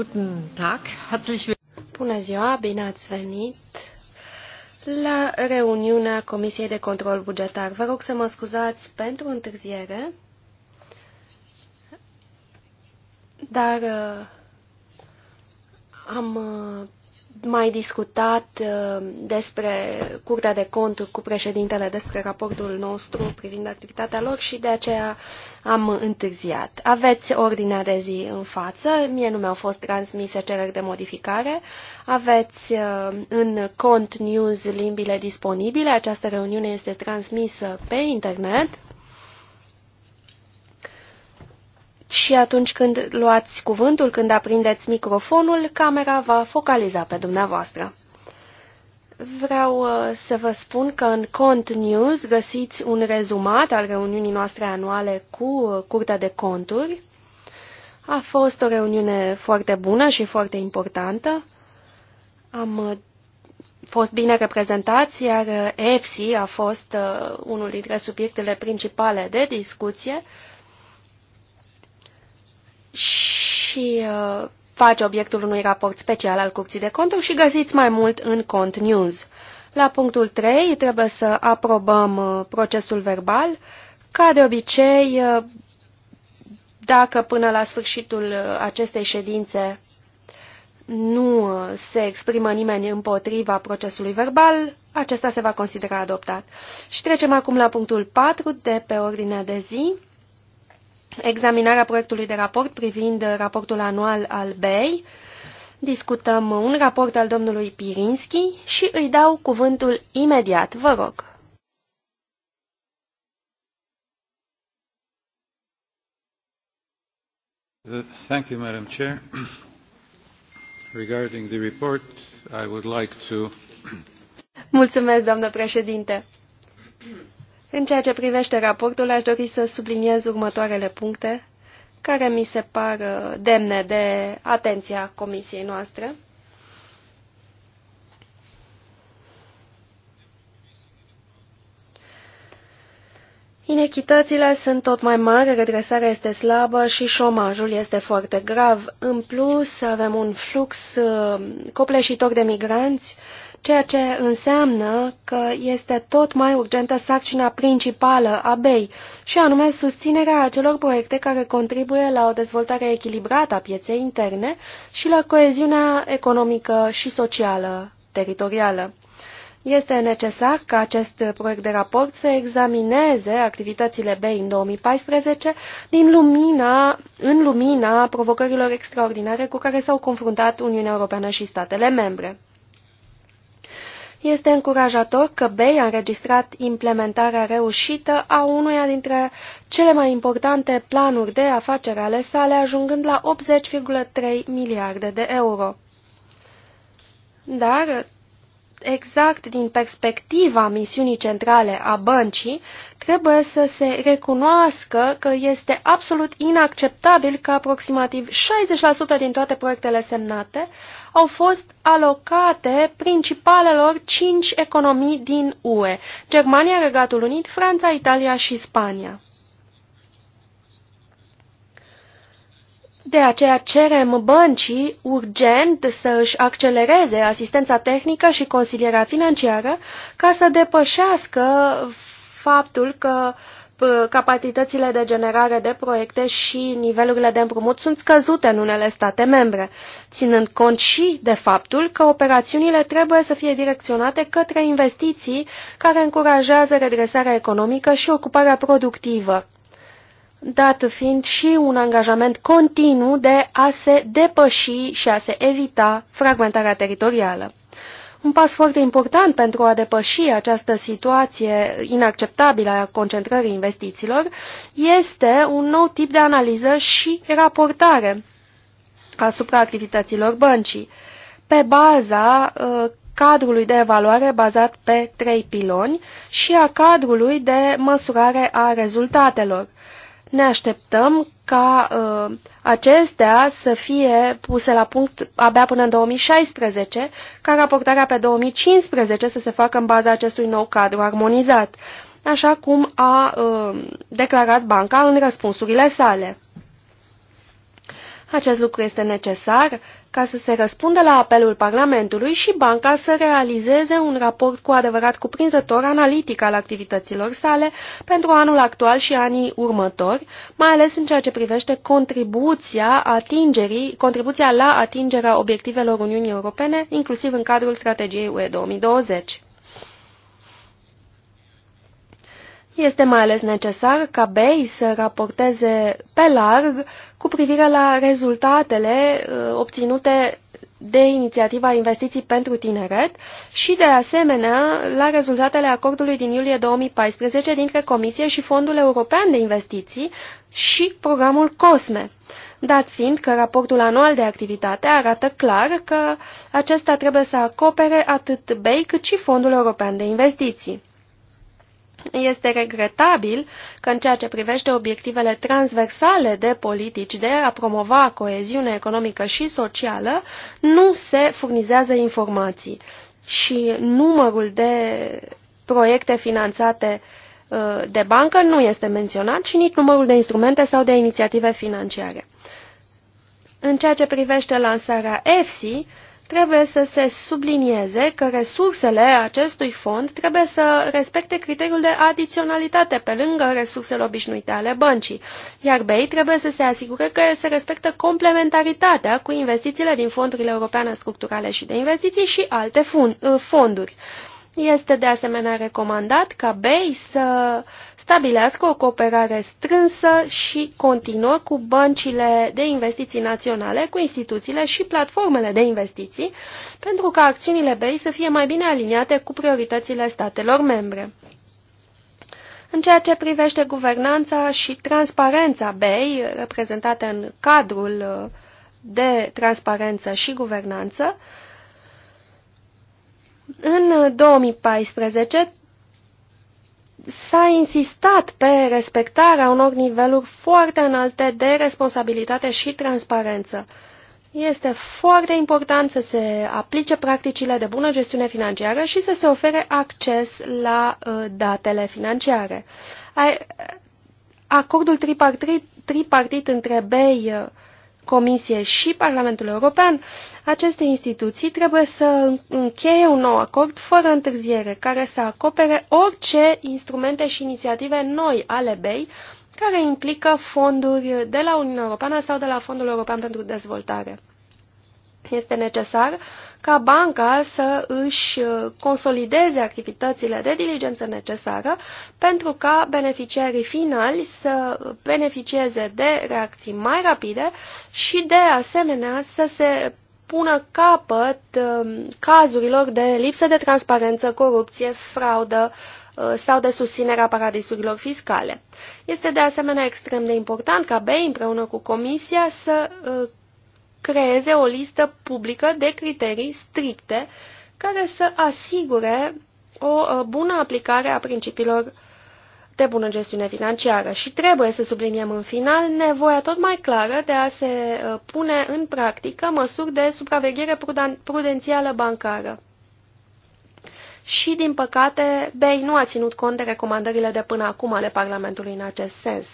Guten Tag. Herzlich Bună ziua, bine ați venit la reuniunea Comisiei de Control Bugetar. Vă rog să mă scuzați pentru întârziere, dar uh, am uh, mai discutat uh, despre Curtea de Conturi cu președintele despre raportul nostru privind activitatea lor și de aceea am întârziat. Aveți ordinea de zi în față, mie nu mi-au fost transmise cereri de modificare, aveți uh, în cont news limbile disponibile, această reuniune este transmisă pe internet. și atunci când luați cuvântul, când aprindeți microfonul, camera va focaliza pe dumneavoastră. Vreau uh, să vă spun că în Cont News găsiți un rezumat al reuniunii noastre anuale cu uh, Curtea de Conturi. A fost o reuniune foarte bună și foarte importantă. Am uh, fost bine reprezentați, iar EFSI a fost unul dintre subiectele principale de discuție și uh, face obiectul unui raport special al Curții de Conturi și găsiți mai mult în Cont News. La punctul 3 trebuie să aprobăm uh, procesul verbal. Ca de obicei, uh, dacă până la sfârșitul uh, acestei ședințe nu uh, se exprimă nimeni împotriva procesului verbal, acesta se va considera adoptat. Și trecem acum la punctul 4 de pe ordinea de zi examinarea proiectului de raport privind raportul anual al BEI. Discutăm un raport al domnului Pirinski și îi dau cuvântul imediat. Vă rog. Uh, thank you, Madam Chair. Regarding the report, I would like to Mulțumesc, doamnă președinte. În ceea ce privește raportul, aș dori să subliniez următoarele puncte care mi se par uh, demne de atenția comisiei noastre. Inechitățile sunt tot mai mari, redresarea este slabă și șomajul este foarte grav. În plus, avem un flux uh, copleșitor de migranți ceea ce înseamnă că este tot mai urgentă sarcina principală a BEI, și anume susținerea acelor proiecte care contribuie la o dezvoltare echilibrată a pieței interne și la coeziunea economică și socială teritorială. Este necesar ca acest proiect de raport să examineze activitățile BEI în 2014 din lumina, în lumina provocărilor extraordinare cu care s-au confruntat Uniunea Europeană și statele membre. Este încurajator că BEI a înregistrat implementarea reușită a unuia dintre cele mai importante planuri de afaceri ale sale, ajungând la 80,3 miliarde de euro. Dar exact din perspectiva misiunii centrale a băncii, trebuie să se recunoască că este absolut inacceptabil că aproximativ 60% din toate proiectele semnate au fost alocate principalelor 5 economii din UE, Germania, Regatul Unit, Franța, Italia și Spania. De aceea cerem băncii urgent să își accelereze asistența tehnică și consilierea financiară ca să depășească faptul că capacitățile de generare de proiecte și nivelurile de împrumut sunt scăzute în unele state membre, ținând cont și de faptul că operațiunile trebuie să fie direcționate către investiții care încurajează redresarea economică și ocuparea productivă dată fiind și un angajament continuu de a se depăși și a se evita fragmentarea teritorială. Un pas foarte important pentru a depăși această situație inacceptabilă a concentrării investițiilor este un nou tip de analiză și raportare asupra activităților băncii, pe baza uh, cadrului de evaluare bazat pe trei piloni și a cadrului de măsurare a rezultatelor, ne așteptăm ca uh, acestea să fie puse la punct abia până în 2016, ca raportarea pe 2015 să se facă în baza acestui nou cadru armonizat, așa cum a uh, declarat banca în răspunsurile sale. Acest lucru este necesar ca să se răspundă la apelul Parlamentului și banca să realizeze un raport cu adevărat cuprinzător analitic al activităților sale pentru anul actual și anii următori, mai ales în ceea ce privește contribuția, atingerii, contribuția la atingerea obiectivelor Uniunii Europene, inclusiv în cadrul strategiei UE 2020. Este mai ales necesar ca BEI să raporteze pe larg cu privire la rezultatele uh, obținute de inițiativa Investiții pentru Tineret și, de asemenea, la rezultatele acordului din iulie 2014 dintre Comisie și Fondul European de Investiții și programul COSME, dat fiind că raportul anual de activitate arată clar că acesta trebuie să acopere atât BEI cât și Fondul European de Investiții. Este regretabil că în ceea ce privește obiectivele transversale de politici de a promova coeziune economică și socială, nu se furnizează informații și numărul de proiecte finanțate uh, de bancă nu este menționat și nici numărul de instrumente sau de inițiative financiare. În ceea ce privește lansarea EFSI, trebuie să se sublinieze că resursele acestui fond trebuie să respecte criteriul de adiționalitate pe lângă resursele obișnuite ale băncii, iar BEI trebuie să se asigure că se respectă complementaritatea cu investițiile din fondurile europene structurale și de investiții și alte fonduri. Este de asemenea recomandat ca BEI să stabilească o cooperare strânsă și continuă cu băncile de investiții naționale, cu instituțiile și platformele de investiții, pentru ca acțiunile BEI să fie mai bine aliniate cu prioritățile statelor membre. În ceea ce privește guvernanța și transparența BEI, reprezentate în cadrul de transparență și guvernanță, în 2014 uh, s-a insistat pe respectarea unor niveluri foarte înalte de responsabilitate și transparență. Este foarte important să se aplice practicile de bună gestiune financiară și să se ofere acces la uh, datele financiare. Uh, acordul tripartit, tripartit între BEI, uh, Comisie și Parlamentul European, aceste instituții trebuie să încheie un nou acord fără întârziere, care să acopere orice instrumente și inițiative noi ale BEI, care implică fonduri de la Uniunea Europeană sau de la Fondul European pentru Dezvoltare. Este necesar ca banca să își uh, consolideze activitățile de diligență necesară pentru ca beneficiarii finali să beneficieze de reacții mai rapide și de asemenea să se pună capăt um, cazurilor de lipsă de transparență, corupție, fraudă, uh, sau de susținerea paradisurilor fiscale. Este de asemenea extrem de important ca BEI împreună cu Comisia să uh, creeze o listă publică de criterii stricte care să asigure o uh, bună aplicare a principiilor de bună gestiune financiară și trebuie să subliniem în final nevoia tot mai clară de a se uh, pune în practică măsuri de supraveghere prudențială bancară și, din păcate, BEI nu a ținut cont de recomandările de până acum ale Parlamentului în acest sens.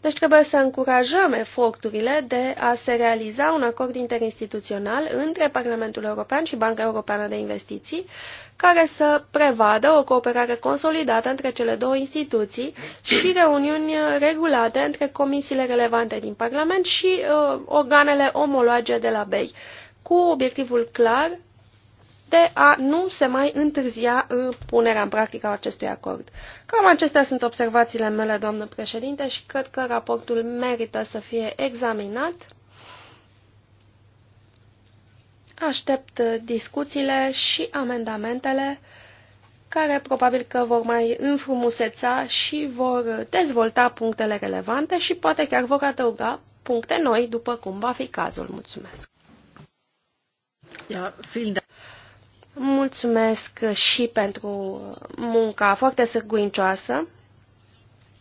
Deci trebuie să încurajăm eforturile de a se realiza un acord interinstituțional între Parlamentul European și Banca Europeană de Investiții, care să prevadă o cooperare consolidată între cele două instituții și reuniuni regulate între comisiile relevante din Parlament și uh, organele omologe de la BEI, cu obiectivul clar de a nu se mai întârzia în uh, punerea în practică a acestui acord. Cam acestea sunt observațiile mele, doamnă președinte, și cred că raportul merită să fie examinat. Aștept uh, discuțiile și amendamentele care probabil că vor mai înfrumuseța și vor dezvolta punctele relevante și poate chiar vor adăuga puncte noi, după cum va fi cazul. Mulțumesc! Mulțumesc și pentru munca foarte sârguincioasă.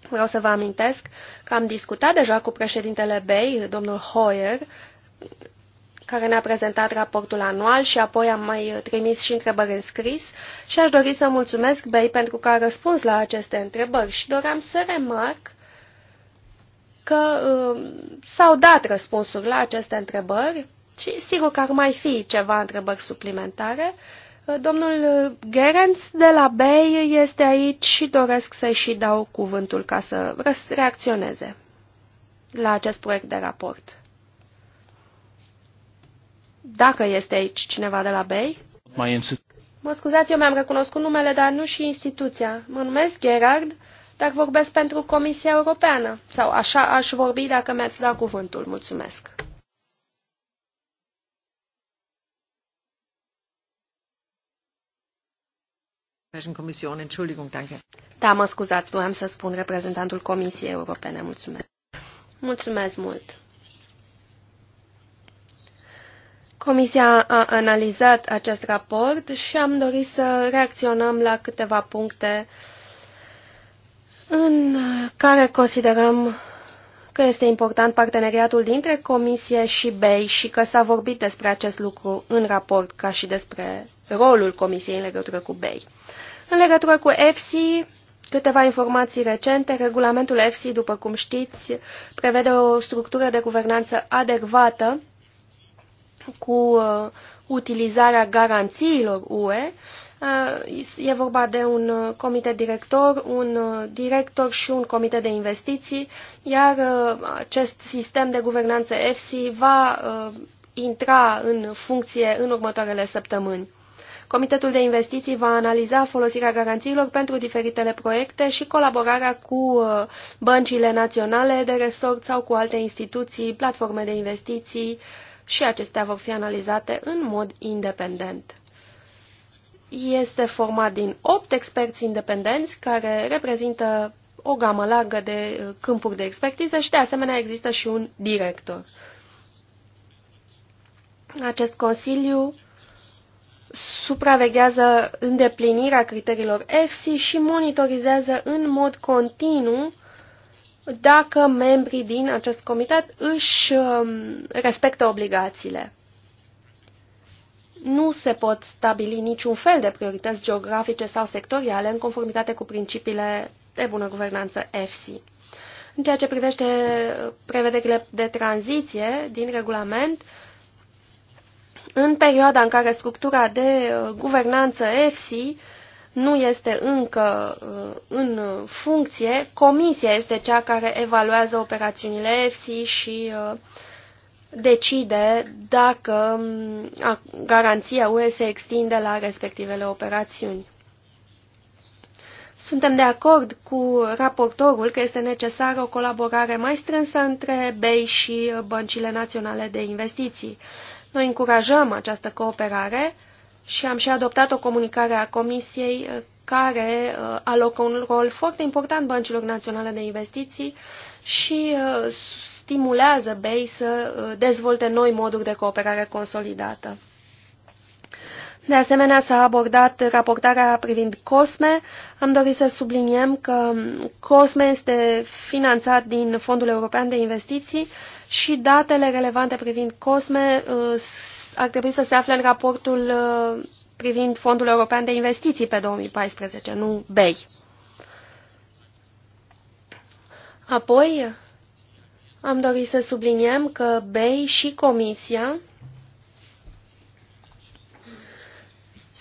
Vreau să vă amintesc că am discutat deja cu președintele BEI, domnul Hoyer, care ne-a prezentat raportul anual și apoi am mai trimis și întrebări în scris și aș dori să mulțumesc BEI pentru că a răspuns la aceste întrebări și doream să remarc că uh, s-au dat răspunsuri la aceste întrebări și sigur că ar mai fi ceva întrebări suplimentare, Domnul Gerenț de la BEI este aici și doresc să-i și dau cuvântul ca să reacționeze la acest proiect de raport. Dacă este aici cineva de la BEI. Mă scuzați, eu mi-am recunoscut numele, dar nu și instituția. Mă numesc Gerard, dar vorbesc pentru Comisia Europeană. Sau așa aș vorbi dacă mi-ați dat cuvântul. Mulțumesc. Da, mă scuzați, voiam să spun reprezentantul Comisiei Europene. Mulțumesc. Mulțumesc mult. Comisia a analizat acest raport și am dorit să reacționăm la câteva puncte în care considerăm că este important parteneriatul dintre Comisie și BEI și că s-a vorbit despre acest lucru în raport ca și despre rolul Comisiei în legătură cu BEI. În legătură cu EFSI, câteva informații recente. Regulamentul EFSI, după cum știți, prevede o structură de guvernanță adecvată cu uh, utilizarea garanțiilor UE. Uh, e vorba de un uh, comitet director, un uh, director și un comitet de investiții, iar uh, acest sistem de guvernanță EFSI va uh, intra în funcție în următoarele săptămâni. Comitetul de investiții va analiza folosirea garanțiilor pentru diferitele proiecte și colaborarea cu uh, băncile naționale de resort sau cu alte instituții, platforme de investiții și acestea vor fi analizate în mod independent. Este format din 8 experți independenți care reprezintă o gamă largă de uh, câmpuri de expertiză și de asemenea există și un director. Acest consiliu supraveghează îndeplinirea criteriilor EFSI și monitorizează în mod continuu dacă membrii din acest comitet își um, respectă obligațiile. Nu se pot stabili niciun fel de priorități geografice sau sectoriale în conformitate cu principiile de bună guvernanță EFSI. În ceea ce privește prevederile de tranziție din regulament, uh, în perioada în care structura de uh, guvernanță EFSI nu este încă uh, în funcție, comisia este cea care evaluează operațiunile EFSI și uh, decide dacă um, garanția UE se extinde la respectivele operațiuni. Suntem de acord cu raportorul că este necesară o colaborare mai strânsă între BEI și băncile naționale de investiții. Noi încurajăm această cooperare și am și adoptat o comunicare a Comisiei uh, care uh, alocă un rol foarte important băncilor naționale de investiții și uh, stimulează BEI să dezvolte noi moduri de cooperare consolidată. De asemenea, s-a abordat raportarea privind COSME. Am dorit să subliniem că COSME este finanțat din Fondul European de Investiții și datele relevante privind COSME uh, ar trebui să se afle în raportul uh, privind Fondul European de Investiții pe 2014, nu BEI. Apoi, am dorit să subliniem că BEI și Comisia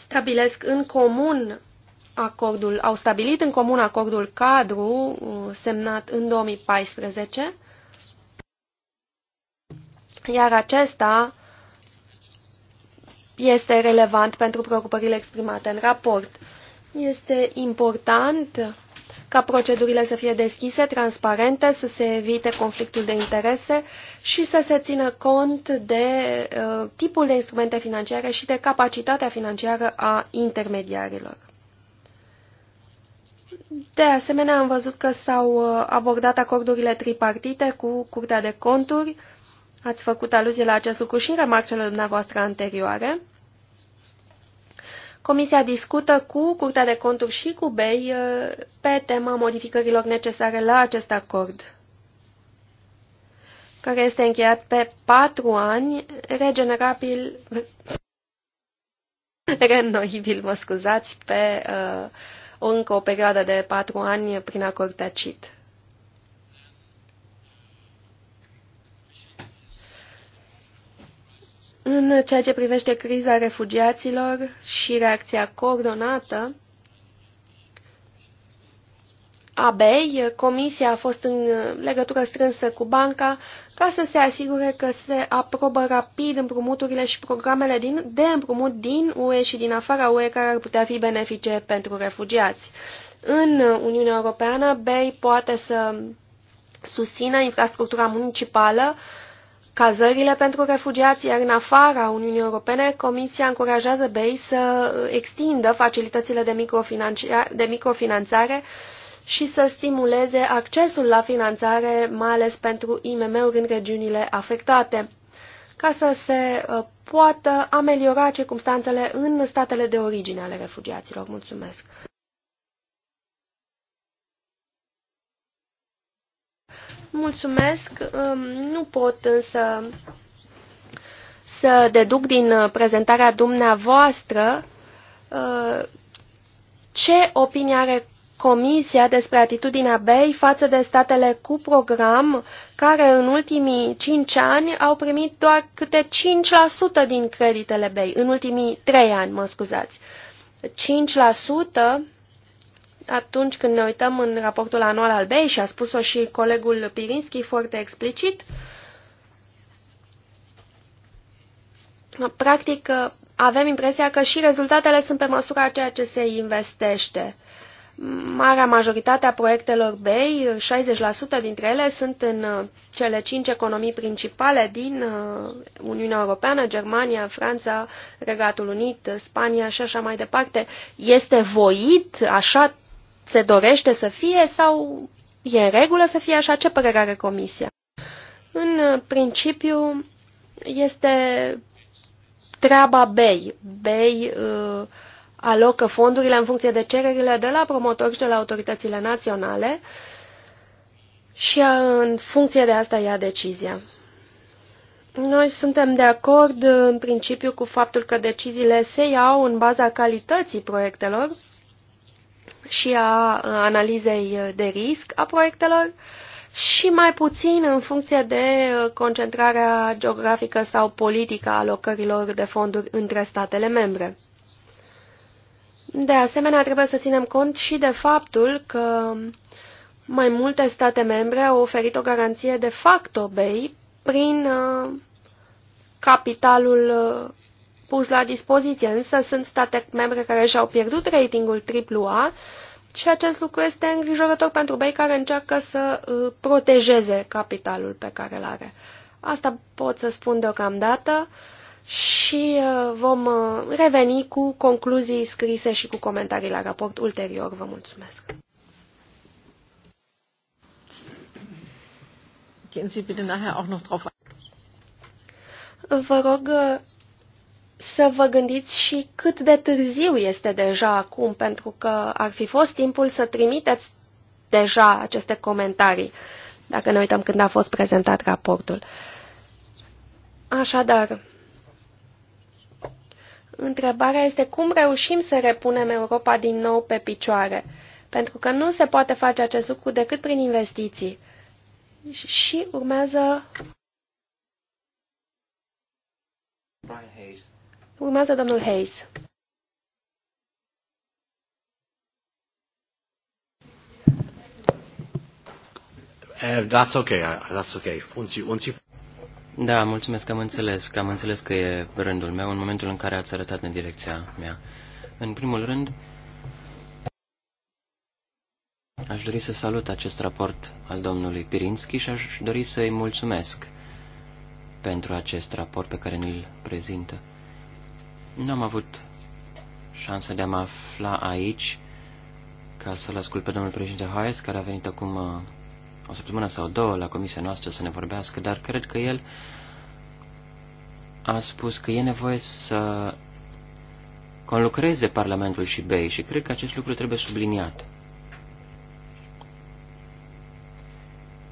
stabilesc în comun acordul, au stabilit în comun acordul cadru uh, semnat în 2014, iar acesta este relevant pentru preocupările exprimate în raport. Este important ca procedurile să fie deschise, transparente, să se evite conflictul de interese și să se țină cont de uh, tipul de instrumente financiare și de capacitatea financiară a intermediarilor. De asemenea, am văzut că s-au uh, abordat acordurile tripartite cu Curtea de Conturi. Ați făcut aluzie la acest lucru și în remarcele dumneavoastră anterioare. Comisia discută cu Curtea de Conturi și cu BEI uh, pe tema modificărilor necesare la acest acord, care este încheiat pe patru ani, regenerabil, renoibil, mă scuzați, pe uh, încă o perioadă de patru ani prin acord tacit. În ceea ce privește criza refugiaților și reacția coordonată a BEI, Comisia a fost în legătură strânsă cu banca ca să se asigure că se aprobă rapid împrumuturile și programele din, de împrumut din UE și din afara UE care ar putea fi benefice pentru refugiați. În Uniunea Europeană, BEI poate să susțină infrastructura municipală uh, cazările pentru refugiați, iar în afara Uniunii Europene, Comisia încurajează BEI să extindă facilitățile de, de microfinanțare și să stimuleze accesul la finanțare, mai ales pentru IMM-uri în regiunile afectate, ca să se uh, poată ameliora circumstanțele în statele de origine ale refugiaților. Mulțumesc! Mulțumesc, nu pot însă să deduc din uh, prezentarea dumneavoastră uh, ce opinie are Comisia despre atitudinea BEI față de statele cu program care în ultimii 5 ani au primit doar câte 5% din creditele BEI, în ultimii 3 ani, mă scuzați atunci când ne uităm în raportul anual al BEI și a spus-o și colegul Pirinski foarte explicit, practic avem impresia că și rezultatele sunt pe măsura ceea ce se investește. Marea majoritate a proiectelor BEI, 60% dintre ele, sunt în uh, cele cinci economii principale din uh, Uniunea Europeană, Germania, Franța, Regatul Unit, Spania și așa mai departe. Este voit așa se dorește să fie sau e regulă să fie așa? Ce părere are Comisia? În principiu, este treaba BEI. BEI uh, alocă fondurile în funcție de cererile de la promotori și de la autoritățile naționale și în funcție de asta ia decizia. Noi suntem de acord în principiu cu faptul că deciziile se iau în baza calității proiectelor și a analizei de risc a proiectelor și mai puțin în funcție de uh, concentrarea geografică sau politică a alocărilor de fonduri între statele membre. De asemenea, trebuie să ținem cont și de faptul că mai multe state membre au oferit o garanție de facto BEI prin uh, capitalul uh, pus la dispoziție, însă sunt state membre care și-au pierdut ratingul AAA și acest lucru este îngrijorător pentru bei care încearcă să uh, protejeze capitalul pe care îl are. Asta pot să spun deocamdată și uh, vom uh, reveni cu concluzii scrise și cu comentarii la raport ulterior. Vă mulțumesc! Vă rog să vă gândiți și cât de târziu este deja acum, pentru că ar fi fost timpul să trimiteți deja aceste comentarii, dacă ne uităm când a fost prezentat raportul. Așadar, întrebarea este cum reușim să repunem Europa din nou pe picioare, pentru că nu se poate face acest lucru decât prin investiții. Și urmează Brian Hayes. Urmează domnul Hayes. Eh, that's okay, that's okay. Da, mulțumesc că am înțeles, că am înțeles că e rândul meu în momentul în care ați arătat în direcția mea. În primul rând, aș dori să salut acest raport al domnului Pirinski și aș dori să-i mulțumesc pentru acest raport pe care ne-l prezintă. Nu am avut șansa de a mă afla aici ca să-l ascult pe domnul președinte Hayes, care a venit acum uh, o săptămână sau două la comisia noastră să ne vorbească, dar cred că el a spus că e nevoie să conlucreze Parlamentul și BEI și cred că acest lucru trebuie subliniat.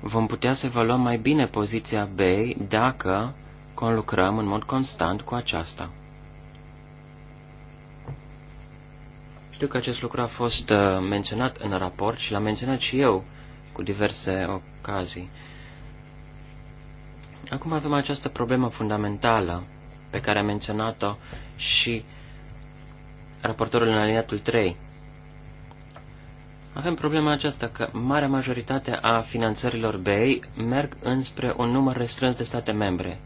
Vom putea să evaluăm mai bine poziția BEI dacă conlucrăm în mod constant cu aceasta. Știu că acest lucru a fost uh, menționat în raport și l-am menționat și eu cu diverse ocazii. Acum avem această problemă fundamentală pe care a menționat-o și raportorul în aliniatul 3. Avem problema aceasta că marea majoritate a finanțărilor BEI merg înspre un număr restrâns de state membre.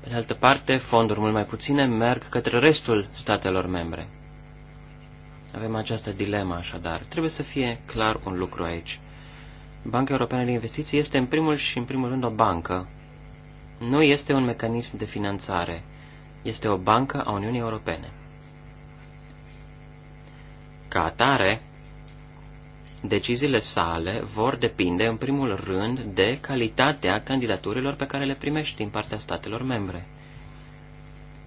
Pe de altă parte, fonduri mult mai puține merg către restul statelor membre. Avem această dilemă așadar. Trebuie să fie clar un lucru aici. Banca Europeană de Investiții este în primul și în primul rând o bancă. Nu este un mecanism de finanțare. Este o bancă a Uniunii Europene. Ca atare, deciziile sale vor depinde în primul rând de calitatea candidaturilor pe care le primești din partea statelor membre.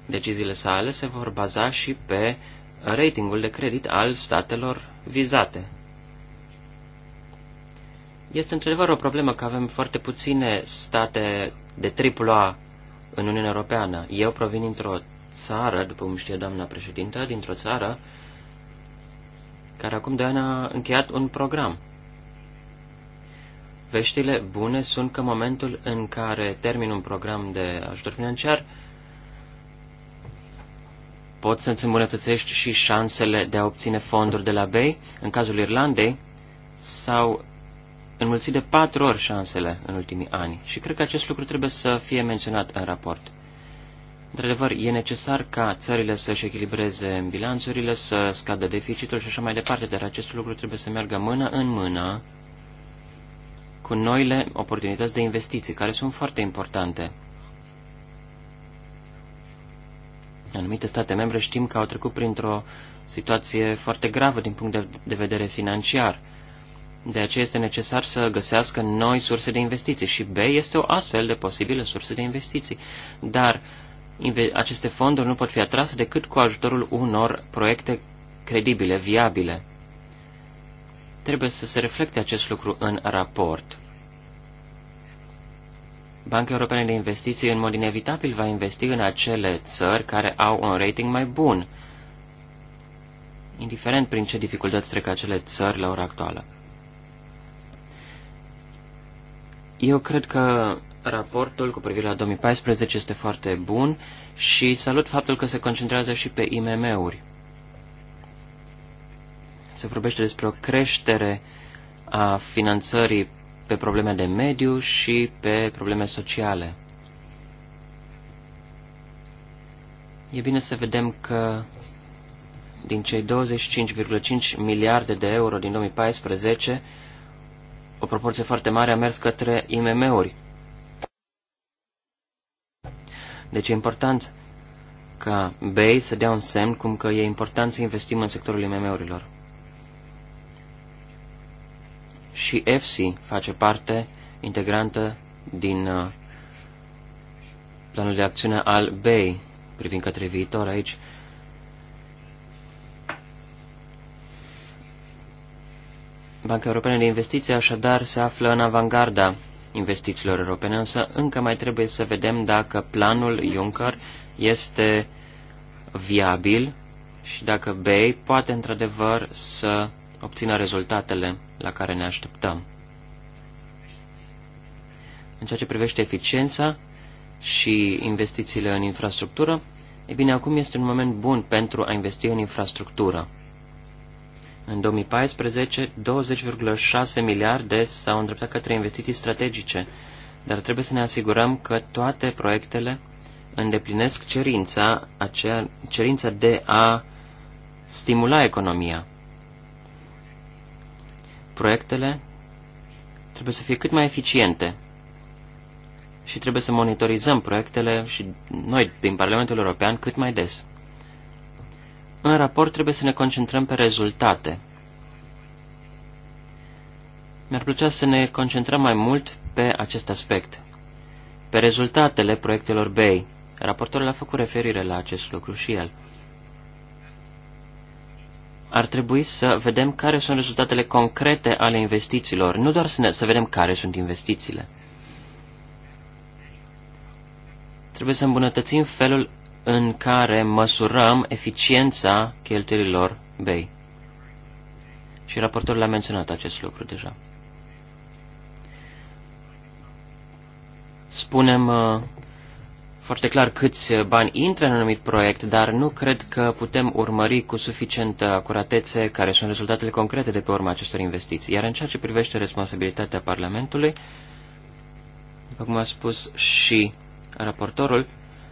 Deciziile sale se vor baza și pe ratingul de credit al statelor vizate. Este într-adevăr o problemă că avem foarte puține state de AAA în Uniunea Europeană. Eu provin dintr-o țară, după cum știe doamna președintă, dintr-o țară care acum de ani a încheiat un program. Veștile bune sunt că momentul în care termin un program de ajutor financiar, poți să-ți îmbunătățești și șansele de a obține fonduri de la BEI. În cazul Irlandei s-au înmulțit de patru ori șansele în ultimii ani și cred că acest lucru trebuie să fie menționat în raport. Într-adevăr, e necesar ca țările să-și echilibreze bilanțurile, să scadă deficitul și așa mai departe, dar acest lucru trebuie să meargă mână în mână cu noile oportunități de investiții, care sunt foarte importante Anumite state membre știm că au trecut printr-o situație foarte gravă din punct de vedere financiar. De aceea este necesar să găsească noi surse de investiții și B este o astfel de posibilă sursă de investiții. Dar aceste fonduri nu pot fi atrase decât cu ajutorul unor proiecte credibile, viabile. Trebuie să se reflecte acest lucru în raport. Banca Europeană de Investiții în mod inevitabil va investi în acele țări care au un rating mai bun, indiferent prin ce dificultăți trec acele țări la ora actuală. Eu cred că raportul cu privire la 2014 este foarte bun și salut faptul că se concentrează și pe IMM-uri. Se vorbește despre o creștere a finanțării pe probleme de mediu și pe probleme sociale. E bine să vedem că din cei 25,5 miliarde de euro din 2014, o proporție foarte mare a mers către IMM-uri. Deci e important ca BEI să dea un semn cum că e important să investim în sectorul IMM-urilor și EFSI face parte integrantă din uh, planul de acțiune al BEI privind către viitor aici. Banca Europeană de Investiții așadar se află în avangarda investițiilor europene, însă încă mai trebuie să vedem dacă planul Juncker este viabil și dacă BEI poate într-adevăr să obțină rezultatele la care ne așteptăm. În ceea ce privește eficiența și investițiile în infrastructură, e bine, acum este un moment bun pentru a investi în infrastructură. În 2014, 20,6 miliarde s-au îndreptat către investiții strategice, dar trebuie să ne asigurăm că toate proiectele îndeplinesc cerința, acea, cerința de a stimula economia. Proiectele trebuie să fie cât mai eficiente și trebuie să monitorizăm proiectele și noi din Parlamentul European cât mai des. În raport trebuie să ne concentrăm pe rezultate. Mi-ar plăcea să ne concentrăm mai mult pe acest aspect, pe rezultatele proiectelor BEI. Raportorul a făcut referire la acest lucru și el ar trebui să vedem care sunt rezultatele concrete ale investițiilor, nu doar să, ne, să vedem care sunt investițiile. Trebuie să îmbunătățim felul în care măsurăm eficiența cheltuielilor BEI. Și raportorul a menționat acest lucru deja. Spunem uh, foarte clar câți bani intră în anumit proiect, dar nu cred că putem urmări cu suficientă acuratețe care sunt rezultatele concrete de pe urma acestor investiții. Iar în ceea ce privește responsabilitatea Parlamentului, după cum a spus și raportorul,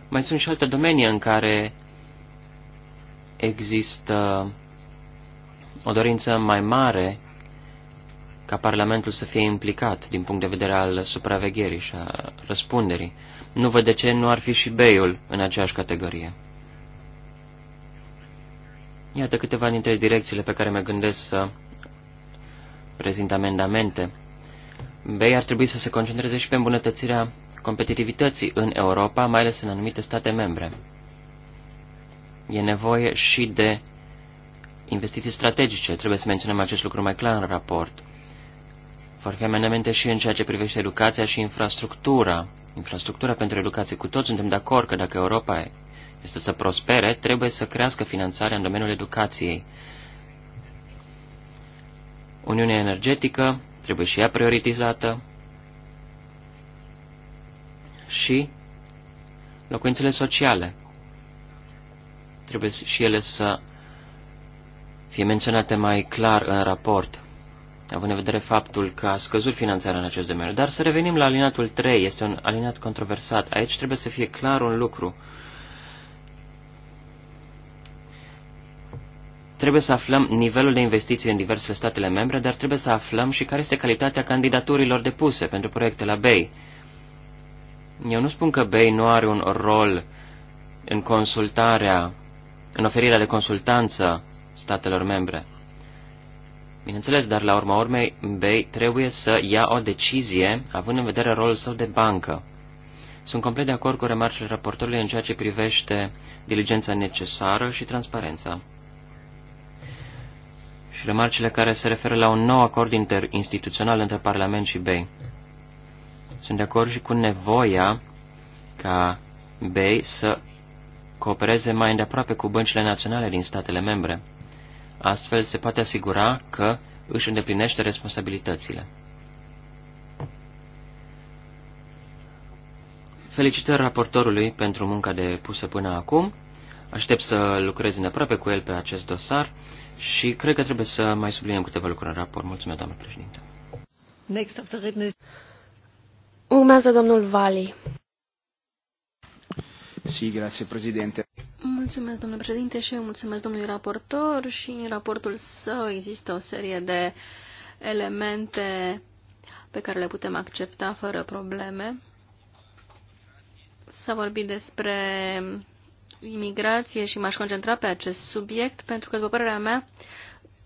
mai sunt și alte domenii în care există o dorință mai mare ca Parlamentul să fie implicat din punct de vedere al supravegherii și a răspunderii. Nu văd de ce nu ar fi și beiul în aceeași categorie. Iată câteva dintre direcțiile pe care mă gândesc să prezint amendamente. BEI ar trebui să se concentreze și pe îmbunătățirea competitivității în Europa, mai ales în anumite state membre. E nevoie și de investiții strategice. Trebuie să menționăm acest lucru mai clar în raport. Vor fi amendamente și în ceea ce privește educația și infrastructura. Infrastructura pentru educație. Cu toți suntem de acord că dacă Europa este să prospere, trebuie să crească finanțarea în domeniul educației. Uniunea energetică trebuie și ea prioritizată și locuințele sociale. Trebuie și ele să fie menționate mai clar în raport având în vedere faptul că a scăzut finanțarea în acest domeniu. Dar să revenim la alinatul 3, este un alinat controversat. Aici trebuie să fie clar un lucru. Trebuie să aflăm nivelul de investiții în diversele statele membre, dar trebuie să aflăm și care este calitatea candidaturilor depuse pentru proiecte la BEI. Eu nu spun că BEI nu are un rol în consultarea, în oferirea de consultanță statelor membre bineînțeles, dar la urma urmei Bay trebuie să ia o decizie având în vedere rolul său de bancă. Sunt complet de acord cu remarcile raportorului în ceea ce privește diligența necesară și transparența. Și remarcile care se referă la un nou acord interinstituțional între Parlament și Bay. Sunt de acord și cu nevoia ca Bay să coopereze mai îndeaproape cu băncile naționale din statele membre. Astfel se poate asigura că își îndeplinește responsabilitățile. Felicitări raportorului pentru munca de pusă până acum. Aștept să lucrez aproape cu el pe acest dosar și cred că trebuie să mai subliniem câteva lucruri în raport. Mulțumesc, doamnă președinte. Next of the witness. Urmează domnul Vali. Si, grazie, președinte. Mulțumesc, domnule președinte, și eu mulțumesc domnului raportor și în raportul său există o serie de elemente pe care le putem accepta fără probleme. S-a vorbit despre imigrație și m-aș concentra pe acest subiect pentru că, după părerea mea,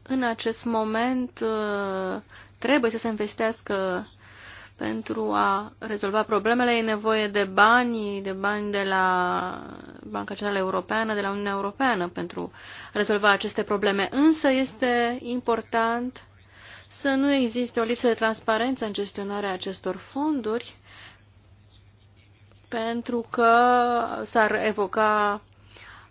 în acest moment uh, trebuie să se investească pentru a rezolva problemele e nevoie de bani, de bani de la Banca Centrală Europeană, de la Uniunea Europeană pentru a rezolva aceste probleme. Însă este important să nu existe o lipsă de transparență în gestionarea acestor fonduri, pentru că s-ar evoca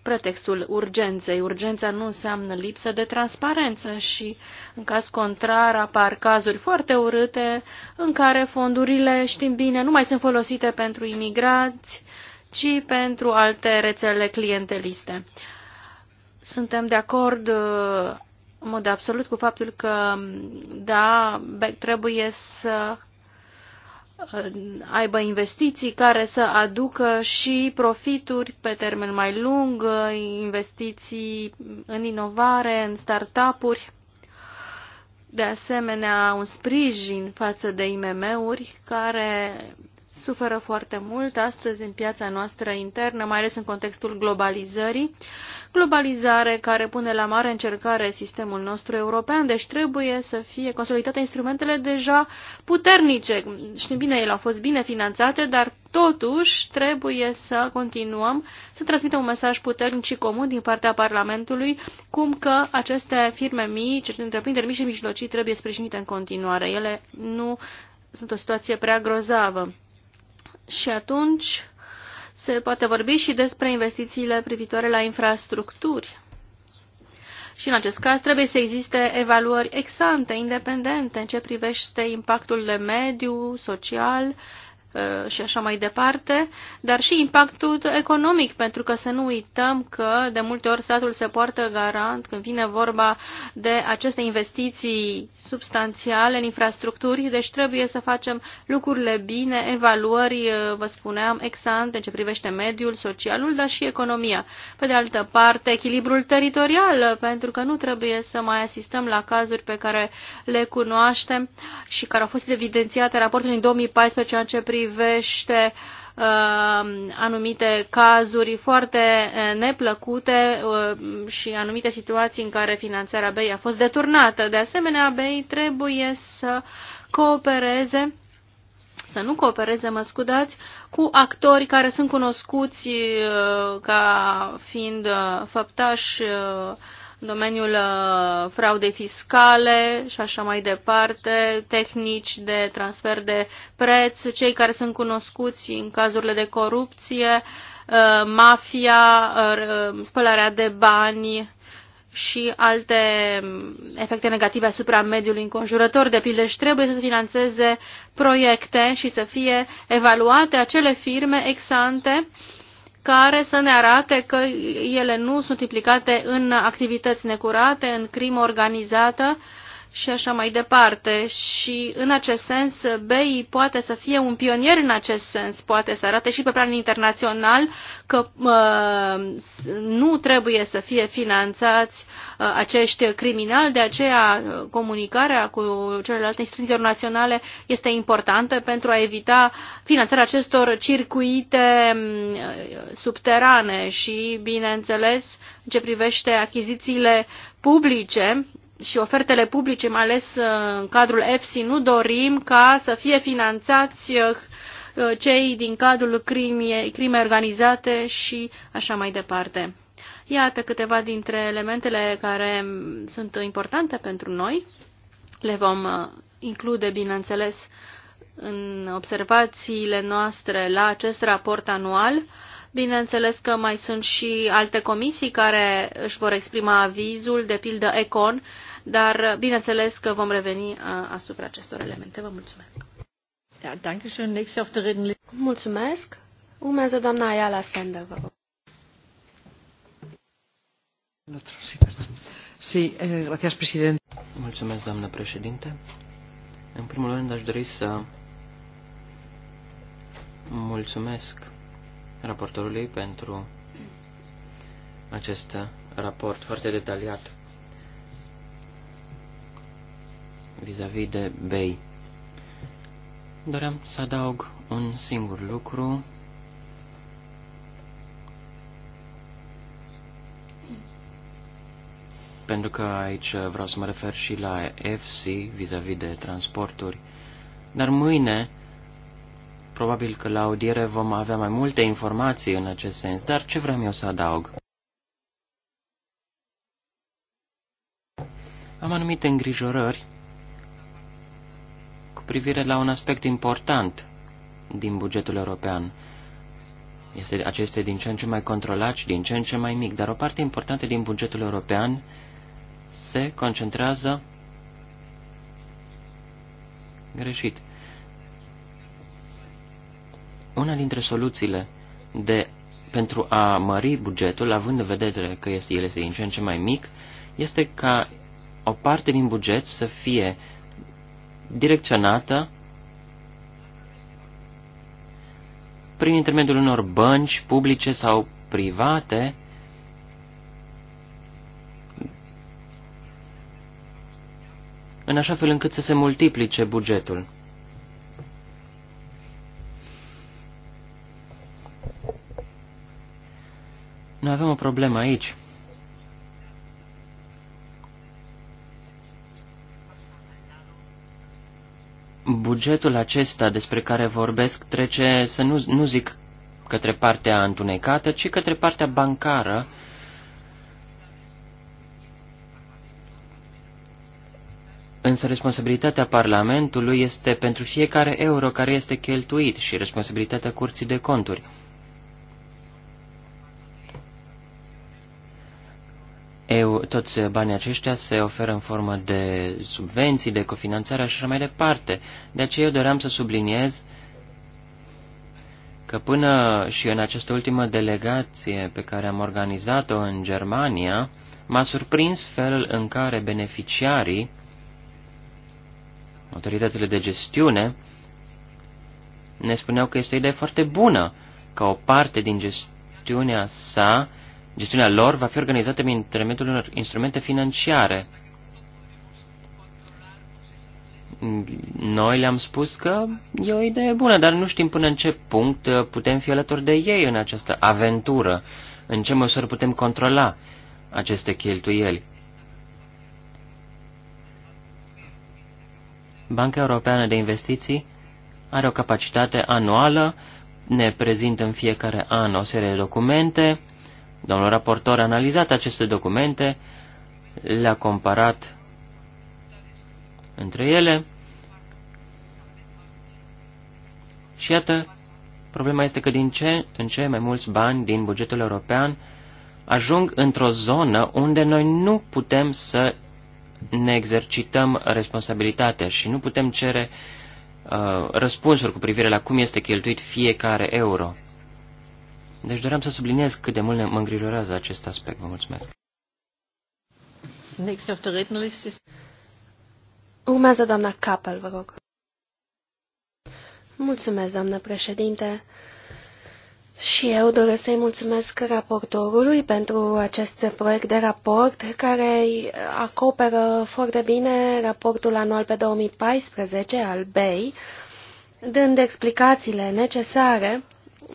pretextul urgenței. Urgența nu înseamnă lipsă de transparență și, în caz contrar, apar cazuri foarte urâte în care fondurile, știm bine, nu mai sunt folosite pentru imigrați, ci pentru alte rețele clienteliste. Suntem de acord uh, în mod absolut cu faptul că, da, trebuie să aibă investiții care să aducă și profituri pe termen mai lung, investiții în inovare, în startup-uri. De asemenea, un sprijin față de IMM-uri care suferă foarte mult astăzi în piața noastră internă, mai ales în contextul globalizării, globalizare care pune la mare încercare sistemul nostru european, deci trebuie să fie consolidate instrumentele deja puternice. Știm bine, ele au fost bine finanțate, dar totuși trebuie să continuăm să transmitem un mesaj puternic și comun din partea Parlamentului, cum că aceste firme mici, întreprinderi mici și mijlocii trebuie sprijinite în continuare. Ele nu sunt o situație prea grozavă și atunci se poate vorbi și despre investițiile privitoare la infrastructuri. Și în acest caz trebuie să existe evaluări exante, independente, în ce privește impactul de mediu, social, Uh, și așa mai departe, dar și impactul economic, pentru că să nu uităm că de multe ori statul se poartă garant când vine vorba de aceste investiții substanțiale în infrastructuri, deci trebuie să facem lucrurile bine, evaluări, uh, vă spuneam, exante ce privește mediul, socialul, dar și economia. Pe de altă parte, echilibrul teritorial, pentru că nu trebuie să mai asistăm la cazuri pe care le cunoaștem și care au fost evidențiate raportul din 2014 în ce privește privește uh, anumite cazuri foarte uh, neplăcute uh, și anumite situații în care finanțarea BEI a fost deturnată. De asemenea, BEI trebuie să coopereze să nu coopereze, mă scudați, cu actori care sunt cunoscuți ca fiind făptași domeniul uh, fraudei fiscale și așa mai departe, tehnici de transfer de preț, cei care sunt cunoscuți în cazurile de corupție, uh, mafia, uh, spălarea de bani și alte um, efecte negative asupra mediului înconjurător. De pildă, și trebuie să financeze proiecte și să fie evaluate acele firme exante care să ne arate că ele nu sunt implicate în activități necurate, în crimă organizată, și așa mai departe. Și în acest sens, BEI poate să fie un pionier în acest sens, poate să arate și pe plan internațional că uh, nu trebuie să fie finanțați uh, acești criminali, de aceea comunicarea cu celelalte instituții internaționale este importantă pentru a evita finanțarea acestor circuite subterane și, bineînțeles, în ce privește achizițiile publice, și ofertele publice, mai ales uh, în cadrul EFSI, nu dorim ca să fie finanțați uh, uh, cei din cadrul crime, crime organizate și așa mai departe. Iată câteva dintre elementele care sunt importante pentru noi. Le vom include, bineînțeles, în observațiile noastre la acest raport anual. Bineînțeles că mai sunt și alte comisii care își vor exprima avizul, de pildă ECON, dar uh, bineînțeles că vom reveni uh, asupra acestor elemente. Vă mulțumesc! Da, danke schön. Nächste auf der Mulțumesc. Urmează doamna Ayala Sender, vă rog. Sí, eh, gracias, presidente. Mulțumesc, doamnă președinte. În primul rând aș dori să mulțumesc raportorului pentru acest raport foarte detaliat. vis-a-vis -vis de bei. Doream să adaug un singur lucru. Pentru că aici vreau să mă refer și la FC vis-a-vis -vis de transporturi. Dar mâine, probabil că la audiere vom avea mai multe informații în acest sens, dar ce vreau eu să adaug? Am anumite îngrijorări cu privire la un aspect important din bugetul european. Este, aceste din ce în ce mai controlat și din ce în ce mai mic, dar o parte importantă din bugetul european se concentrează greșit. Una dintre soluțiile de, pentru a mări bugetul, având în vedere că este, el este din ce în ce mai mic, este ca o parte din buget să fie direcționată prin intermediul unor bănci publice sau private în așa fel încât să se multiplice bugetul. Noi avem o problemă aici. bugetul acesta despre care vorbesc trece, să nu, nu zic către partea întunecată, ci către partea bancară. Însă responsabilitatea Parlamentului este pentru fiecare euro care este cheltuit și responsabilitatea Curții de Conturi. eu, toți banii aceștia se oferă în formă de subvenții, de cofinanțare și așa mai departe. De aceea eu doream să subliniez că până și în această ultimă delegație pe care am organizat-o în Germania, m-a surprins felul în care beneficiarii, autoritățile de gestiune, ne spuneau că este o idee foarte bună, ca o parte din gestiunea sa Gestiunea lor va fi organizată prin intermediul unor instrumente financiare. Noi le-am spus că e o idee bună, dar nu știm până în ce punct putem fi alături de ei în această aventură, în ce măsură putem controla aceste cheltuieli. Banca Europeană de Investiții are o capacitate anuală, ne prezintă în fiecare an o serie de documente, Domnul raportor a analizat aceste documente, le-a comparat între ele și iată, problema este că din ce în ce mai mulți bani din bugetul european ajung într-o zonă unde noi nu putem să ne exercităm responsabilitatea și nu putem cere uh, răspunsuri cu privire la cum este cheltuit fiecare euro. Deci doream să subliniez cât de mult mă îngrijorează acest aspect. Vă mulțumesc. Next of the written list is... Urmează doamna Capel, vă rog. Mulțumesc, doamnă președinte. Și eu doresc să-i mulțumesc raportorului pentru acest proiect de raport care acoperă foarte bine raportul anual pe 2014 al BEI, dând explicațiile necesare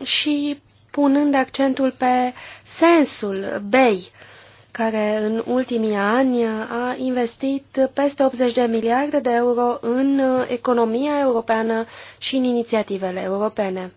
și punând accentul pe sensul BEI, care în ultimii ani a investit peste 80 de miliarde de euro în economia europeană și în inițiativele europene.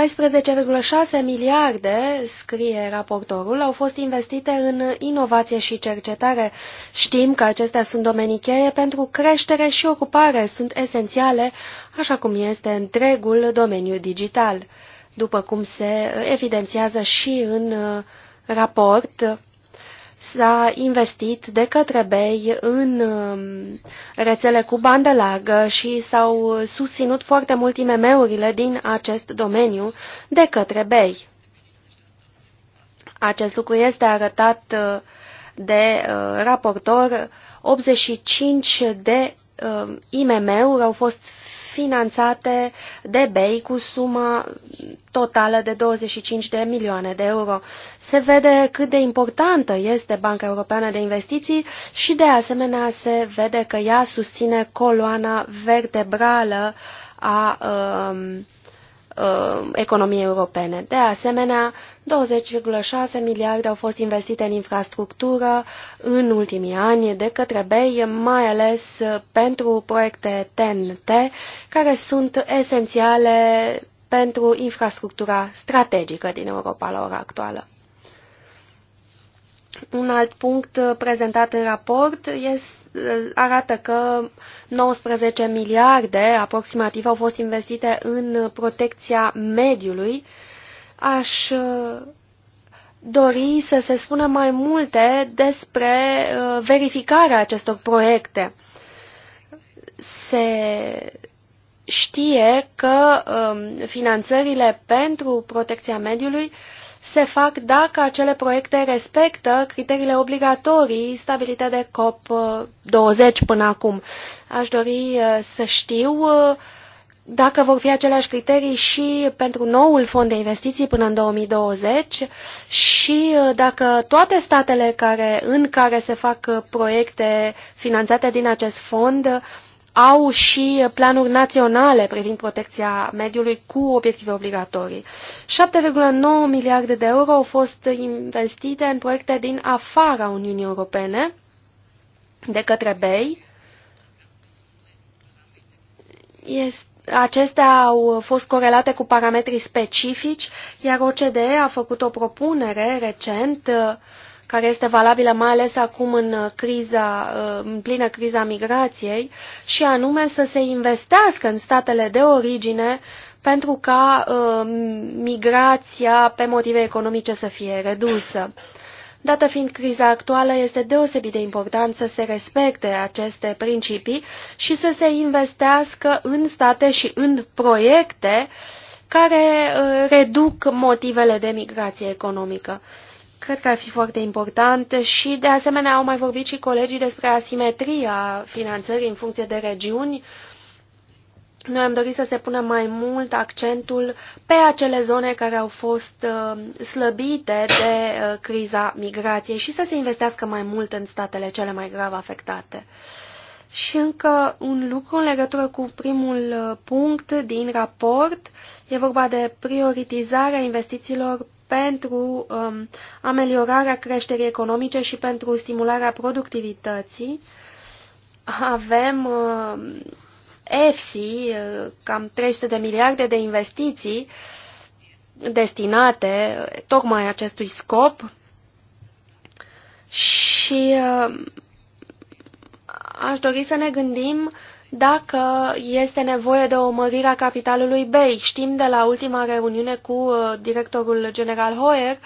14,6 miliarde, scrie raportorul, au fost investite în inovație și cercetare. Știm că acestea sunt domenii cheie pentru creștere și ocupare, sunt esențiale, așa cum este întregul domeniu digital după cum se evidențiază și în uh, raport, s-a investit de către BEI în um, rețele cu bandă largă și s-au susținut foarte mult IMM-urile din acest domeniu de către BEI. Acest lucru este arătat uh, de uh, raportor. 85 de IMM-uri au fost finanțate de BEI cu suma totală de 25 de milioane de euro. Se vede cât de importantă este Banca Europeană de Investiții și de asemenea se vede că ea susține coloana vertebrală a uh, Uh, economiei europene. De asemenea, 20,6 miliarde au fost investite în infrastructură în ultimii ani de către BEI, mai ales pentru proiecte TNT, care sunt esențiale pentru infrastructura strategică din Europa la ora actuală. Un alt punct prezentat în raport este, arată că 19 miliarde aproximativ au fost investite în protecția mediului. Aș uh, dori să se spună mai multe despre uh, verificarea acestor proiecte. Se știe că um, finanțările pentru protecția mediului uh, se fac dacă acele proiecte respectă criteriile obligatorii stabilite de COP20 până acum. Aș dori uh, să știu uh, dacă vor fi aceleași criterii și pentru noul fond de investiții până în 2020 și uh, dacă toate statele care, în care se fac proiecte finanțate din acest fond au și planuri naționale privind protecția mediului cu obiective obligatorii. 7,9 miliarde de euro au fost investite în proiecte din afara Uniunii Europene de către BEI. Este Acestea au fost corelate cu parametrii specifici, iar OCDE a făcut o propunere recent uh, care este valabilă mai ales acum în, uh, criza, uh, în plină criza migrației, și anume să se investească în statele de origine pentru ca uh, migrația pe motive economice să fie redusă. Dată fiind criza actuală, este deosebit de important să se respecte aceste principii și să se investească în state și în proiecte care reduc motivele de migrație economică. Cred că ar fi foarte important și, de asemenea, au mai vorbit și colegii despre asimetria finanțării în funcție de regiuni. Noi am dorit să se pună mai mult accentul pe acele zone care au fost uh, slăbite de uh, criza migrației și să se investească mai mult în statele cele mai grav afectate. Și încă un lucru în legătură cu primul uh, punct din raport, e vorba de prioritizarea investițiilor pentru um, ameliorarea creșterii economice și pentru stimularea productivității. Avem uh, um, EFSI, uh, cam 300 de miliarde de investiții destinate uh, tocmai acestui scop și uh, aș dori să ne gândim uh, dacă este nevoie de o mărire a capitalului BEI. Știm de la ultima reuniune cu uh, directorul general Hoyer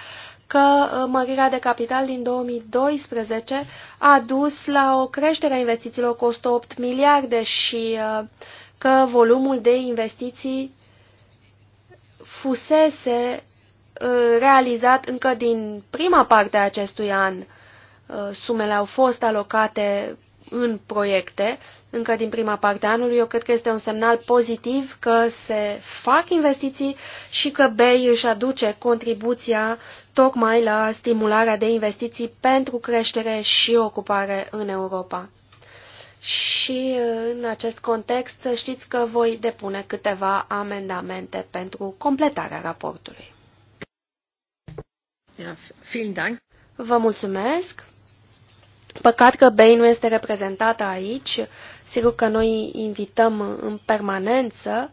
că uh, mărirea de capital din 2012 a dus la o creștere a investițiilor cu 108 miliarde și uh, că volumul de investiții fusese realizat încă din prima parte a acestui an. Sumele au fost alocate în proiecte încă din prima parte a anului. Eu cred că este un semnal pozitiv că se fac investiții și că BEI își aduce contribuția tocmai la stimularea de investiții pentru creștere și ocupare în Europa. Și în acest context să știți că voi depune câteva amendamente pentru completarea raportului. Vă mulțumesc! Păcat că Bay nu este reprezentată aici. Sigur că noi invităm în permanență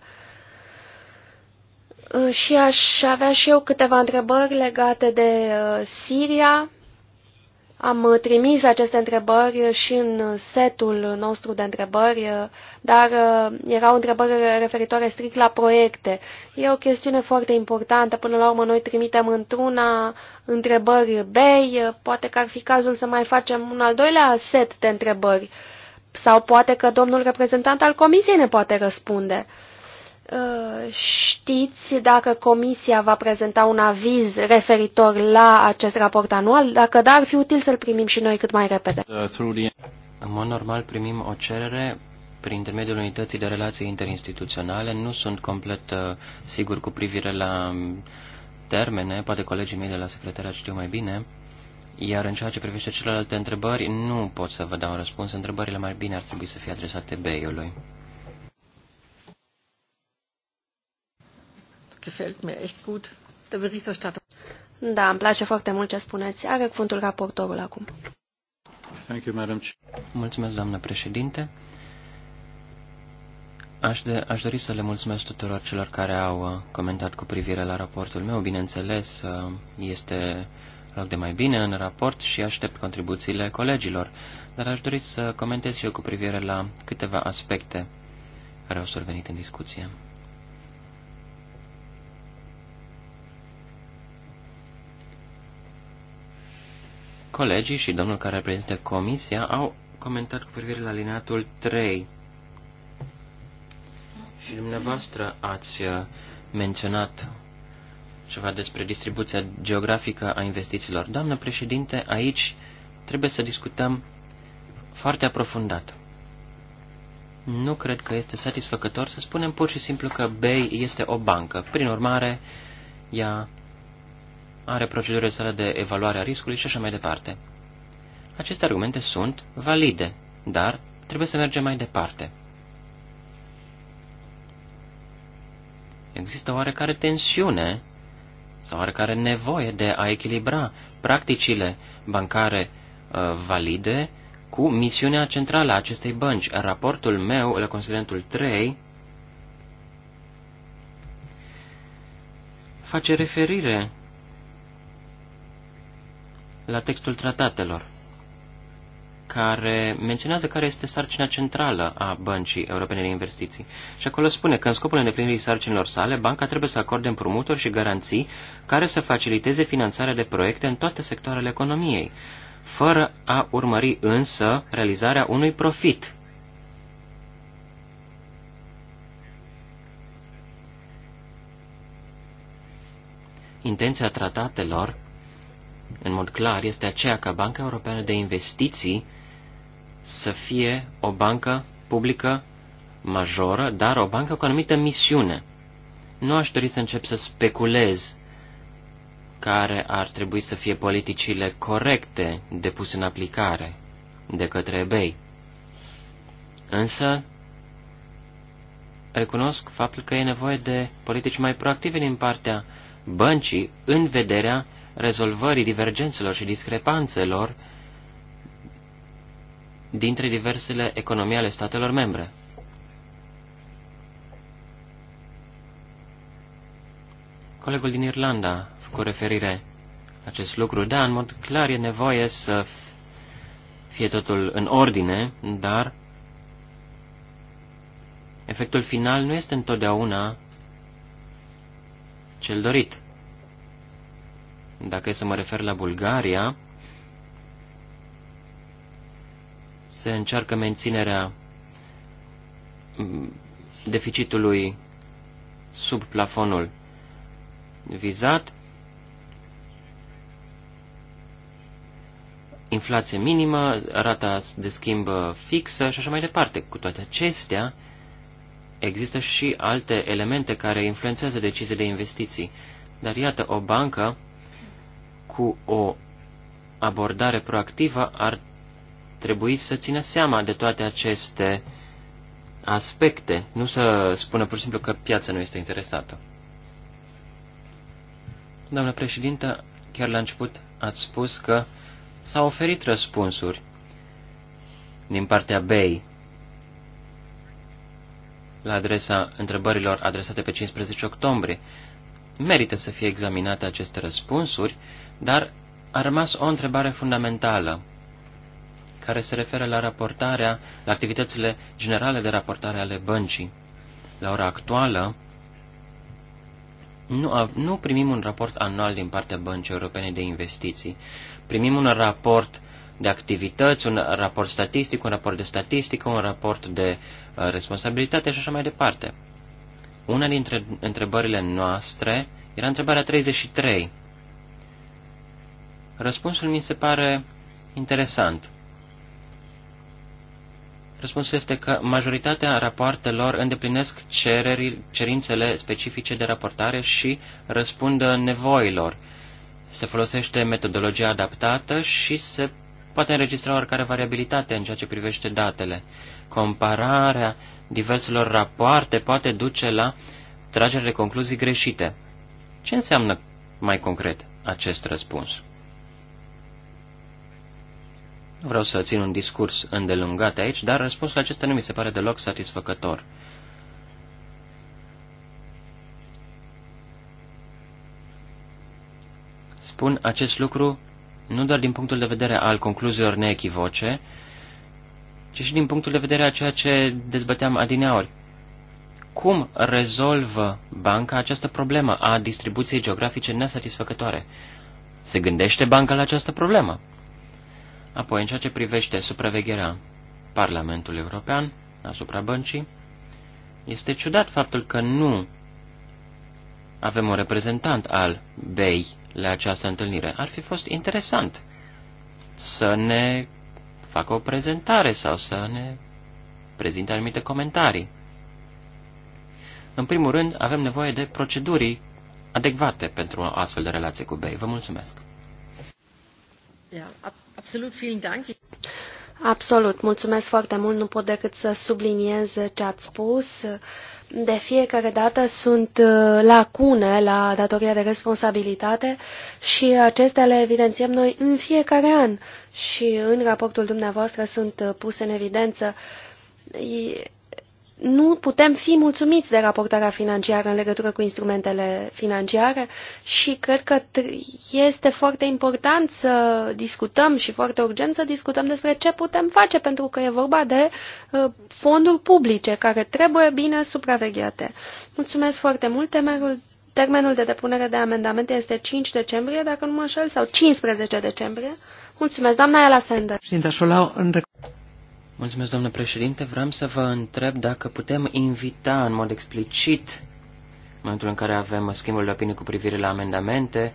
și aș avea și eu câteva întrebări legate de uh, Siria am trimis aceste întrebări și în setul nostru de întrebări, dar uh, erau întrebări referitoare strict la proiecte. E o chestiune foarte importantă. Până la urmă, noi trimitem într-una întrebări BEI. Poate că ar fi cazul să mai facem un al doilea set de întrebări. Sau poate că domnul reprezentant al comisiei ne poate răspunde. Uh, știți dacă Comisia va prezenta un aviz referitor la acest raport anual? Dacă da, ar fi util să-l primim și noi cât mai repede. Uh, în mod normal primim o cerere prin intermediul unității de relații interinstituționale. Nu sunt complet uh, sigur cu privire la um, termene, poate colegii mei de la secretaria știu mai bine. Iar în ceea ce privește celelalte întrebări, nu pot să vă dau un răspuns. Întrebările mai bine ar trebui să fie adresate BEI-ului. gefällt mir echt gut. Der Berichterstatter. Da, îmi place foarte mult ce spuneți. Are cuvântul raportorul acum. Thank you, madam. Mulțumesc, doamnă președinte. Aș, de, aș dori să le mulțumesc tuturor celor care au uh, comentat cu privire la raportul meu. Bineînțeles, uh, este loc de mai bine în raport și aștept contribuțiile colegilor, dar aș dori să comentez și eu cu privire la câteva aspecte care au survenit în discuție. Colegii și domnul care reprezintă comisia au comentat cu privire la alineatul 3. Și dumneavoastră ați uh, menționat ceva despre distribuția geografică a investițiilor. Doamnă președinte, aici trebuie să discutăm foarte aprofundat. Nu cred că este satisfăcător să spunem pur și simplu că BEI este o bancă. Prin urmare, ea are procedurile sale de evaluare a riscului și așa mai departe. Aceste argumente sunt valide, dar trebuie să mergem mai departe. Există oarecare tensiune sau oarecare nevoie de a echilibra practicile bancare uh, valide cu misiunea centrală a acestei bănci. Raportul meu, la considerentul 3, face referire la textul tratatelor, care menționează care este sarcina centrală a Băncii Europene de Investiții. Și acolo spune că în scopul îndeplinirii sarcinilor sale, banca trebuie să acorde împrumuturi și garanții care să faciliteze finanțarea de proiecte în toate sectoarele economiei, fără a urmări însă realizarea unui profit intenția tratatelor în mod clar este aceea ca Banca Europeană de Investiții să fie o bancă publică majoră, dar o bancă cu anumită misiune. Nu aș dori să încep să speculez care ar trebui să fie politicile corecte depuse în aplicare de către BEI. Însă, recunosc faptul că e nevoie de politici mai proactive din partea băncii în vederea rezolvării divergențelor și discrepanțelor dintre diversele economii ale statelor membre. Colegul din Irlanda a făcut referire la acest lucru. Da, în mod clar e nevoie să fie totul în ordine, dar efectul final nu este întotdeauna cel dorit. Dacă e să mă refer la Bulgaria, se încearcă menținerea mm, deficitului sub plafonul vizat, inflație minimă, rata de schimb fixă și așa mai departe. Cu toate acestea, există și alte elemente care influențează deciziile de investiții. Dar iată, o bancă cu o abordare proactivă ar trebui să țină seama de toate aceste aspecte, nu să spună pur și simplu că piața nu este interesată. Doamna președintă, chiar la început ați spus că s-au oferit răspunsuri din partea BEI la adresa întrebărilor adresate pe 15 octombrie. Merită să fie examinate aceste răspunsuri, dar a rămas o întrebare fundamentală care se referă la raportarea, la activitățile generale de raportare ale băncii. La ora actuală, nu, nu primim un raport anual din partea Băncii Europene de Investiții. Primim un raport de activități, un raport statistic, un raport de statistică, un raport de uh, responsabilitate și așa mai departe. Una dintre întrebările noastre era întrebarea 33. Răspunsul mi se pare interesant. Răspunsul este că majoritatea rapoartelor îndeplinesc cereri, cerințele specifice de raportare și răspundă nevoilor. Se folosește metodologia adaptată și se poate înregistra oricare variabilitate în ceea ce privește datele. Compararea diverselor rapoarte poate duce la tragere de concluzii greșite. Ce înseamnă mai concret acest răspuns? Vreau să țin un discurs îndelungat aici, dar răspunsul acesta nu mi se pare deloc satisfăcător. Spun acest lucru nu doar din punctul de vedere al concluziilor neechivoce, ci și din punctul de vedere a ceea ce dezbăteam adineori. Cum rezolvă banca această problemă a distribuției geografice nesatisfăcătoare? Se gândește banca la această problemă? Apoi, în ceea ce privește supravegherea Parlamentului European asupra băncii, este ciudat faptul că nu avem un reprezentant al BEI la această întâlnire. Ar fi fost interesant să ne facă o prezentare sau să ne prezinte anumite comentarii. În primul rând, avem nevoie de proceduri adecvate pentru o astfel de relație cu BEI. Vă mulțumesc! absolut, vielen Dank. Absolut, mulțumesc foarte mult. Nu pot decât să subliniez ce ați spus. De fiecare dată sunt uh, lacune la datoria de responsabilitate și acestea le evidențiem noi în fiecare an și în raportul dumneavoastră sunt uh, puse în evidență nu putem fi mulțumiți de raportarea financiară în legătură cu instrumentele financiare și cred că este foarte important să discutăm și foarte urgent să discutăm despre ce putem face, pentru că e vorba de uh, fonduri publice care trebuie bine supravegheate. Mulțumesc foarte mult, temerul Termenul de depunere de amendamente este 5 decembrie, dacă nu mă înșel, sau 15 decembrie. Mulțumesc, doamna Ela Sender. Mulțumesc, domnule președinte. Vreau să vă întreb dacă putem invita în mod explicit, în momentul în care avem schimbul de opinie cu privire la amendamente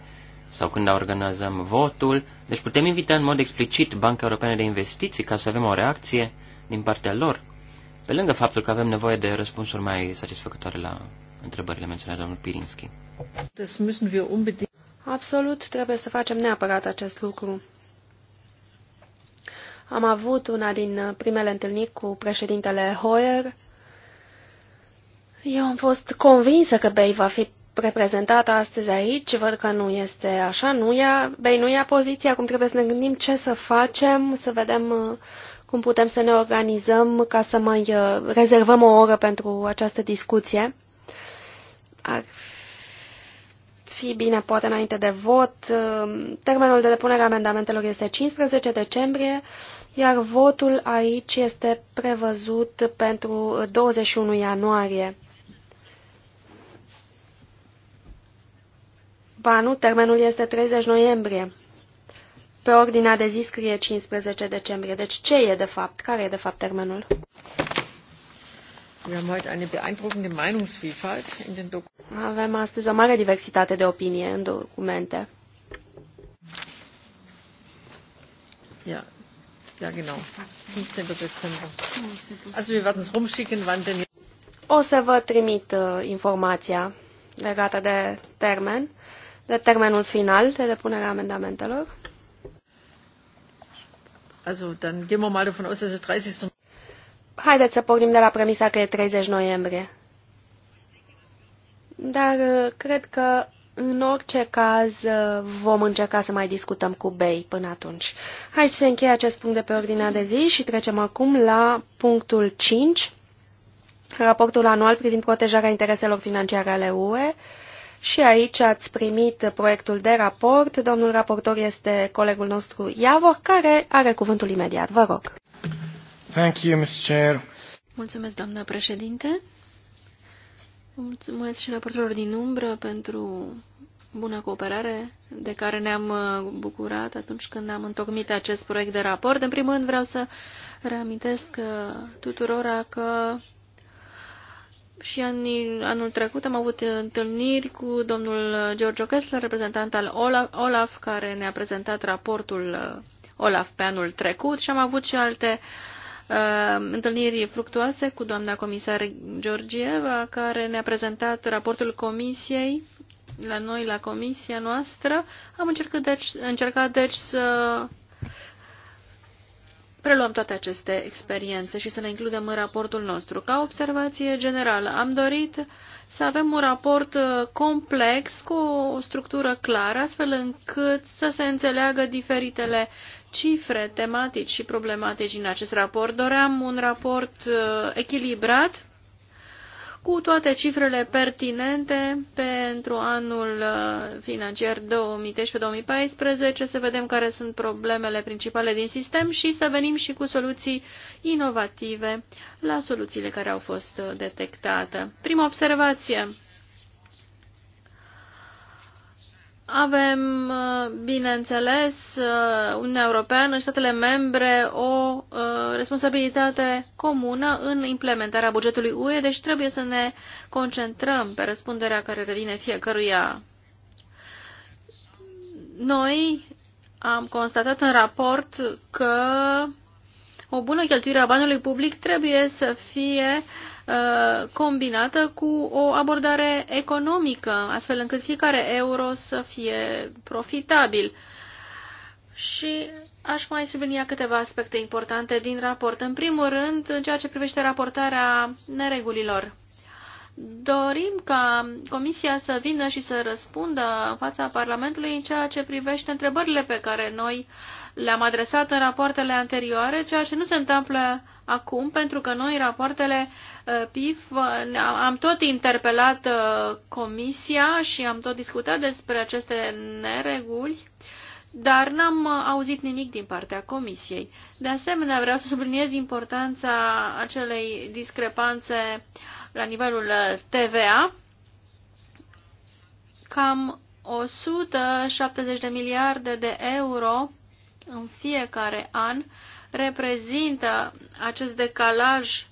sau când organizăm votul, deci putem invita în mod explicit Banca Europeană de Investiții ca să avem o reacție din partea lor, pe lângă faptul că avem nevoie de răspunsuri mai satisfăcătoare la întrebările menționate de domnul Pirinski. Absolut, trebuie să facem neapărat acest lucru. Am avut una din uh, primele întâlniri cu președintele Hoyer. Eu am fost convinsă că Bay va fi reprezentată astăzi aici. Văd că nu este așa. Nu ia, Bay nu ia poziția. Acum trebuie să ne gândim ce să facem, să vedem uh, cum putem să ne organizăm ca să mai uh, rezervăm o oră pentru această discuție. Ar fi bine, poate înainte de vot. Termenul de depunere a amendamentelor este 15 decembrie iar votul aici este prevăzut pentru 21 uh, ianuarie. Ba nu, termenul este 30 noiembrie. Pe ordinea de zi scrie 15 decembrie. Deci ce e de fapt? Care e de fapt termenul? Avem astăzi o mare diversitate de opinie în documente. Ja, genau. 15. Dezember. Also wir werden es rumschicken, wann denn... O să vă trimit uh, informația legată de termen, de termenul final de depunere a amendamentelor. Also, dann gehen wir mal davon aus, dass es 30. Haideți să pornim de la premisa că e 30 noiembrie. Dar uh, cred că în orice caz, vom încerca să mai discutăm cu Bey? până atunci. Aici se încheie acest punct de pe ordinea de zi și trecem acum la punctul 5, raportul anual privind protejarea intereselor financiare ale UE. Și aici ați primit proiectul de raport. Domnul raportor este colegul nostru Iavor, care are cuvântul imediat. Vă rog. Thank you, Mr. Chair. Mulțumesc, doamnă președinte. Mulțumesc și raportorilor din umbră pentru bună cooperare de care ne-am uh, bucurat atunci când am întocmit acest proiect de raport. În primul rând vreau să reamintesc uh, tuturora că și anii, anul trecut am avut întâlniri cu domnul Giorgio Kessler, reprezentant al Olaf, Olaf care ne-a prezentat raportul uh, Olaf pe anul trecut și am avut și alte uh, Uh, întâlniri fructuoase cu doamna comisar Georgieva, care ne-a prezentat raportul comisiei la noi, la comisia noastră. Am încercat deci, încercat, deci să preluăm toate aceste experiențe și să le includem în raportul nostru. Ca observație generală, am dorit să avem un raport uh, complex cu o structură clară, astfel încât să se înțeleagă diferitele cifre, tematici și problematici în acest raport. Doream un raport uh, echilibrat cu toate cifrele pertinente pentru anul uh, financiar 2013-2014, să vedem care sunt problemele principale din sistem și să venim și cu soluții inovative la soluțiile care au fost uh, detectate. Prima observație Avem, uh, bineînțeles, uh, Uniunea Europeană și statele membre o uh, responsabilitate comună în implementarea bugetului UE, deci trebuie să ne concentrăm pe răspunderea care revine fiecăruia. Noi am constatat în raport că o bună cheltuire a banului public trebuie să fie uh, Uh, combinată cu o abordare economică, astfel încât fiecare euro să fie profitabil. Și aș mai sublinia câteva aspecte importante din raport. În primul rând, în ceea ce privește raportarea neregulilor. Dorim ca Comisia să vină și să răspundă în fața Parlamentului în ceea ce privește întrebările pe care noi le-am adresat în rapoartele anterioare, ceea ce nu se întâmplă acum, pentru că noi rapoartele Uh, PIF, uh, am tot interpelat uh, comisia și am tot discutat despre aceste nereguli, dar n-am auzit nimic din partea comisiei. De asemenea, vreau să subliniez importanța acelei discrepanțe la nivelul TVA. Cam 170 de miliarde de euro în fiecare an reprezintă acest decalaj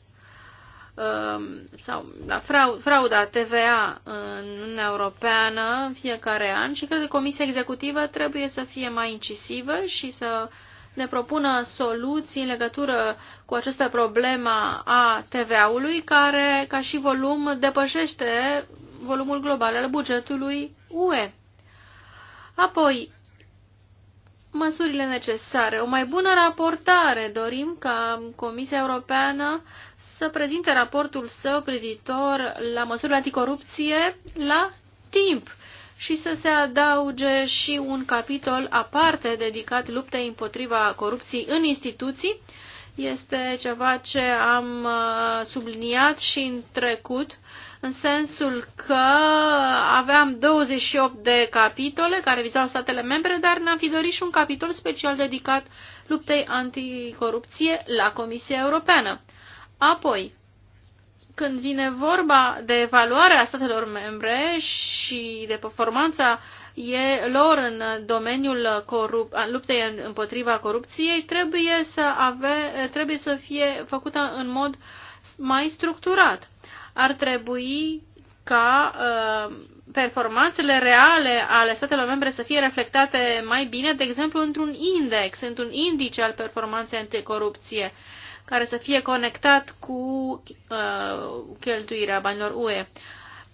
Um, sau la frauda TVA în Uniunea Europeană în fiecare an și cred că Comisia Executivă trebuie să fie mai incisivă și să ne propună soluții în legătură cu această problemă a TVA-ului, care, ca și volum, depășește volumul global al bugetului UE. Apoi, măsurile necesare, o mai bună raportare. Dorim ca Comisia Europeană să prezinte raportul său privitor la măsurile anticorupție la timp și să se adauge și un capitol aparte dedicat luptei împotriva corupției în instituții. Este ceva ce am uh, subliniat și în trecut, în sensul că aveam 28 de capitole care vizau statele membre, dar ne-am fi dorit și un capitol special dedicat luptei anticorupție la Comisia Europeană. Apoi, când vine vorba de evaluarea statelor membre și de performanța e lor în domeniul corup luptei împotriva corupției, trebuie să, ave, trebuie să fie făcută în mod mai structurat. Ar trebui ca uh, performanțele reale ale statelor membre să fie reflectate mai bine, de exemplu, într-un index, într-un indice al performanței anticorupție. Uh, care să fie conectat cu uh, cheltuirea banilor UE.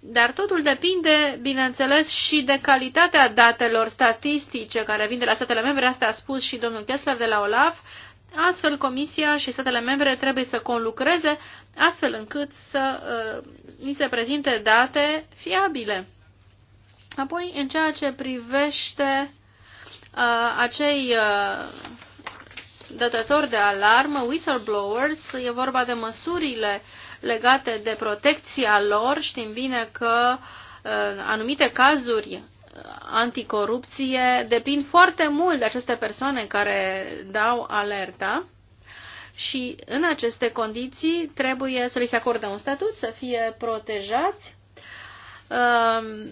Dar totul depinde, bineînțeles, și de calitatea datelor statistice care vin de la statele membre, asta a spus și domnul Kessler de la OLAF, astfel Comisia și statele membre trebuie să conlucreze astfel încât să uh, ni se prezinte date fiabile. Apoi, în ceea ce privește uh, acei uh, dătători de alarmă, whistleblowers, e vorba de măsurile legate de protecția lor. Știm bine că uh, anumite cazuri uh, anticorupție depind foarte mult de aceste persoane care dau alerta și în aceste condiții trebuie să li se acorde un statut, să fie protejați uh,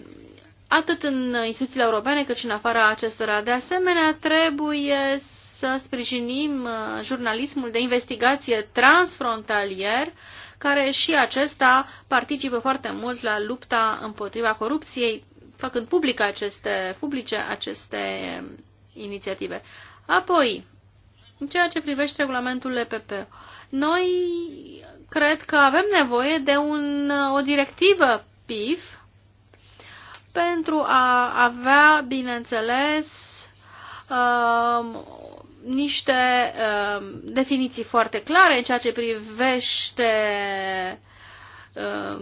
atât în instituțiile europene cât și în afara acestora. De asemenea, trebuie să sprijinim uh, jurnalismul de investigație transfrontalier, care și acesta participă foarte mult la lupta împotriva corupției, făcând publice aceste, publice aceste um, inițiative. Apoi, în ceea ce privește regulamentul EPP, noi cred că avem nevoie de un, uh, o directivă PIF pentru a avea, bineînțeles, um, niște uh, definiții foarte clare în ceea ce privește uh,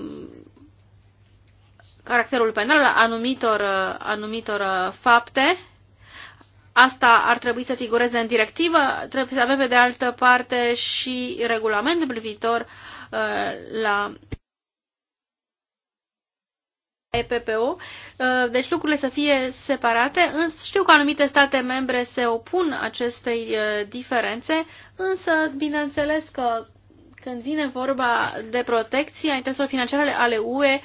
caracterul penal al anumitor, uh, anumitor uh, fapte. Asta ar trebui să figureze în directivă, trebuie să avem pe de altă parte și regulament privitor uh, la EPPO, uh, deci lucrurile să fie separate. Știu că anumite state membre se opun acestei uh, diferențe, însă bineînțeles că când vine vorba de protecția intereselor financiare ale UE,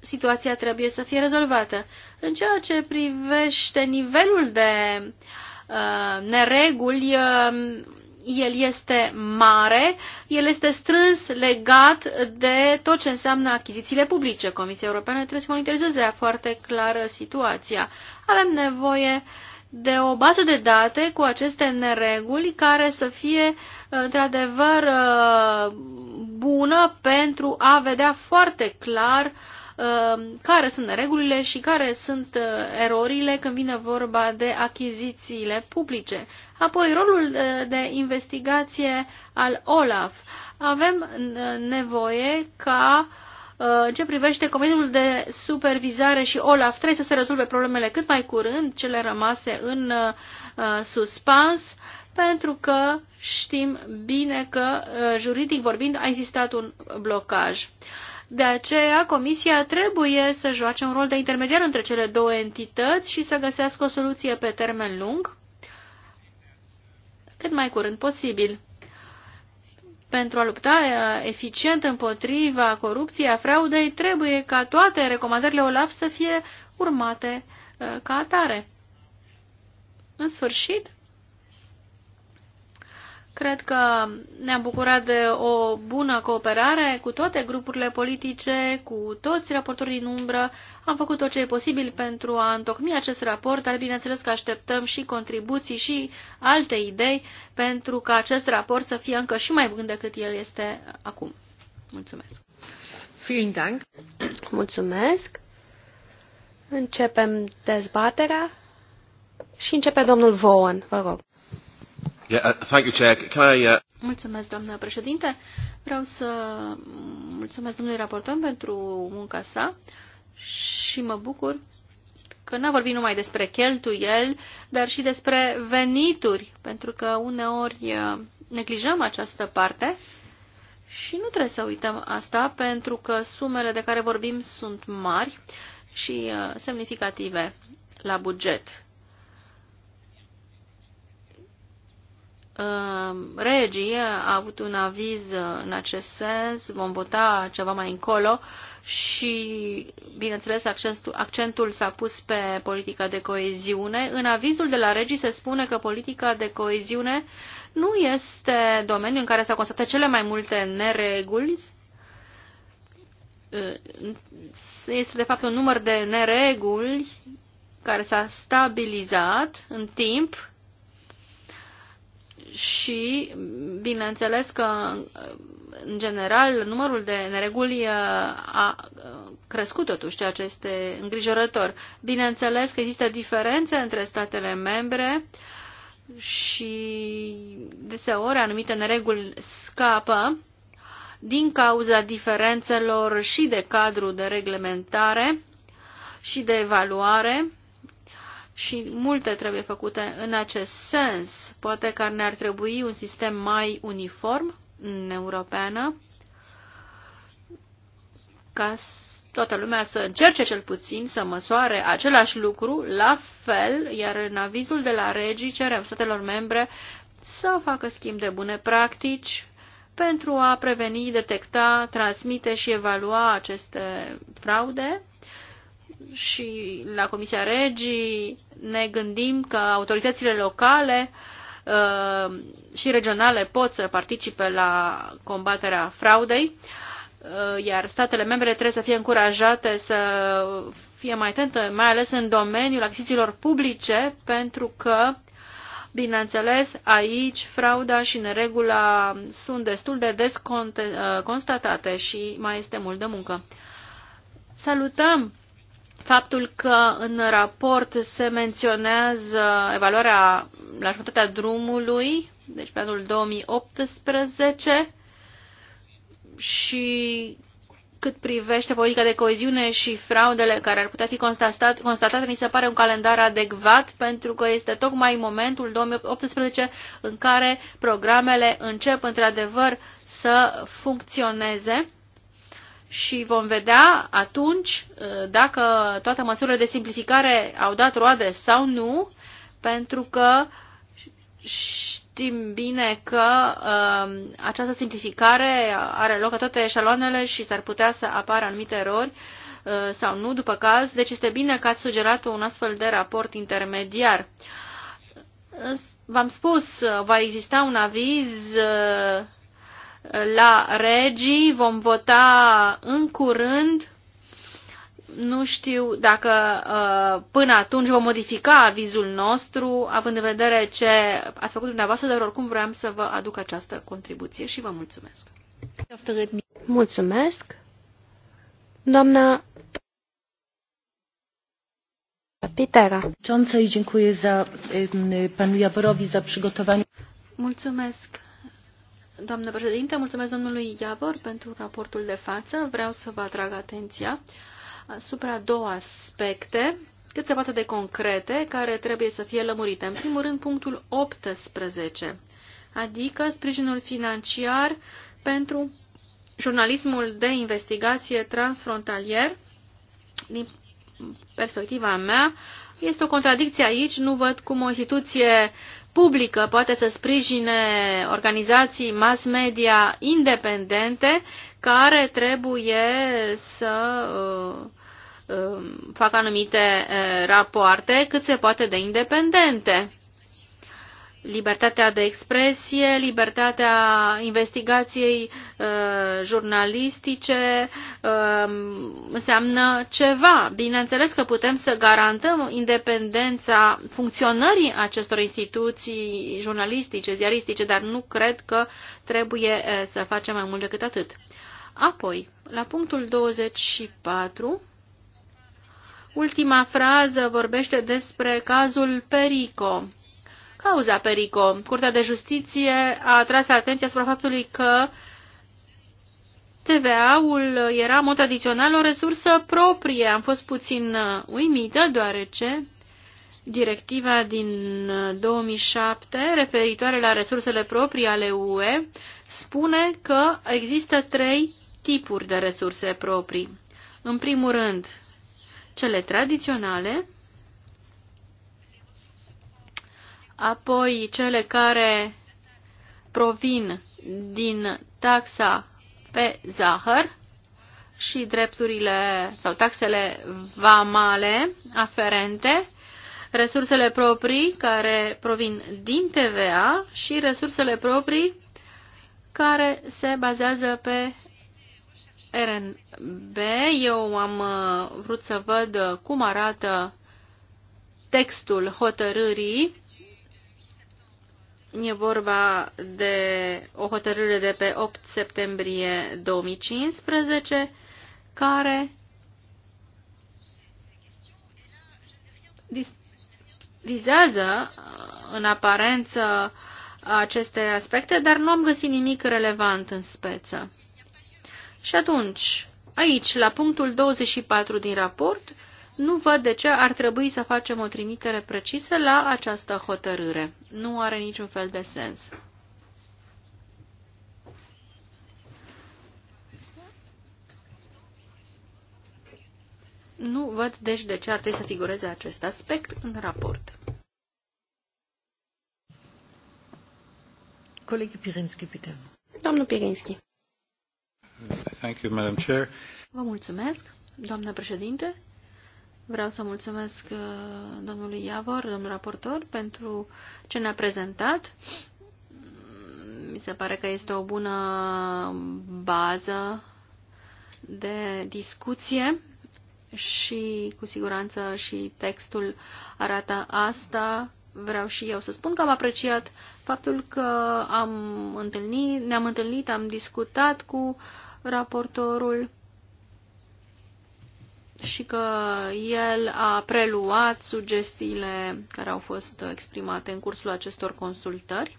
situația trebuie să fie rezolvată. În ceea ce privește nivelul de uh, nereguli, uh, el este mare, el este strâns legat de tot ce înseamnă achizițiile publice. Comisia Europeană trebuie să monitorizeze foarte clară situația. Avem nevoie de o bază de date cu aceste nereguli care să fie într-adevăr bună pentru a vedea foarte clar uh, Um, care sunt regulile și care sunt uh, erorile când vine vorba de achizițiile publice. Apoi, rolul uh, de investigație al OLAF. Avem uh, nevoie ca în ce privește Comitetul de Supervizare și OLAF, trebuie să se rezolve problemele cât mai curând, cele rămase în suspans, pentru că știm bine că, juridic vorbind, a existat un blocaj. Uh, de aceea, Comisia trebuie să joace un rol de intermediar între cele două entități și să găsească o soluție pe termen lung, cât mai curând posibil. Pentru a lupta eh, eficient împotriva corupției, a fraudei, trebuie ca toate recomandările OLAF să fie urmate eh, ca atare. În sfârșit, Cred că ne-am bucurat de o bună cooperare cu toate grupurile politice, cu toți raportorii din umbră. Am făcut tot ce e posibil pentru a întocmi acest raport, dar bineînțeles că așteptăm și contribuții și alte idei pentru ca acest raport să fie încă și mai bun decât el este acum. Mulțumesc! Vielen Dank! Mulțumesc! Începem dezbaterea și începe domnul Vaughan, vă rog. Uh, uh, mulțumesc, doamnă președinte. Vreau să mulțumesc domnului raportor pentru munca sa și mă bucur că n-a vorbit numai despre cheltuieli, dar și despre venituri, pentru că uneori uh, neglijăm această parte și nu trebuie să uităm asta, pentru că sumele de care vorbim sunt mari și semnificative la buget. Um, regii uh, a avut un aviz uh, în acest sens, vom vota ceva mai încolo și, bineînțeles, accentul, s-a pus pe politica de coeziune. În avizul de la Regii se spune că politica de coeziune nu este domeniul în care s-au constatat cele mai multe nereguli. Uh, este, de fapt, un număr de nereguli care s-a stabilizat în timp și, bineînțeles că, în general, numărul de nereguli uh, a uh, crescut totuși, ceea ce este îngrijorător. Bineînțeles că există diferențe între statele membre și deseori anumite nereguli scapă din cauza diferențelor și de cadru de reglementare și de evaluare și multe trebuie făcute în acest sens. Poate că ne-ar trebui un sistem mai uniform în europeană ca toată lumea să încerce cel puțin să măsoare același lucru la fel, iar în avizul de la regii cerem statelor membre să facă schimb de bune practici pentru a preveni, detecta, transmite și evalua aceste fraude și la Comisia Regii ne gândim că autoritățile locale uh, și regionale pot să participe la combaterea fraudei, uh, iar statele membre trebuie să fie încurajate să fie mai atente, mai ales în domeniul achizițiilor publice, pentru că, bineînțeles, aici frauda și neregula sunt destul de des uh, constatate și mai este mult de muncă. Salutăm faptul că în raport se menționează evaluarea la jumătatea drumului, deci pe anul 2018, și cât privește politica de coeziune și fraudele care ar putea fi constatate, constatate, ni se pare un calendar adecvat pentru că este tocmai momentul 2018 în care programele încep într-adevăr să funcționeze și vom vedea atunci uh, dacă toate măsurile de simplificare au dat roade sau nu, pentru că știm bine că uh, această simplificare are loc în toate eșaloanele și s-ar putea să apară anumite erori uh, sau nu, după caz. Deci este bine că ați sugerat un astfel de raport intermediar. V-am spus, va exista un aviz uh, la regii, vom vota în curând. Nu știu dacă uh, până atunci vom modifica avizul nostru, având în vedere ce ați făcut dumneavoastră, dar oricum vreau să vă aduc această contribuție și vă mulțumesc. Mulțumesc. Doamna Pitera. Mulțumesc Doamnă președinte, mulțumesc domnului Iavor pentru raportul de față. Vreau să vă atrag atenția asupra două aspecte cât se poate de concrete, care trebuie să fie lămurite. În primul rând, punctul 18, adică sprijinul financiar pentru jurnalismul de investigație transfrontalier. Din perspectiva mea, este o contradicție aici, nu văd cum o instituție publică poate să sprijine organizații mass media independente care trebuie să uh, um, facă anumite uh, rapoarte cât se poate de independente libertatea de expresie, libertatea investigației uh, jurnalistice uh, înseamnă ceva. Bineînțeles că putem să garantăm independența funcționării acestor instituții jurnalistice, ziaristice, dar nu cred că trebuie uh, să facem mai mult decât atât. Apoi, la punctul 24, ultima frază vorbește despre cazul Perico Cauza Perico. Curtea de Justiție a atras atenția asupra faptului că TVA-ul era, în mod tradițional, o resursă proprie. Am fost puțin uh, uimită, deoarece directiva din 2007, uh, referitoare la resursele proprii ale UE, spune că există trei tipuri de resurse proprii. În primul rând, cele tradiționale, apoi cele care provin din taxa pe zahăr și drepturile sau taxele vamale aferente, resursele proprii care provin din TVA și resursele proprii care se bazează pe RNB. Eu am uh, vrut să văd cum arată textul hotărârii E vorba de o hotărâre de pe 8 septembrie 2015 care vizează uh, în aparență aceste aspecte, dar nu am găsit nimic relevant în speță. Și atunci, aici, la punctul 24 din raport, nu văd de ce ar trebui să facem o trimitere precisă la această hotărâre. Nu are niciun fel de sens. Nu văd deci de ce ar trebui să figureze acest aspect în raport. Colegii Pirinski, bitte. Domnul Pirinski. Thank you, Madam Chair. Vă mulțumesc, doamnă președinte. Vreau să mulțumesc uh, domnului Iavor, domnul raportor, pentru ce ne-a prezentat. Mi se pare că este o bună bază de discuție și cu siguranță și textul arată asta. Vreau și eu să spun că am apreciat faptul că am întâlnit, ne-am întâlnit, am discutat cu raportorul și că el a preluat sugestiile care au fost exprimate în cursul acestor consultări.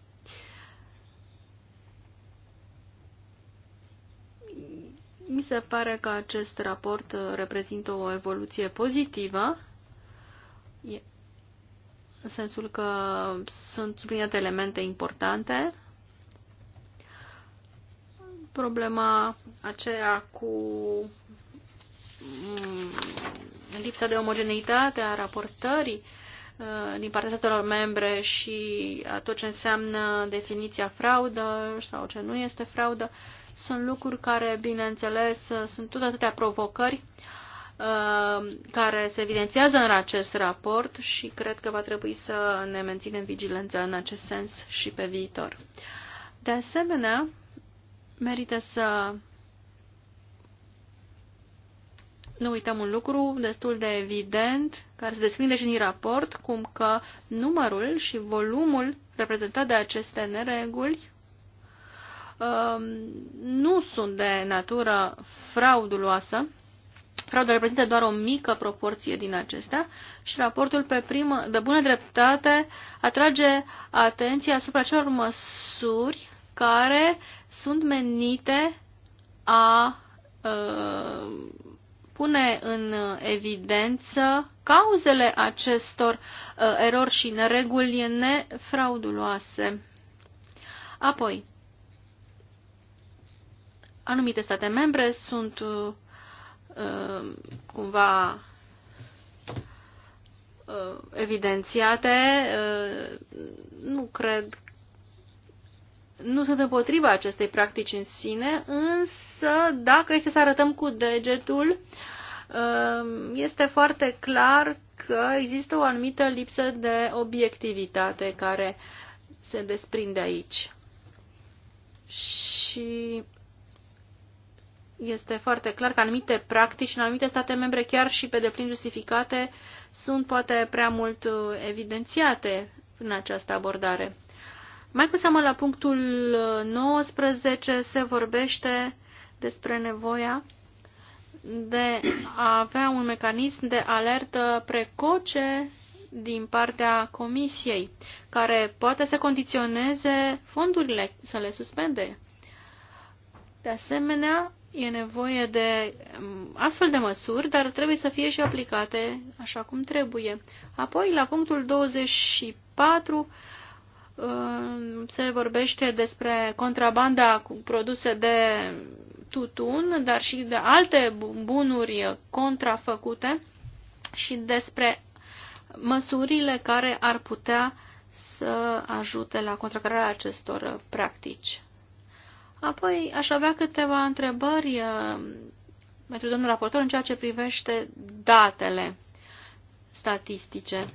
Mi se pare că acest raport uh, reprezintă o evoluție pozitivă, în sensul că sunt subliniate elemente importante. Problema aceea cu Mm, lipsa de omogeneitate a raportării uh, din partea statelor membre și a tot ce înseamnă definiția fraudă sau ce nu este fraudă, sunt lucruri care, bineînțeles, sunt tot atâtea provocări uh, care se evidențiază în acest raport și cred că va trebui să ne menținem vigilența în acest sens și pe viitor. De asemenea, merită să nu uităm un lucru destul de evident, care se desprinde și din raport, cum că numărul și volumul reprezentat de aceste nereguli um, nu sunt de natură frauduloasă. fraudul reprezintă doar o mică proporție din acestea și raportul pe primă, de bună dreptate atrage atenția asupra celor măsuri care sunt menite a uh, pune în uh, evidență cauzele acestor uh, erori și nereguli nefrauduloase. Apoi, anumite state membre sunt uh, uh cumva uh, evidențiate. Nu cred nu sunt împotriva acestei practici în sine, însă dacă este să arătăm cu degetul, um, este foarte clar că există o anumită lipsă de obiectivitate care se desprinde aici. Și este foarte clar că anumite practici în anumite state membre, chiar și pe deplin justificate, sunt poate prea mult uh, evidențiate în această abordare. Mai cu seamă la punctul 19 se vorbește despre nevoia de a avea un mecanism de alertă precoce din partea comisiei, care poate să condiționeze fondurile, să le suspende. De asemenea, e nevoie de um, astfel de măsuri, dar trebuie să fie și aplicate așa cum trebuie. Apoi, la punctul 24, se vorbește despre contrabanda cu produse de tutun, dar și de alte bunuri contrafăcute și despre măsurile care ar putea să ajute la contracararea acestor practici. Apoi aș avea câteva întrebări uh, pentru domnul raportor în ceea ce privește datele statistice.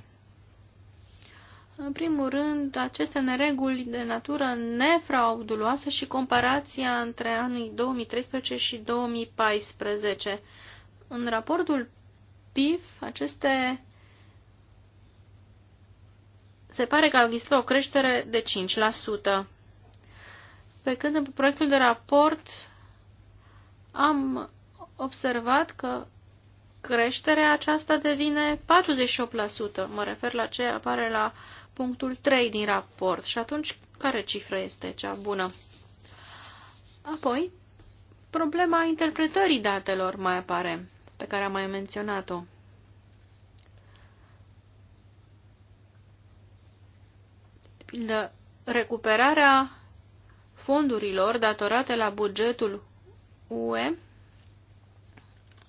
În primul rând, aceste nereguli de natură nefrauduloasă și comparația între anii 2013 și 2014. În raportul PIF, aceste se pare că există o creștere de 5%. Pe când în proiectul de raport am observat că creșterea aceasta devine 48%. Mă refer la ce apare la punctul 3 din raport și atunci care cifră este cea bună? Apoi, problema interpretării datelor mai apare, pe care am mai menționat-o. Pildă, recuperarea fondurilor datorate la bugetul UE,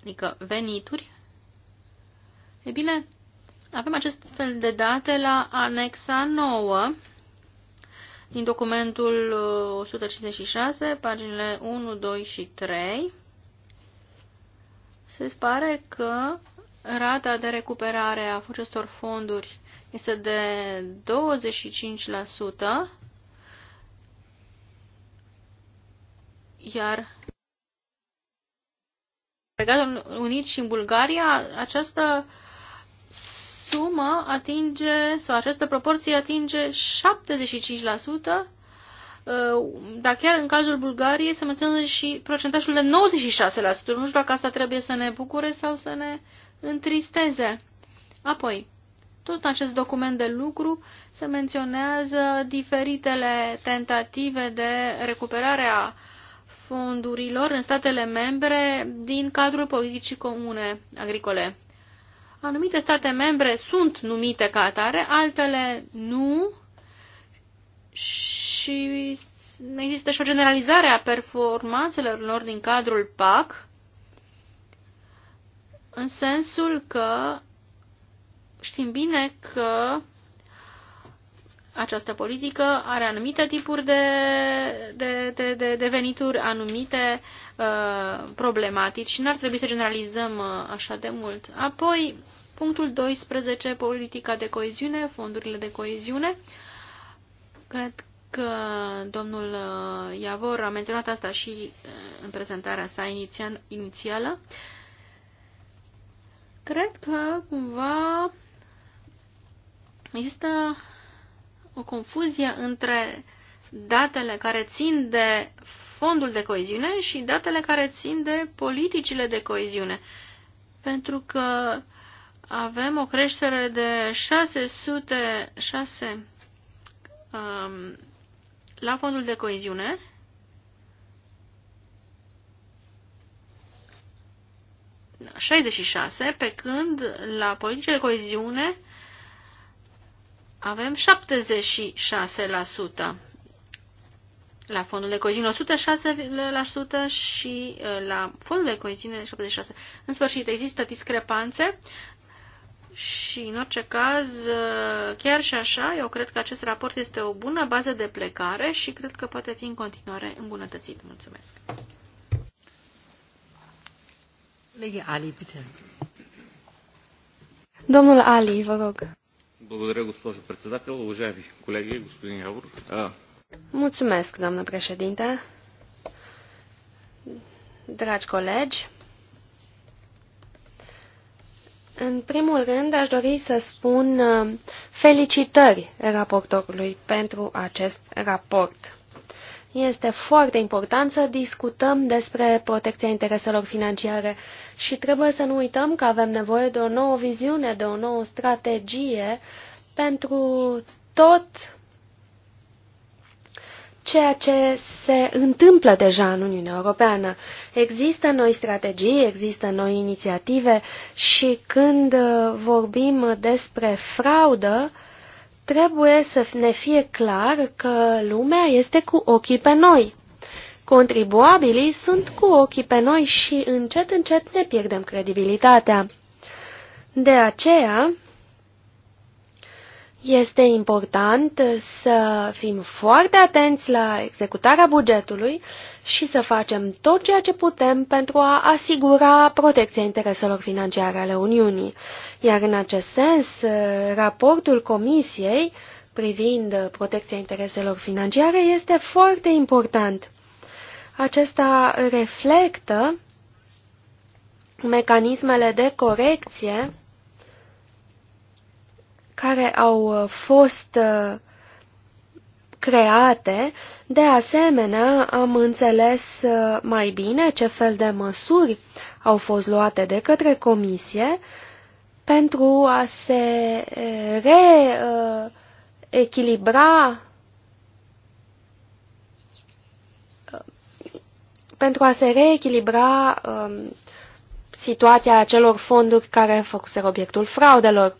adică venituri, e bine, avem acest fel de date la anexa 9 din documentul 156, uh, paginile 1, 2 și 3. Se pare că rata de recuperare a acestor fonduri este de 25%, iar Regatul Unit și în Bulgaria această uh, sumă atinge, sau această proporție atinge 75%, uh, dar chiar în cazul Bulgariei se menționează și procentajul de 96%. Nu știu dacă asta trebuie să ne bucure sau să ne întristeze. Apoi, tot în acest document de lucru se menționează diferitele tentative de recuperare a fondurilor în statele membre din cadrul politicii comune agricole. Anumite state membre sunt numite ca atare, altele nu și există și o generalizare a performanțelor lor din cadrul PAC, în sensul că știm bine că această politică are anumite tipuri de, de, de, de, de venituri, anumite uh, problematici și n-ar trebui să generalizăm uh, așa de mult. Apoi, punctul 12, politica de coeziune, fondurile de coeziune. Cred că domnul uh, Iavor a menționat asta și uh, în prezentarea sa inițială. Cred că cumva există o confuzie între datele care țin de fondul de coeziune și datele care țin de politicile de coeziune. Pentru că avem o creștere de 606 um, la fondul de coeziune 66, da, pe când la politicile de coeziune avem 76% la fondul de coeziune 106% și uh, la fondul de coeziune 76%. În sfârșit, există discrepanțe și, în orice caz, uh, chiar și așa, eu cred că acest raport este o bună bază de plecare și cred că poate fi în continuare îmbunătățit. Mulțumesc! Lege Ali, Domnul Ali, vă rog. Благодаря, госпожо председател. Уважаеми колеги, господин Явор. А... Mulțumesc, doamnă președinte. Dragi colegi, în primul rând aș dori să spun uh, felicitări raportorului pentru acest raport. Este foarte important să discutăm despre protecția intereselor financiare și trebuie să nu uităm că avem nevoie de o nouă viziune, de o nouă strategie pentru tot ceea ce se întâmplă deja în Uniunea Europeană. Există noi strategii, există noi inițiative și când vorbim despre fraudă, uh, Trebuie să ne fie clar că lumea este cu ochii pe noi. Contribuabilii sunt cu ochii pe noi și încet, încet ne pierdem credibilitatea. De aceea, este important să fim foarte atenți la executarea bugetului și să facem tot ceea ce putem pentru a asigura protecția intereselor financiare ale Uniunii. Iar în acest sens, uh, raportul Comisiei privind protecția intereselor financiare este foarte important. Acesta reflectă mecanismele de corecție care au uh, fost uh, create. De asemenea, am înțeles mai bine ce fel de măsuri au fost luate de către comisie pentru a se reechilibra pentru a se reechilibra situația acelor fonduri care făcuseră obiectul fraudelor.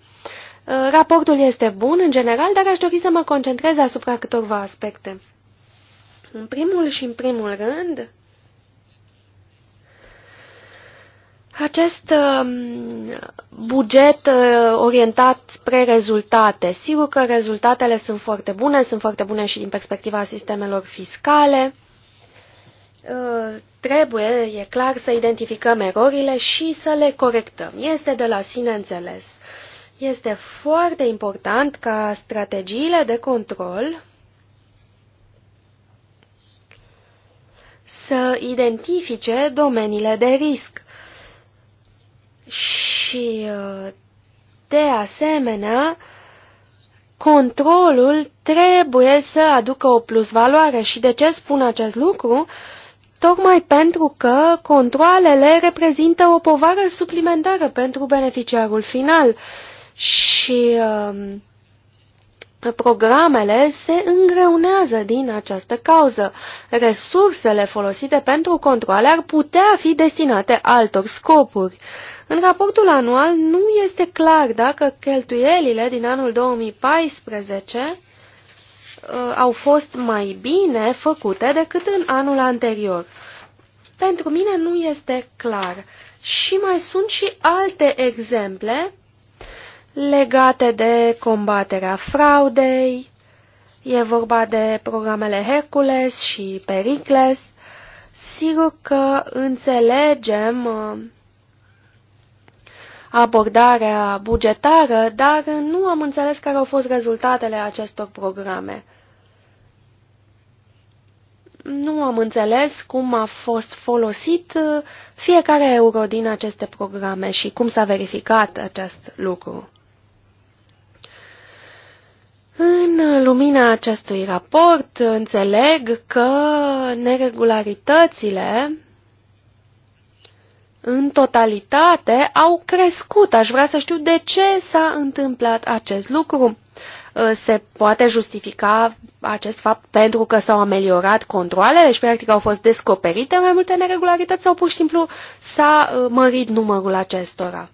raportul este bun în general, dar aș dori să mă concentrez asupra câtorva aspecte. În primul și în primul rând, Acest um, buget uh, orientat spre rezultate, sigur că rezultatele sunt foarte bune, sunt foarte bune și din perspectiva sistemelor fiscale. Uh, trebuie, e clar, să identificăm erorile și să le corectăm. Este de la sine înțeles. Este foarte important ca strategiile de control să identifice domeniile de risc și, uh, de asemenea, controlul trebuie să aducă o plusvaloare. Și de ce spun acest lucru? Tocmai pentru că controlele reprezintă o povară suplimentară pentru beneficiarul final și um, programele se îngreunează din această cauză. Resursele folosite pentru controle ar putea fi destinate altor scopuri. În raportul anual nu este clar dacă cheltuielile din anul 2014 uh, au fost mai bine făcute decât în anul anterior. Pentru mine nu este clar. Și mai sunt și alte exemple legate de combaterea fraudei, e vorba de programele Hercules și Pericles. Sigur că înțelegem uh, abordarea bugetară, dar nu am înțeles care au fost rezultatele acestor programe. Nu am înțeles cum a fost folosit fiecare euro din aceste programe și cum s-a verificat acest lucru. În lumina acestui raport, înțeleg că neregularitățile în totalitate au crescut. Aș vrea să știu de ce s-a întâmplat acest lucru. Ă, se poate justifica acest fapt pentru că s-au ameliorat controlele, și practic au fost descoperite mai multe neregularități sau pur și simplu s-a ă, mărit numărul acestora.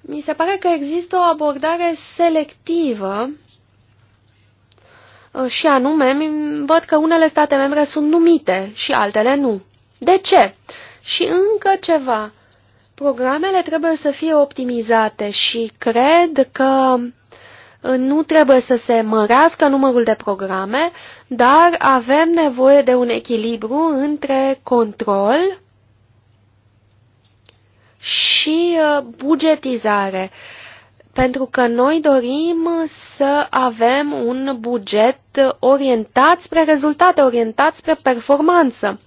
Mi se pare că există o abordare selectivă ă, și anume, văd că unele state membre sunt numite și altele nu. De ce? Și încă ceva. Programele trebuie să fie optimizate și cred că uh, nu trebuie să se mărească numărul de programe, dar avem nevoie de un echilibru între control și uh, bugetizare, pentru că noi dorim să avem un buget orientat spre rezultate, orientat spre performanță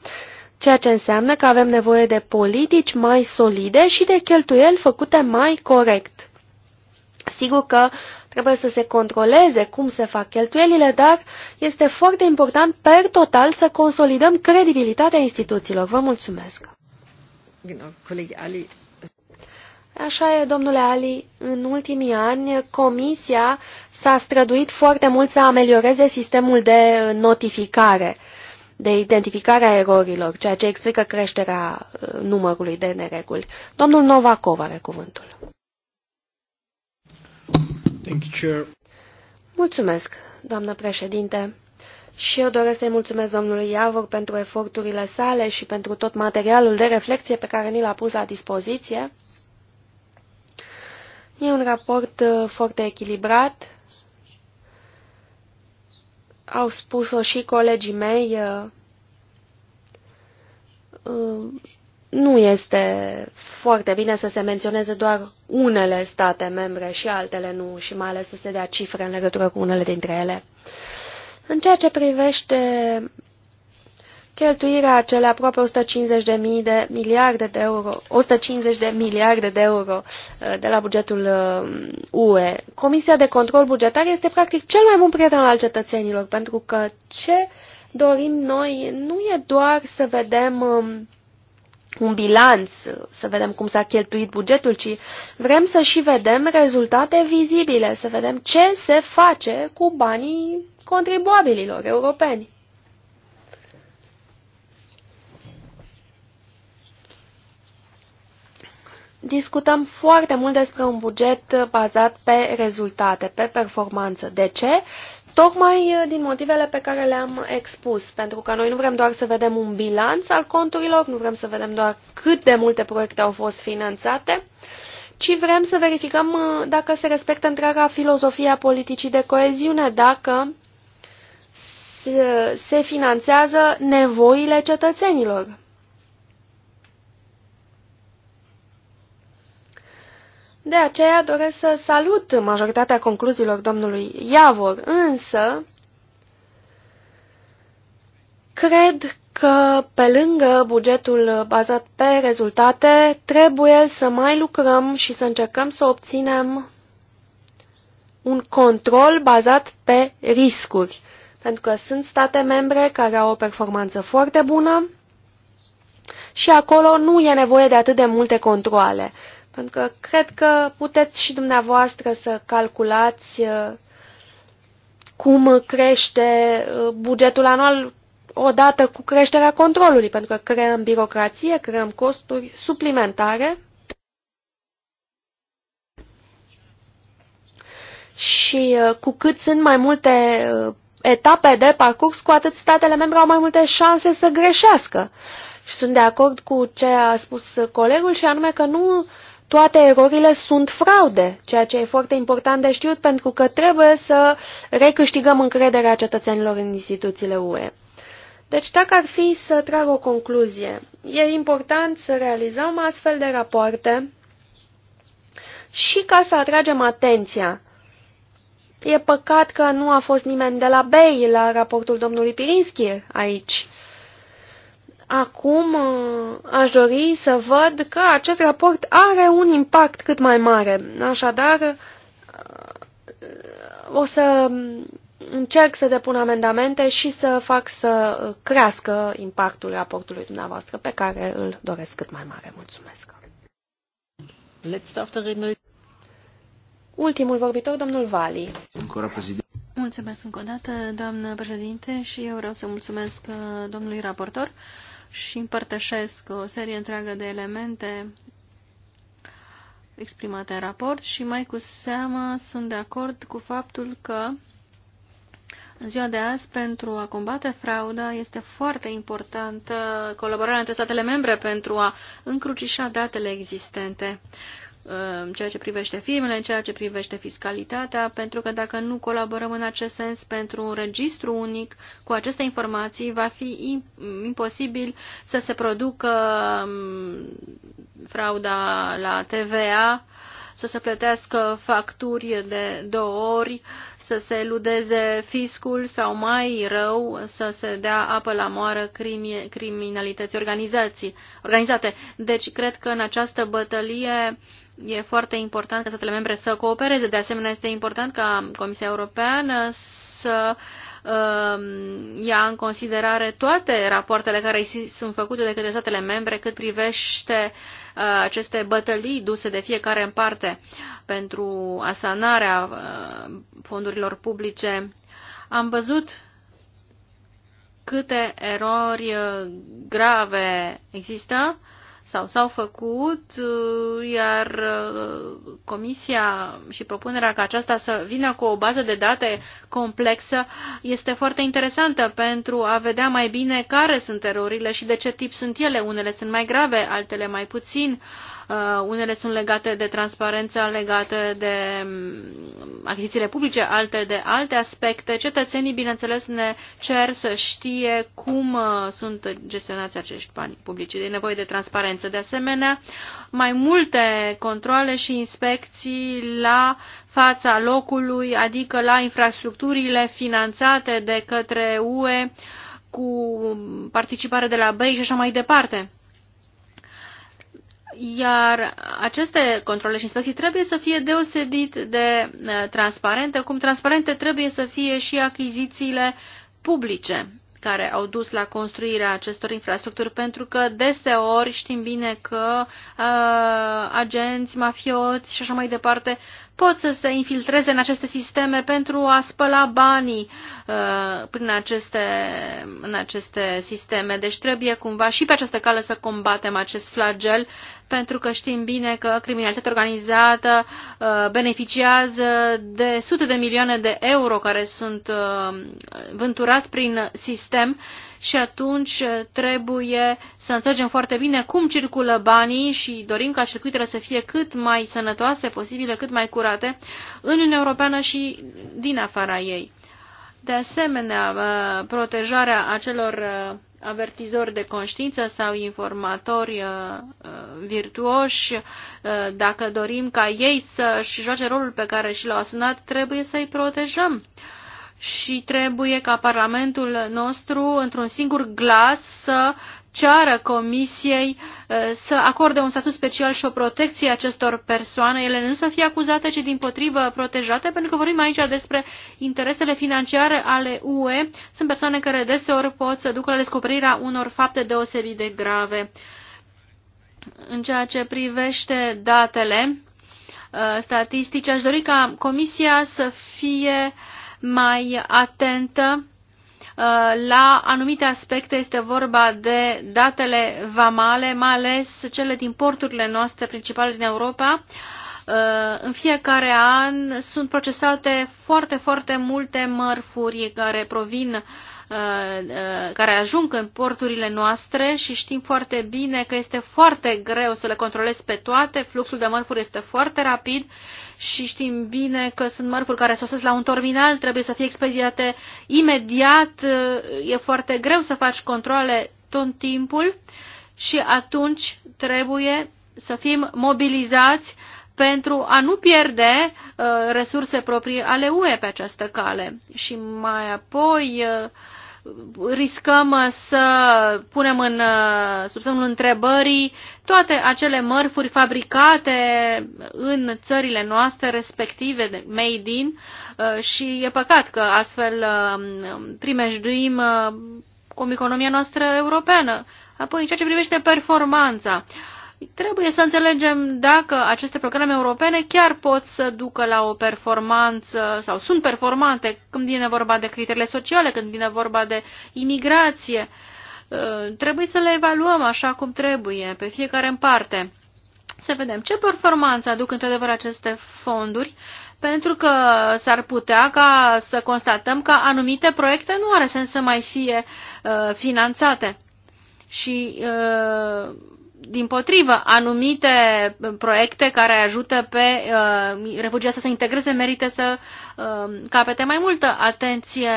ceea ce înseamnă că avem nevoie de politici mai solide și de cheltuieli făcute mai corect. Sigur că trebuie să se controleze cum se fac cheltuielile, dar este foarte important per total să consolidăm credibilitatea instituțiilor. Vă mulțumesc! Așa e, domnule Ali, în ultimii ani Comisia s-a străduit foarte mult să amelioreze sistemul de notificare de identificare a erorilor, ceea ce explică creșterea uh, numărului de nereguli. Domnul Novakov are cuvântul. Thank you, Chair. Mulțumesc, doamnă președinte. Și eu doresc să-i mulțumesc domnului Iavor pentru eforturile sale și pentru tot materialul de reflexie pe care ni l-a pus la dispoziție. E un raport uh, foarte echilibrat au spus-o și colegii mei. Uh, uh, nu este foarte bine să se menționeze doar unele state membre și altele nu, și mai ales să se dea cifre în legătură cu unele dintre ele. În ceea ce privește cheltuirea acele aproape 150 de, mii de miliarde de euro, 150 de miliarde de euro uh, de la bugetul UE. Uh, Comisia de control bugetar este practic cel mai bun prieten al cetățenilor, pentru că ce dorim noi nu e doar să vedem um, un bilanț, să vedem cum s-a cheltuit bugetul, ci vrem să și vedem rezultate vizibile, să vedem ce se face cu banii contribuabililor europeni. discutăm foarte mult despre un buget bazat pe rezultate, pe performanță. De ce? Tocmai uh, din motivele pe care le-am expus, pentru că noi nu vrem doar să vedem un bilanț al conturilor, nu vrem să vedem doar cât de multe proiecte au fost finanțate, ci vrem să verificăm uh, dacă se respectă întreaga filozofie a politicii de coeziune, dacă se finanțează nevoile cetățenilor. De aceea doresc să salut majoritatea concluziilor domnului Iavor, însă cred că pe lângă bugetul bazat pe rezultate trebuie să mai lucrăm și să încercăm să obținem un control bazat pe riscuri, pentru că sunt state membre care au o performanță foarte bună și acolo nu e nevoie de atât de multe controle pentru că cred că puteți și dumneavoastră să calculați uh, cum crește uh, bugetul anual odată cu creșterea controlului, pentru că creăm birocrație, creăm costuri suplimentare și uh, cu cât sunt mai multe etape de parcurs, cu atât statele membre au mai multe șanse să greșească. Și sunt de acord cu ce a spus colegul și anume că nu toate erorile sunt fraude, ceea ce e foarte important de știut pentru că trebuie să recâștigăm încrederea cetățenilor în instituțiile UE. Deci dacă ar fi să trag o concluzie, e important să realizăm astfel de rapoarte și ca să atragem atenția. E păcat că nu a fost nimeni de la BEI la raportul domnului Pirinski aici. Acum uh, aș dori să văd că acest raport are un impact cât mai mare. Așadar, uh, o să încerc să depun amendamente și să fac să crească impactul raportului dumneavoastră pe care îl doresc cât mai mare. Mulțumesc! Ultimul vorbitor, domnul Vali. Mulțumesc încă o dată, doamnă președinte, și eu vreau să mulțumesc uh, domnului raportor și împărtășesc o serie întreagă de elemente exprimate în raport și mai cu seamă sunt de acord cu faptul că în ziua de azi, pentru a combate frauda, este foarte importantă colaborarea între statele membre pentru a încrucișa datele existente în ceea ce privește firmele, în ceea ce privește fiscalitatea, pentru că dacă nu colaborăm în acest sens pentru un registru unic cu aceste informații, va fi imposibil să se producă um, frauda la TVA, să se plătească facturi de două ori, să se eludeze fiscul sau mai rău să se dea apă la moară crimi, criminalității organizații, organizate. Deci cred că în această bătălie e foarte important ca statele membre să coopereze. De asemenea, este important ca Comisia Europeană să um, ia în considerare toate rapoartele care sunt făcute de către statele membre cât privește uh, aceste bătălii duse de fiecare în parte pentru asanarea uh, fondurilor publice. Am văzut câte erori uh, grave există sau s-au făcut, uh, iar uh, comisia și propunerea ca aceasta să vină cu o bază de date complexă este foarte interesantă pentru a vedea mai bine care sunt erorile și de ce tip sunt ele. Unele sunt mai grave, altele mai puțin. Uh, Uh, unele sunt legate de transparența, legate de um, achizițiile publice, alte de alte aspecte. Cetățenii, bineînțeles, ne cer să știe cum uh, sunt gestionați acești bani publici. E nevoie de transparență. De asemenea, mai multe controle și inspecții la fața locului, adică la infrastructurile finanțate de către UE cu participare de la BEI și așa mai departe. Iar aceste controle și inspecții trebuie să fie deosebit de uh, transparente, cum transparente trebuie să fie și achizițiile publice care au dus la construirea acestor infrastructuri, pentru că deseori știm bine că uh, agenți, mafioți și așa mai departe pot să se infiltreze în aceste sisteme pentru a spăla banii uh, prin aceste, în aceste sisteme. Deci trebuie cumva și pe această cale să combatem acest flagel, pentru că știm bine că criminalitatea organizată uh, beneficiază de sute de milioane de euro care sunt uh, vânturați prin sistem și atunci eh, trebuie să înțelegem foarte bine cum circulă banii și dorim ca circuitele să fie cât mai sănătoase posibile, cât mai curate în Uniunea Europeană și din afara ei. De asemenea, eh, protejarea acelor eh, avertizori de conștiință sau informatori virtuoși, dacă dorim ca ei să-și joace rolul pe care și l-au asumat, trebuie să-i protejăm și trebuie ca Parlamentul nostru, într-un singur glas, să ceară Comisiei eh, să acorde un statut special și o protecție acestor persoane, ele nu să fie acuzate, ci din potrivă protejate, pentru că vorbim aici despre interesele financiare ale UE. Sunt persoane care deseori pot să ducă la descoperirea unor fapte deosebit de grave. În ceea ce privește datele eh, statistice, aș dori ca Comisia să fie uh, mai atentă uh, la anumite aspecte este vorba de datele vamale, mai ales cele din porturile noastre principale din Europa. Uh, în fiecare an sunt procesate foarte, foarte multe mărfuri care provin Uh, care ajung în porturile noastre și știm foarte bine că este foarte greu să le controlezi pe toate, fluxul de mărfuri este foarte rapid și știm bine că sunt mărfuri care sosesc la un terminal, trebuie să fie expediate imediat, uh, e foarte greu să faci controle tot timpul și atunci trebuie să fim mobilizați pentru a nu pierde uh, resurse proprii ale UE pe această cale. Și mai apoi uh, riscăm uh, să punem în uh, sub semnul întrebării toate acele mărfuri fabricate în țările noastre respective, made in, uh, și e păcat că astfel um, primejduim cum economia noastră europeană. Apoi, în ceea ce privește performanța, uh, Trebuie să înțelegem dacă aceste programe europene chiar pot să ducă la o performanță sau sunt performante când vine vorba de criteriile sociale, când vine vorba de imigrație. Uh, trebuie să le evaluăm așa cum trebuie, pe fiecare în parte. Să vedem ce performanță aduc într-adevăr aceste fonduri, pentru că s-ar putea ca să constatăm că anumite proiecte nu are sens să mai fie uh, finanțate. Și uh, din potrivă, anumite proiecte care ajută pe uh, refugiați să se integreze merită să uh, capete mai multă atenție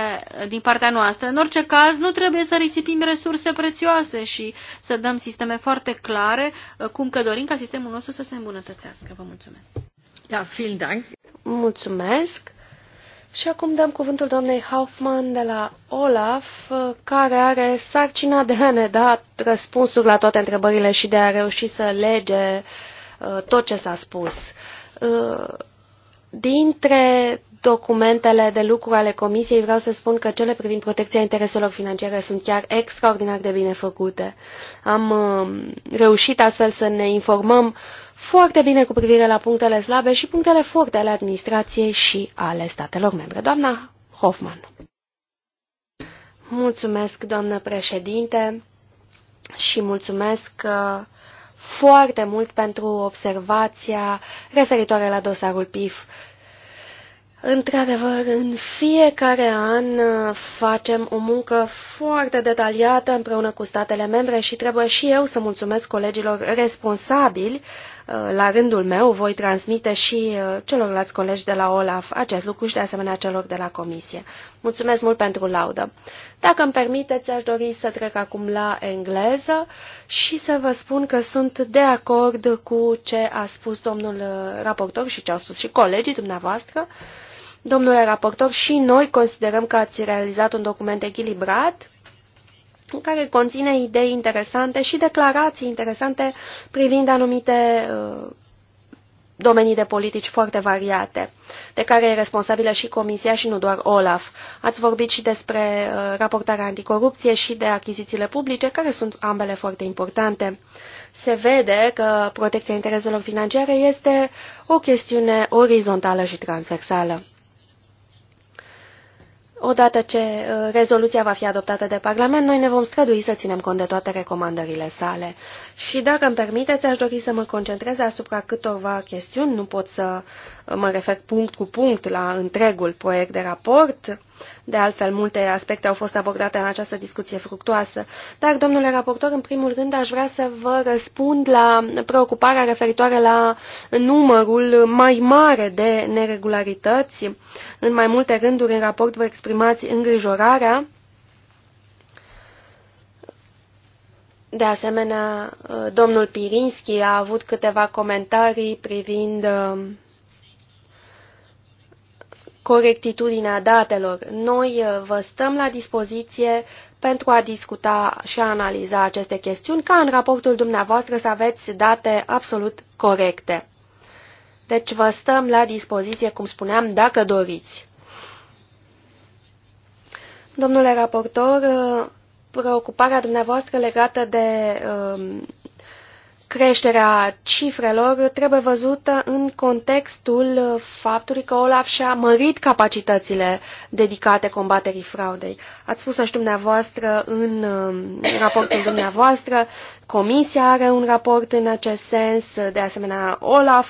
din partea noastră. În orice caz, nu trebuie să risipim resurse prețioase și să dăm sisteme foarte clare uh, cum că dorim ca sistemul nostru să se îmbunătățească. Vă mulțumesc! vielen Dank! Mulțumesc! Și acum dăm cuvântul doamnei Kaufmann de la Olaf, care are sarcina de a ne da răspunsuri la toate întrebările și de a reuși să lege uh, tot ce s-a spus. Uh, dintre documentele de lucru ale Comisiei, vreau să spun că cele privind protecția intereselor financiare sunt chiar extraordinar de bine făcute. Am uh, reușit astfel să ne informăm uh, foarte bine cu privire la punctele slabe și punctele forte ale administrației și ale statelor membre. Doamna Hoffman. Mulțumesc, doamnă președinte, și mulțumesc uh, foarte mult pentru observația referitoare la dosarul PIF. Într-adevăr, în fiecare an uh, facem o muncă foarte detaliată împreună cu statele membre și trebuie și eu să mulțumesc colegilor responsabili Uh, la rândul meu voi transmite și uh, celorlalți colegi de la OLAF acest lucru și de asemenea celor de la Comisie. Mulțumesc mult pentru laudă. Dacă îmi permiteți, aș dori să trec acum la engleză și să vă spun că sunt de acord cu ce a spus domnul uh, raportor și ce au spus și colegii dumneavoastră. Domnule raportor, și noi considerăm că ați realizat un document echilibrat care conține idei interesante și declarații interesante privind anumite uh, domenii de politici foarte variate, de care e responsabilă și Comisia și nu doar OLAF. Ați vorbit și despre uh, raportarea anticorupție și de achizițiile publice, care sunt ambele foarte importante. Se vede că protecția intereselor financiare este o chestiune orizontală și transversală odată ce uh, rezoluția va fi adoptată de Parlament, noi ne vom strădui să ținem cont de toate recomandările sale. Și dacă îmi permiteți, aș dori să mă concentrez asupra câtorva chestiuni. Nu pot să uh, mă refer punct cu punct la întregul proiect de raport, de altfel, multe aspecte au fost abordate în această discuție fructuoasă. Dar, domnule raportor, în primul rând aș vrea să vă răspund la preocuparea referitoare la numărul mai mare de neregularități. În mai multe rânduri în raport vă exprimați îngrijorarea. De asemenea, domnul Pirinski a avut câteva comentarii privind uh, corectitudinea datelor. Noi uh, vă stăm la dispoziție pentru a discuta și a analiza aceste chestiuni, ca în raportul dumneavoastră să aveți date absolut corecte. Deci vă stăm la dispoziție, cum spuneam, dacă doriți. Domnule raportor, uh, preocuparea dumneavoastră legată de uh, creșterea cifrelor trebuie văzută în contextul faptului că Olaf și-a mărit capacitățile dedicate combaterii fraudei. Ați spus-o și dumneavoastră în um, raportul dumneavoastră Comisia are un raport în acest sens, de asemenea OLAF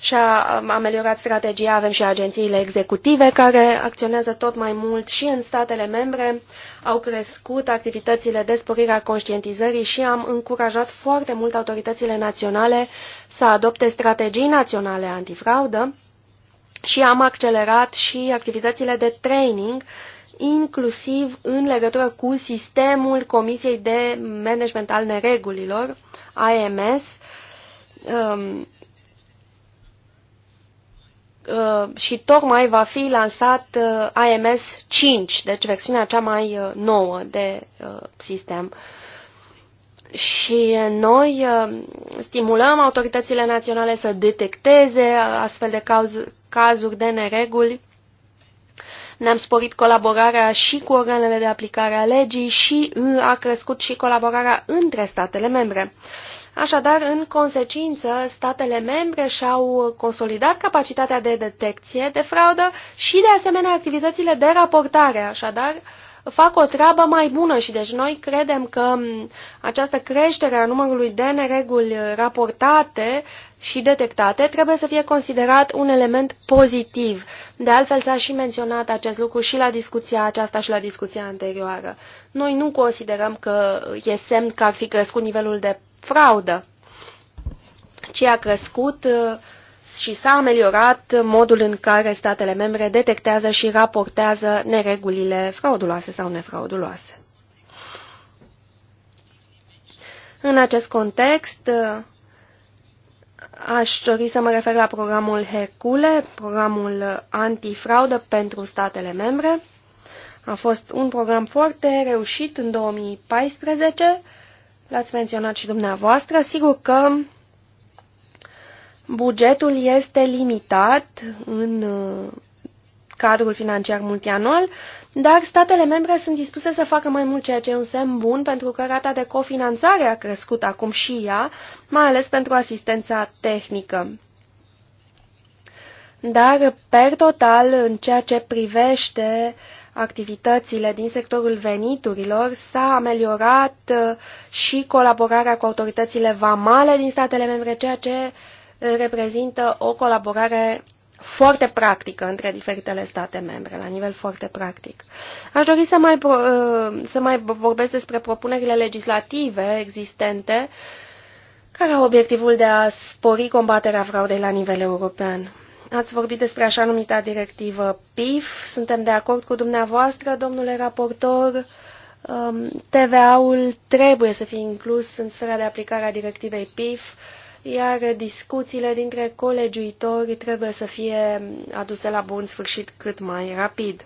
și-a ameliorat strategia, avem și agențiile executive care acționează tot mai mult și în statele membre. Au crescut activitățile de sporire a conștientizării și am încurajat foarte mult autoritățile naționale să adopte strategii naționale antifraudă și am accelerat și activitățile de training inclusiv în legătură cu sistemul Comisiei de Management al Neregulilor, AMS, um, uh, și tocmai va fi lansat AMS uh, 5, deci versiunea cea mai uh, nouă de sistem. Și noi stimulăm autoritățile naționale să detecteze astfel de cazuri de nereguli ne-am sporit colaborarea și cu organele de aplicare a legii și uh, a crescut și colaborarea între statele membre. Așadar, în consecință, statele membre și-au consolidat capacitatea de detecție de fraudă și, de asemenea, activitățile de raportare. Așadar, uh, fac o treabă mai bună și deci noi credem că această creștere a numărului de nereguli raportate și detectate trebuie să fie considerat un element pozitiv. De altfel s-a și menționat acest lucru și la discuția aceasta și la discuția anterioară. Noi nu considerăm că e semn că ar fi crescut nivelul de fraudă, ci a crescut uh, și s-a ameliorat modul în care statele membre detectează și raportează neregulile frauduloase sau nefrauduloase. În acest context, aș dori să mă refer la programul Hercule, programul antifraudă pentru statele membre. A fost un program foarte reușit în 2014, l-ați menționat și dumneavoastră. Sigur că Bugetul este limitat în uh, cadrul financiar multianual, dar statele membre sunt dispuse să facă mai mult, ceea ce e un semn bun, pentru că rata de cofinanțare a crescut acum și ea, mai ales pentru asistența tehnică. Dar, per total, în ceea ce privește activitățile din sectorul veniturilor, s-a ameliorat uh, și colaborarea cu autoritățile vamale din statele membre, ceea ce uh, reprezintă o colaborare foarte practică între diferitele state membre, la nivel foarte practic. Aș dori să mai, uh, să mai vorbesc despre propunerile legislative existente care au obiectivul de a spori combaterea fraudei la nivel european. Ați vorbit despre așa numita directivă PIF. Suntem de acord cu dumneavoastră, domnule raportor. Um, TVA-ul trebuie să fie inclus în sfera de aplicare a directivei PIF iar discuțiile dintre colegiuitori trebuie să fie aduse la bun sfârșit cât mai rapid.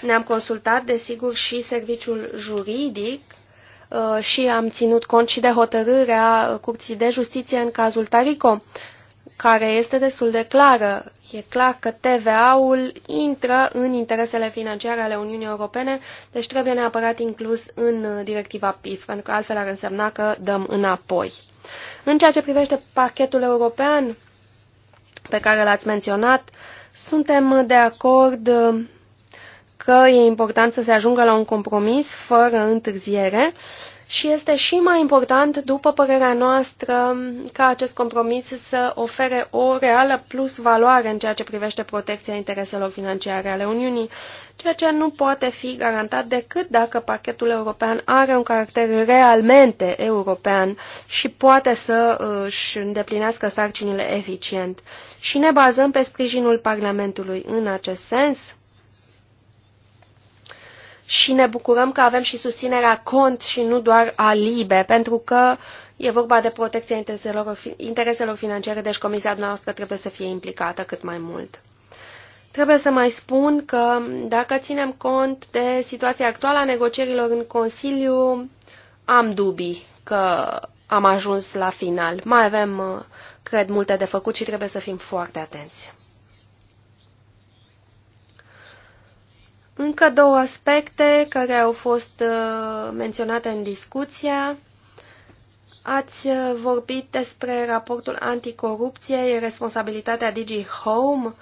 Ne-am consultat, desigur, și serviciul juridic uh, și am ținut cont și de hotărârea Curții de Justiție în cazul Tarico care este destul de clară. E clar că TVA-ul intră în interesele financiare ale Uniunii Europene, deci trebuie neapărat inclus în directiva PIF, pentru că altfel ar însemna că dăm înapoi. În ceea ce privește pachetul european pe care l-ați menționat, suntem de acord uh, că e important să se ajungă la un compromis fără întârziere și este și mai important, după părerea noastră, ca acest compromis să ofere o reală plus valoare în ceea ce privește protecția intereselor financiare ale Uniunii, ceea ce nu poate fi garantat decât dacă pachetul european are un caracter realmente european și poate să își îndeplinească sarcinile eficient. Și ne bazăm pe sprijinul Parlamentului în acest sens și ne bucurăm că avem și susținerea cont și nu doar a LIBE, pentru că e vorba de protecția intereselor, intereselor financiare, deci comisia noastră trebuie să fie implicată cât mai mult. Trebuie să mai spun că dacă ținem cont de situația actuală a negocierilor în Consiliu, am dubii că am ajuns la final. Mai avem, cred, multe de făcut și trebuie să fim foarte atenți. Încă două aspecte care au fost uh, menționate în discuția. Ați uh, vorbit despre raportul anticorupție, responsabilitatea Digi Home.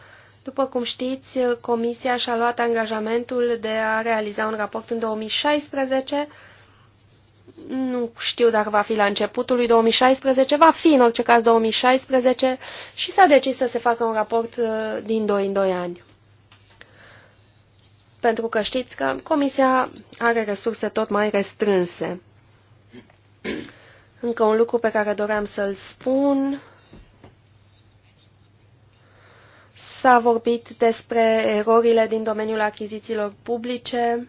După cum știți, Comisia și-a luat angajamentul de a realiza un raport în 2016. Nu știu dacă va fi la începutul lui 2016, va fi în orice caz 2016 și s-a decis să se facă un raport uh, din 2 în 2 ani pentru că știți că Comisia are resurse tot mai restrânse. Încă un lucru pe care doream să-l spun. S-a vorbit despre erorile din domeniul achizițiilor publice.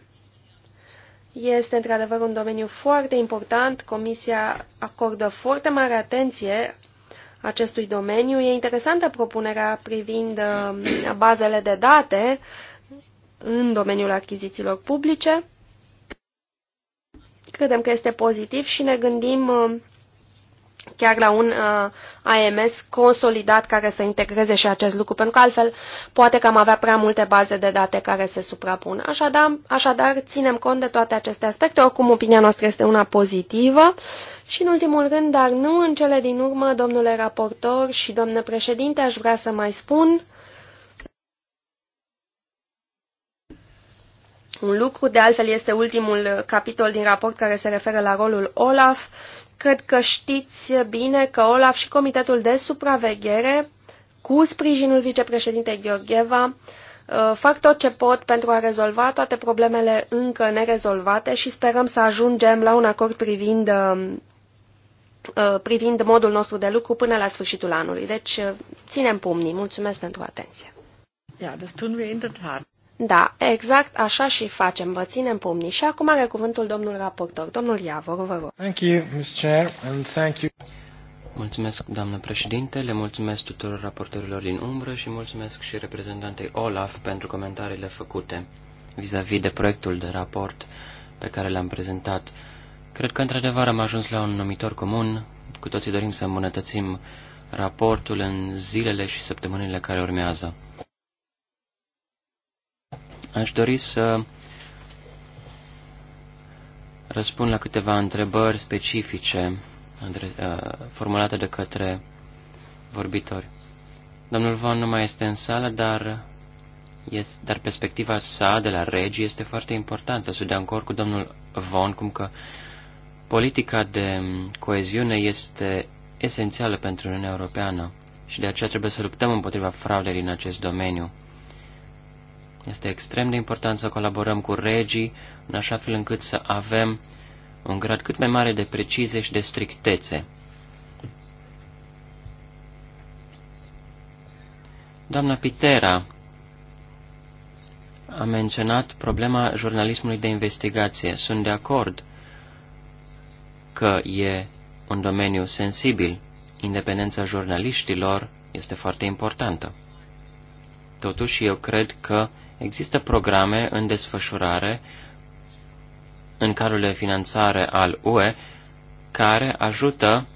Este într-adevăr un domeniu foarte important. Comisia acordă foarte mare atenție acestui domeniu. E interesantă propunerea privind uh, bazele de date. Uh, în domeniul achizițiilor publice. Credem că este pozitiv și ne gândim uh, chiar la un uh, AMS consolidat care să integreze și acest lucru, pentru că altfel poate că am avea prea multe baze de date care se suprapun. Așadar, așadar, ținem cont de toate aceste aspecte, oricum opinia noastră este una pozitivă. Și în ultimul rând, dar nu în cele din urmă, domnule raportor și domnule președinte, aș vrea să mai spun un lucru. De altfel, este ultimul capitol din raport care se referă la rolul OLAF. Cred că știți bine că OLAF și Comitetul de Supraveghere, cu sprijinul vicepreședintei Gheorgheva, uh, fac tot ce pot pentru a rezolva toate problemele încă nerezolvate și sperăm să ajungem la un acord privind um, uh, privind modul nostru de lucru până la sfârșitul anului. Deci, uh, ținem pumnii. Mulțumesc pentru atenție. Ja, das tun wir in der Tat. Da, exact așa și facem, vă ținem pumnii. Și acum are cuvântul domnul raportor, domnul Iavor, vă rog. Thank you, Ms. Chair, and thank you. Mulțumesc, doamnă președinte, le mulțumesc tuturor raportorilor din umbră și mulțumesc și reprezentantei OLAF pentru comentariile făcute vis-a-vis -vis de proiectul de raport pe care l-am prezentat. Cred că, într-adevăr, am ajuns la un numitor comun. Cu toții dorim să îmbunătățim raportul în zilele și săptămânile care urmează. Aș dori să răspund la câteva întrebări specifice uh, formulate de către vorbitori. Domnul Von nu mai este în sală, dar, este, dar perspectiva sa de la regi este foarte importantă. Sunt de acord cu domnul Von cum că politica de coeziune este esențială pentru Uniunea Europeană și de aceea trebuie să luptăm împotriva fraudelor în acest domeniu. Este extrem de important să colaborăm cu regii, în așa fel încât să avem un grad cât mai mare de precizie și de strictețe. Doamna Pitera a menționat problema jurnalismului de investigație. Sunt de acord că e un domeniu sensibil. Independența jurnaliștilor este foarte importantă. Totuși, eu cred că Există programe în desfășurare în cadrul de finanțare al UE care ajută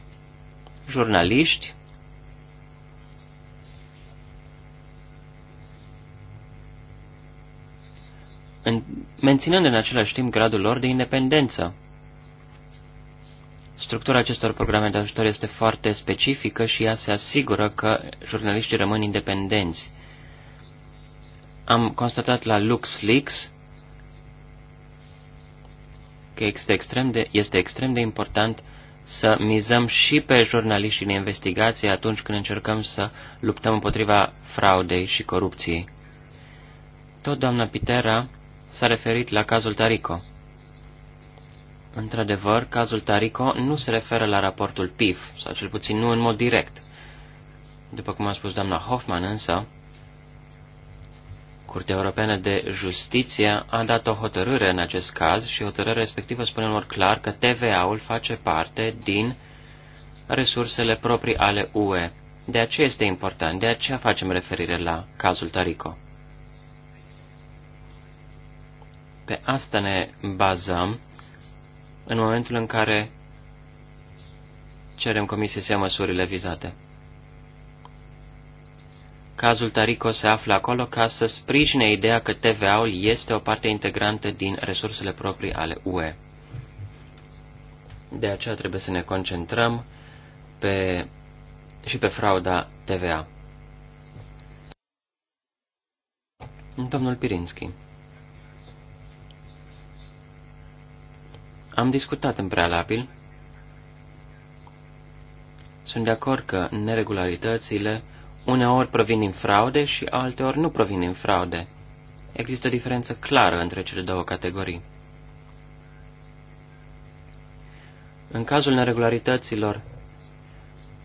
jurnaliști în, menținând în același timp gradul lor de independență. Structura acestor programe de ajutor este foarte specifică și ea se asigură că jurnaliștii rămân independenți. Am constatat la LuxLeaks că este extrem de, este extrem de important să mizăm și pe jurnaliștii de investigație atunci când încercăm să luptăm împotriva fraudei și corupției. Tot doamna Pitera s-a referit la cazul Tarico. Într-adevăr, cazul Tarico nu se referă la raportul PIF, sau cel puțin nu în mod direct. După cum a spus doamna Hoffman însă, Curtea Europeană de Justiție a dat o hotărâre în acest caz și hotărârea respectivă spune în mod clar că TVA-ul face parte din resursele proprii ale UE. De aceea este important, de aceea facem referire la cazul Tarico. Pe asta ne bazăm în momentul în care cerem Comisiei să ia măsurile vizate. Cazul Tarico se află acolo ca să sprijine ideea că TVA-ul este o parte integrantă din resursele proprii ale UE. De aceea trebuie să ne concentrăm pe, și pe frauda TVA. Domnul Pirinski. Am discutat în prealabil. Sunt de acord că neregularitățile uneori provin din fraude și alteori nu provin din fraude. Există o diferență clară între cele două categorii. În cazul neregularităților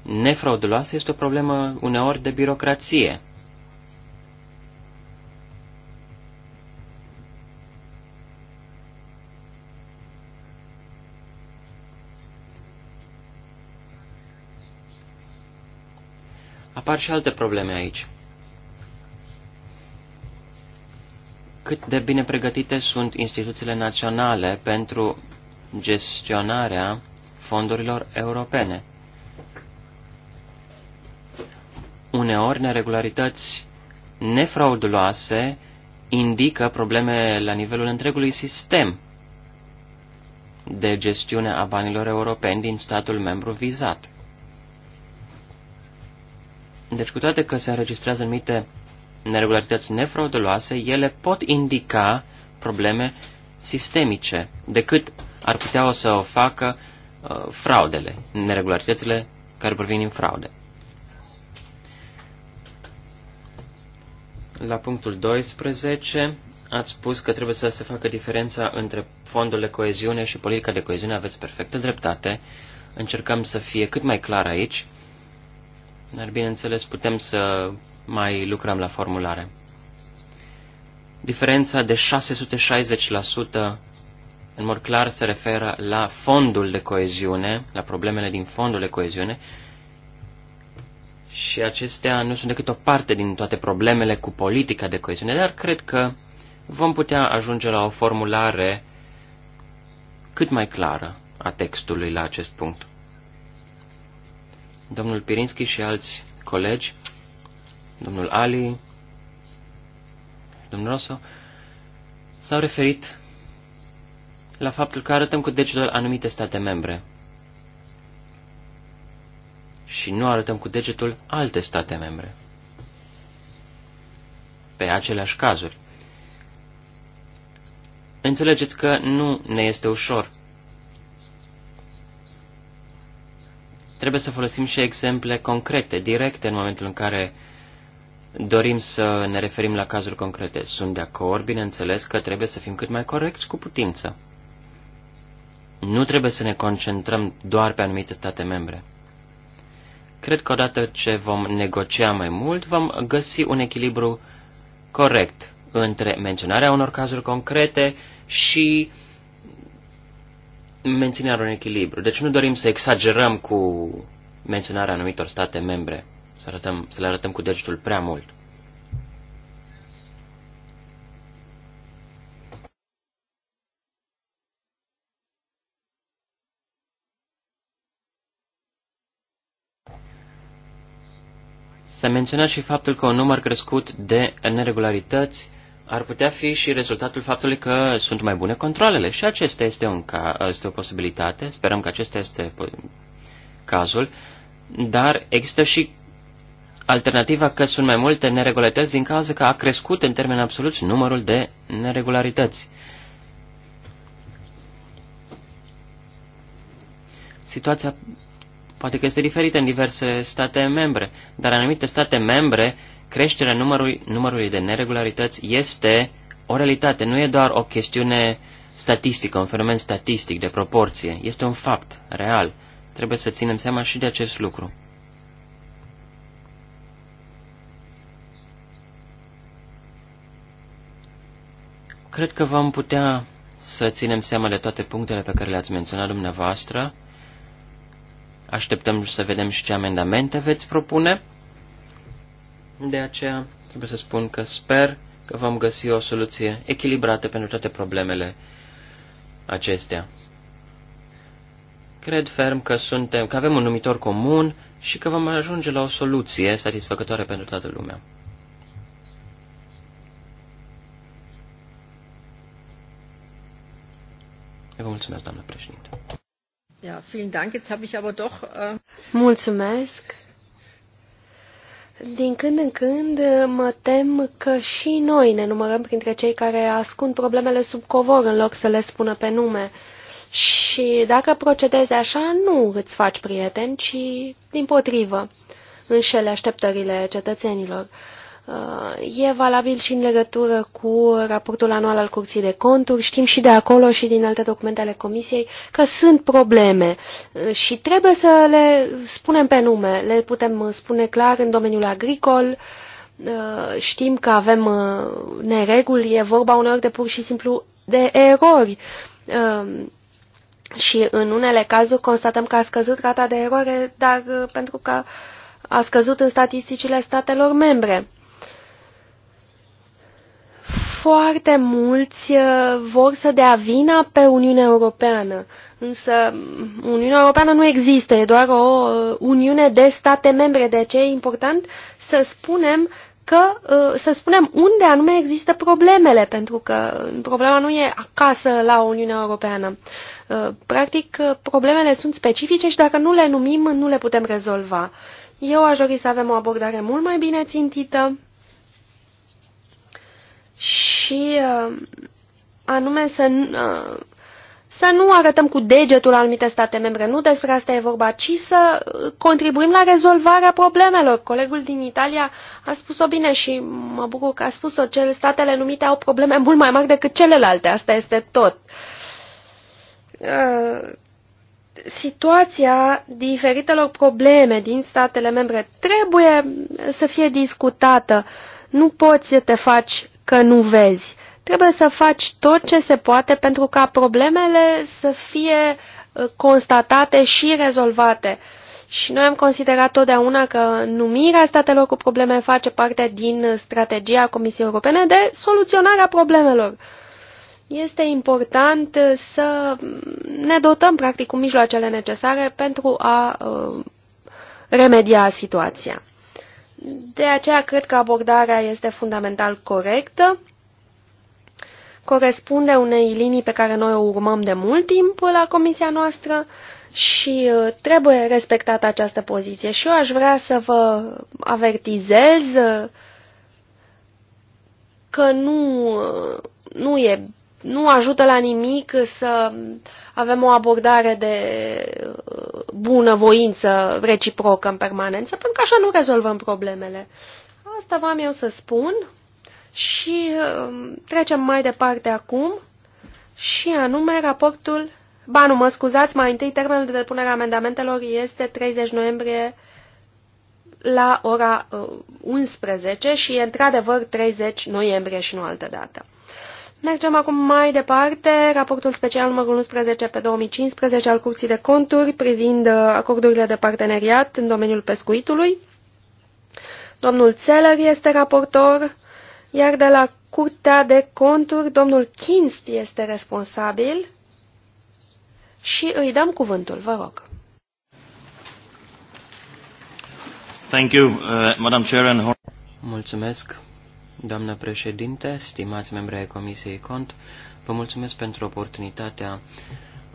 nefrauduloase este o problemă uneori de birocrație. Apar și alte probleme aici. Cât de bine pregătite sunt instituțiile naționale pentru gestionarea fondurilor europene? Uneori, neregularități nefrauduloase indică probleme la nivelul întregului sistem de gestiune a banilor europeni din statul membru vizat. Deci, cu toate că se înregistrează anumite neregularități nefraudeloase, ele pot indica probleme sistemice, decât ar putea o să o facă uh, fraudele, neregularitățile care provin din fraude. La punctul 12 ați spus că trebuie să se facă diferența între fondul de coeziune și politica de coeziune. Aveți perfectă dreptate. Încercăm să fie cât mai clar aici. Dar, bineînțeles, putem să mai lucrăm la formulare. Diferența de 660% în mod clar se referă la fondul de coeziune, la problemele din fondul de coeziune, și acestea nu sunt decât o parte din toate problemele cu politica de coeziune, dar cred că vom putea ajunge la o formulare cât mai clară a textului la acest punct domnul Pirinski și alți colegi, domnul Ali, domnul Rosso, s-au referit la faptul că arătăm cu degetul anumite state membre și nu arătăm cu degetul alte state membre pe aceleași cazuri. Înțelegeți că nu ne este ușor Trebuie să folosim și exemple concrete, directe, în momentul în care dorim să ne referim la cazuri concrete. Sunt de acord, bineînțeles, că trebuie să fim cât mai corecți cu putință. Nu trebuie să ne concentrăm doar pe anumite state membre. Cred că odată ce vom negocia mai mult, vom găsi un echilibru corect între menționarea unor cazuri concrete și menținerea unui echilibru. Deci nu dorim să exagerăm cu menționarea anumitor state membre, să, arătăm, să le arătăm cu degetul prea mult. S-a menționat și faptul că un număr crescut de neregularități ar putea fi și rezultatul faptului că sunt mai bune controlele. Și acesta este, un ca, este o posibilitate, sperăm că acesta este cazul, dar există și alternativa că sunt mai multe neregularități din cauza că a crescut în termeni absoluți numărul de neregularități. Situația poate că este diferită în diverse state membre, dar anumite state membre uh, creșterea numărului, numărului de neregularități este o realitate, nu e doar o chestiune statistică, un fenomen statistic de proporție, este un fapt real. Trebuie să ținem seama și de acest lucru. Cred că vom putea să ținem seama de toate punctele pe care le-ați menționat dumneavoastră. Așteptăm să vedem și ce amendamente veți propune. De aceea trebuie să spun că sper că vom găsi o soluție echilibrată pentru toate problemele acestea. Cred ferm că suntem, că avem un numitor comun și că vom ajunge la o soluție satisfăcătoare pentru toată lumea. Vă mulțumesc, doamnă președinte. Ja, vielen Dank. Jetzt habe ich aber doch. Äh, mulțumesc. Din când în când uh, mă tem că și noi ne numărăm printre cei care ascund problemele sub covor în loc să le spună pe nume. Și dacă procedezi așa, nu îți faci prieteni, ci din potrivă înșele așteptările cetățenilor. E valabil și în legătură cu raportul anual al Curții de Conturi. Știm și de acolo și din alte documente ale Comisiei că sunt probleme și trebuie să le spunem pe nume. Le putem spune clar în domeniul agricol, știm că avem uh, nereguli, e vorba uneori de pur și simplu de erori. Um, și în unele cazuri constatăm că a scăzut rata de eroare, dar uh, pentru că a scăzut în statisticile statelor membre. Foarte mulți uh, vor să dea vina pe Uniunea Europeană, însă Uniunea Europeană nu există, e doar o uh, uniune de state membre, de aceea e important să spunem că, uh, să spunem unde anume există problemele, pentru că problema nu e acasă la Uniunea Europeană. Practic, problemele sunt specifice și dacă nu le numim, nu le putem rezolva. Eu aș dori să avem o abordare mult mai bine țintită și uh, anume să, uh, să nu arătăm cu degetul anumite state membre. Nu despre asta e vorba, ci să uh, contribuim la rezolvarea problemelor. Colegul din Italia a spus-o bine și mă bucur că a spus-o. Statele numite au probleme mult mai mari decât celelalte. Asta este tot. Situația diferitelor probleme din statele membre trebuie să fie discutată. Nu poți să te faci că nu vezi. Trebuie să faci tot ce se poate pentru ca problemele să fie uh, constatate și rezolvate. Și noi am considerat totdeauna că numirea statelor cu probleme face parte din strategia Comisiei Europene de soluționarea problemelor. Este important uh, să ne dotăm practic cu mijloacele necesare pentru a uh, remedia situația. De aceea cred că abordarea este fundamental corectă, corespunde unei linii pe care noi o urmăm de mult timp la comisia noastră și uh, trebuie respectată această poziție. Și eu aș vrea să vă avertizez uh, că nu, uh, nu, e, nu ajută la nimic să uh, avem o abordare de uh, voință reciprocă în permanență, pentru că așa nu rezolvăm problemele. Asta v-am eu să spun și um, trecem mai departe acum și anume raportul... Ba nu, mă scuzați, mai întâi termenul de depunere a amendamentelor este 30 noiembrie la ora 11 uh, și într-adevăr 30 noiembrie și nu altă dată. Mergem acum mai departe, raportul special numărul 11 pe 2015 al Curții de Conturi privind uh, acordurile de parteneriat în domeniul pescuitului. Domnul Țeler este raportor, iar de la Curtea de Conturi domnul Kinst este responsabil și îi dăm cuvântul, vă rog. Thank you, uh, Madam Chair and... Mulțumesc, Doamnă președinte, stimați membri ai Comisiei Cont, vă mulțumesc pentru oportunitatea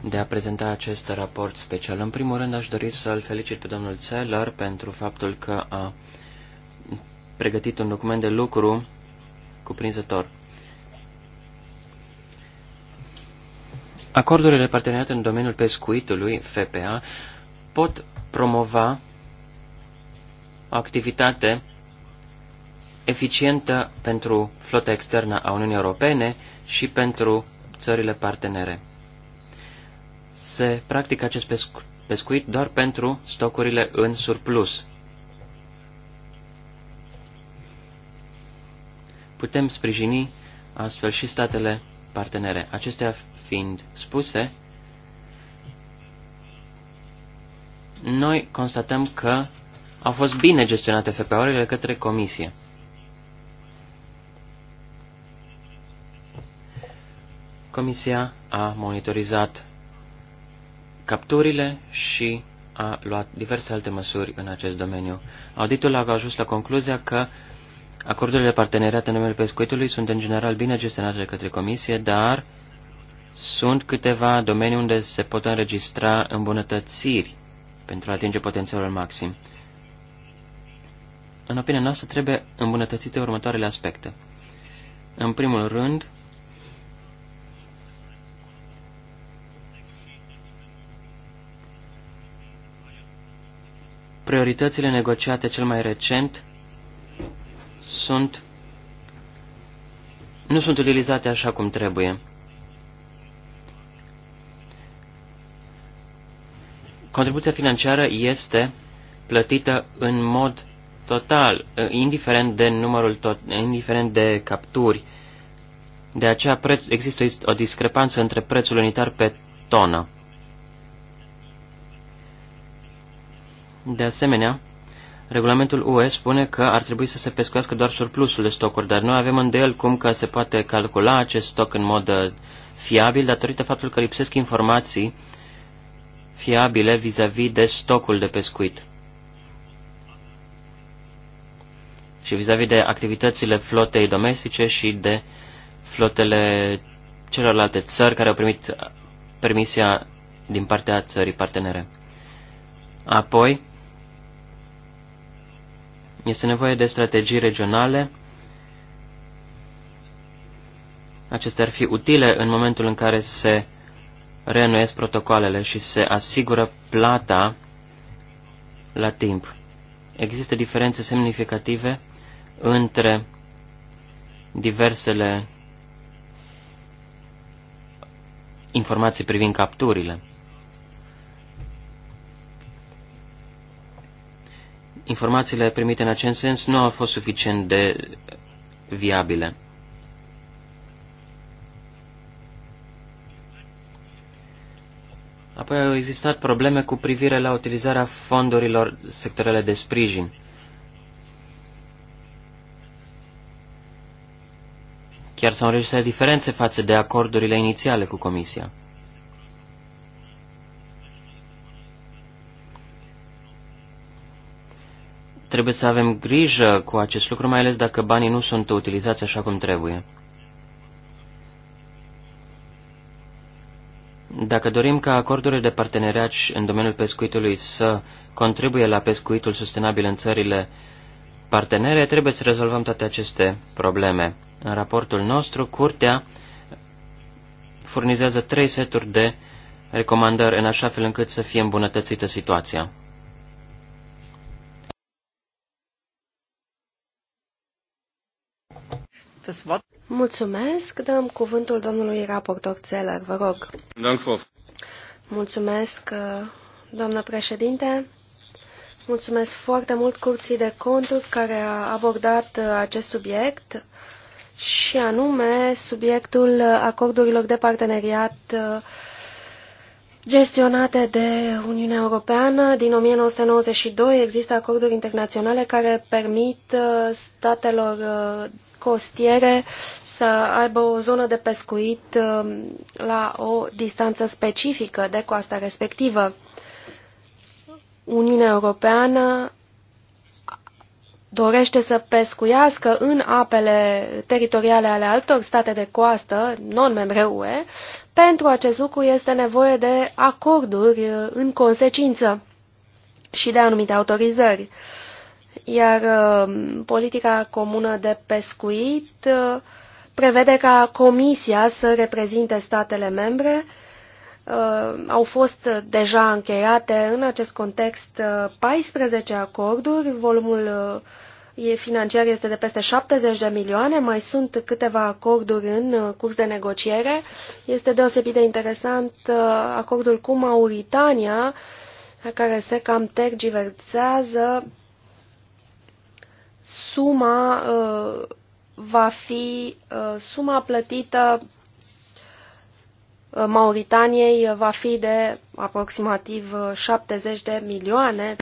de a prezenta acest raport special. În primul rând, aș dori să-l felicit pe domnul Țeller pentru faptul că a pregătit un document de lucru cuprinzător. Acordurile de parteneriat în domeniul pescuitului, FPA, pot promova activitate eficientă pentru flota externă a Uniunii Europene și pentru țările partenere. Se practică acest pescu pescuit doar pentru stocurile în surplus. Putem sprijini astfel și statele partenere. Acestea fiind spuse, noi constatăm că au fost bine gestionate FPO-urile către Comisie. Comisia a monitorizat capturile și a luat diverse alte măsuri în acest domeniu. Auditul a ajuns la concluzia că acordurile de parteneriat în numele pescuitului sunt în general bine gestionate de către Comisie, dar sunt câteva domenii unde se pot înregistra îmbunătățiri pentru a atinge potențialul maxim. În opinia noastră trebuie îmbunătățite următoarele aspecte. În primul rând, Prioritățile negociate cel mai recent sunt nu sunt utilizate așa cum trebuie. Contribuția financiară este plătită în mod total, indiferent de numărul tot, indiferent de capturi. De aceea preț, există o discrepanță între prețul unitar pe tonă. De asemenea, regulamentul UE spune că ar trebui să se pescuiască doar surplusul de stocuri, dar noi avem îndel cum că se poate calcula acest stoc în mod uh, fiabil datorită faptului că lipsesc informații fiabile vis-a-vis -vis de stocul de pescuit și vis-a-vis -vis de activitățile flotei domestice și de flotele celorlalte țări care au primit permisia din partea țării partenere. Apoi, este nevoie de strategii regionale. Acestea ar fi utile în momentul în care se reînnoiesc protocoalele și se asigură plata la timp. Există diferențe semnificative între diversele informații privind capturile. informațiile primite în acest sens nu au fost suficient de viabile. Apoi au existat probleme cu privire la utilizarea fondurilor sectorele de sprijin. Chiar s-au înregistrat diferențe față de acordurile inițiale cu Comisia. Trebuie să avem grijă cu acest lucru, mai ales dacă banii nu sunt utilizați așa cum trebuie. Dacă dorim ca acordurile de parteneriat în domeniul pescuitului să contribuie la pescuitul sustenabil în țările partenere, trebuie să rezolvăm toate aceste probleme. În raportul nostru, Curtea furnizează trei seturi de recomandări în așa fel încât să fie îmbunătățită situația. das Wort. Mulțumesc. Dăm cuvântul domnului raportor Zeller, vă rog. Mulțumesc, uh, doamnă președinte. Mulțumesc foarte mult Curții de Conturi care a abordat uh, acest subiect și anume subiectul acordurilor de parteneriat uh, gestionate de Uniunea Europeană. Din 1992 există acorduri internaționale care permit statelor costiere să aibă o zonă de pescuit um, la o distanță specifică de coasta respectivă. Uniunea Europeană dorește să pescuiască în apele teritoriale ale altor state de coastă, non-membre UE, pentru acest lucru este nevoie de acorduri uh, în consecință și de anumite autorizări iar uh, politica comună de pescuit uh, prevede ca Comisia să reprezinte statele membre. Uh, au fost deja încheiate în acest context 14 acorduri, volumul financiar este de peste 70 de milioane, mai sunt câteva acorduri în curs de negociere. Este deosebit de interesant acordul cu Mauritania, care se cam tergiversează suma uh, va fi uh, suma plătită uh, Mauritaniei va fi de aproximativ 70 uh, de milioane.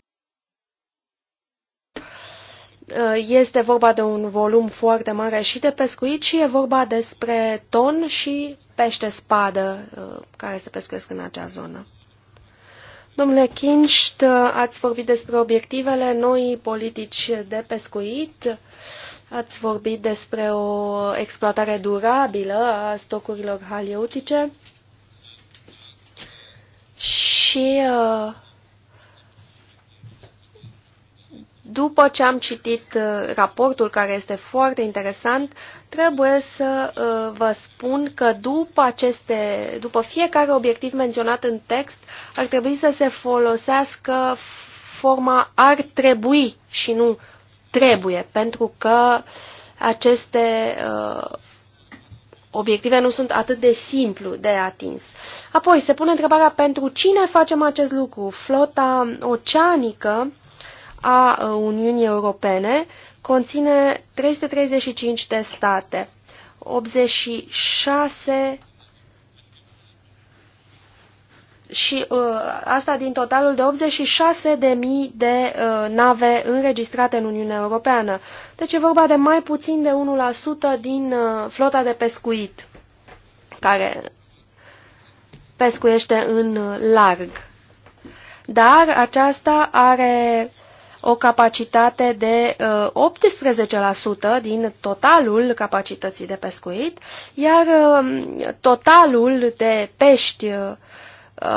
Uh, este vorba de un volum foarte mare și de pescuit și e vorba despre ton și pește spadă care se pescuiesc în acea zonă. Domnule Kinșt, ați vorbit despre obiectivele noii politici de pescuit, ați vorbit despre o exploatare durabilă a stocurilor halieutice și uh, După ce am citit uh, raportul, care este foarte interesant, trebuie să uh, vă spun că după, aceste, după fiecare obiectiv menționat în text, ar trebui să se folosească forma ar trebui și nu trebuie, pentru că aceste uh, obiective nu sunt atât de simplu de atins. Apoi se pune întrebarea pentru cine facem acest lucru. Flota oceanică a Uniunii Europene conține 335 de state, 86 și uh, asta din totalul de 86.000 de, mii de uh, nave înregistrate în Uniunea Europeană. Deci e vorba de mai puțin de 1% din uh, flota de pescuit care pescuiește în uh, larg. Dar aceasta are o capacitate de 18% uh, din totalul capacității de pescuit, iar um, totalul de pești uh,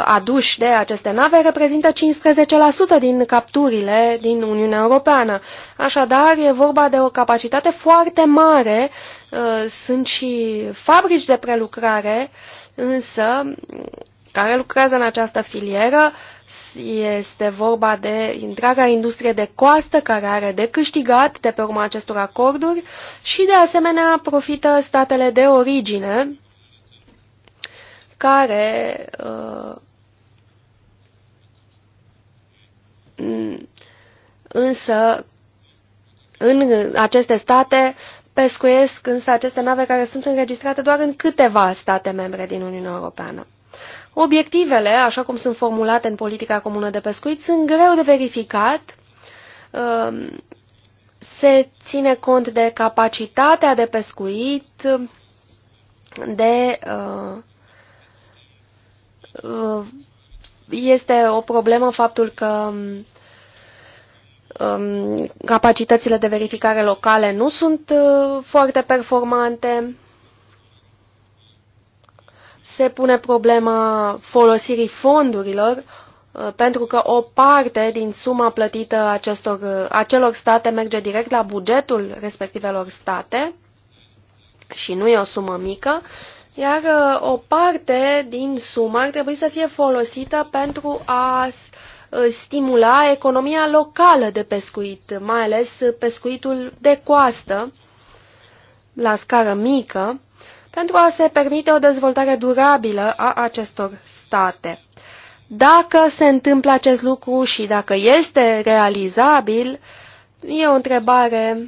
aduși de aceste nave reprezintă 15% din capturile din Uniunea Europeană. Așadar, e vorba de o capacitate foarte mare. Uh, sunt și fabrici de prelucrare, însă, care lucrează în această filieră, este vorba de întreaga industrie de coastă care are de câștigat de pe urma acestor acorduri și de asemenea profită statele de origine care uh, însă în aceste state pescuiesc însă aceste nave care sunt înregistrate doar în câteva state membre din Uniunea Europeană. Obiectivele, așa cum sunt formulate în politica comună de pescuit, sunt greu de verificat. Ehm, se ține cont de capacitatea de pescuit, de ehm, ehm, este o problemă faptul că capacitățile de verificare locale nu sunt foarte performante se pune problema folosirii fondurilor, uh, pentru că o parte din suma plătită acestor, uh, acelor state merge direct la bugetul respectivelor state și nu e o sumă mică, iar uh, o parte din sumă ar trebui să fie folosită pentru a stimula economia locală de pescuit, mai ales pescuitul de coastă la scară mică, pentru a se permite o dezvoltare durabilă a acestor state. Dacă se întâmplă acest lucru și dacă este realizabil, e o întrebare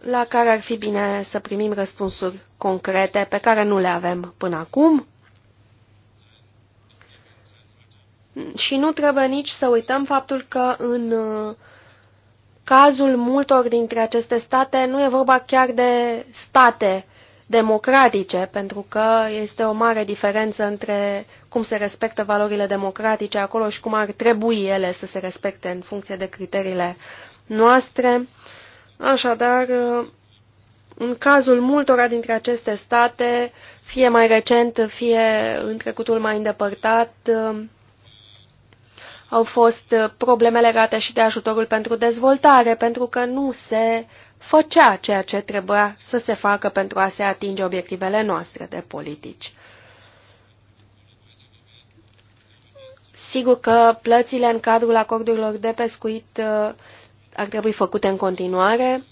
la care ar fi bine să primim răspunsuri concrete pe care nu le avem până acum. Și nu trebuie nici să uităm faptul că în uh, cazul multor dintre aceste state nu e vorba chiar de state democratice, pentru că este o mare diferență între cum se respectă valorile democratice acolo și cum ar trebui ele să se respecte în funcție de criteriile noastre. Așadar, în cazul multora dintre aceste state, fie mai recent, fie în trecutul mai îndepărtat, au fost probleme legate și de ajutorul pentru dezvoltare, pentru că nu se uh, făcea ceea ce trebuia să se facă pentru a se atinge obiectivele noastre de politici. Sigur că plățile în cadrul acordurilor de pescuit uh, ar trebui făcute în continuare.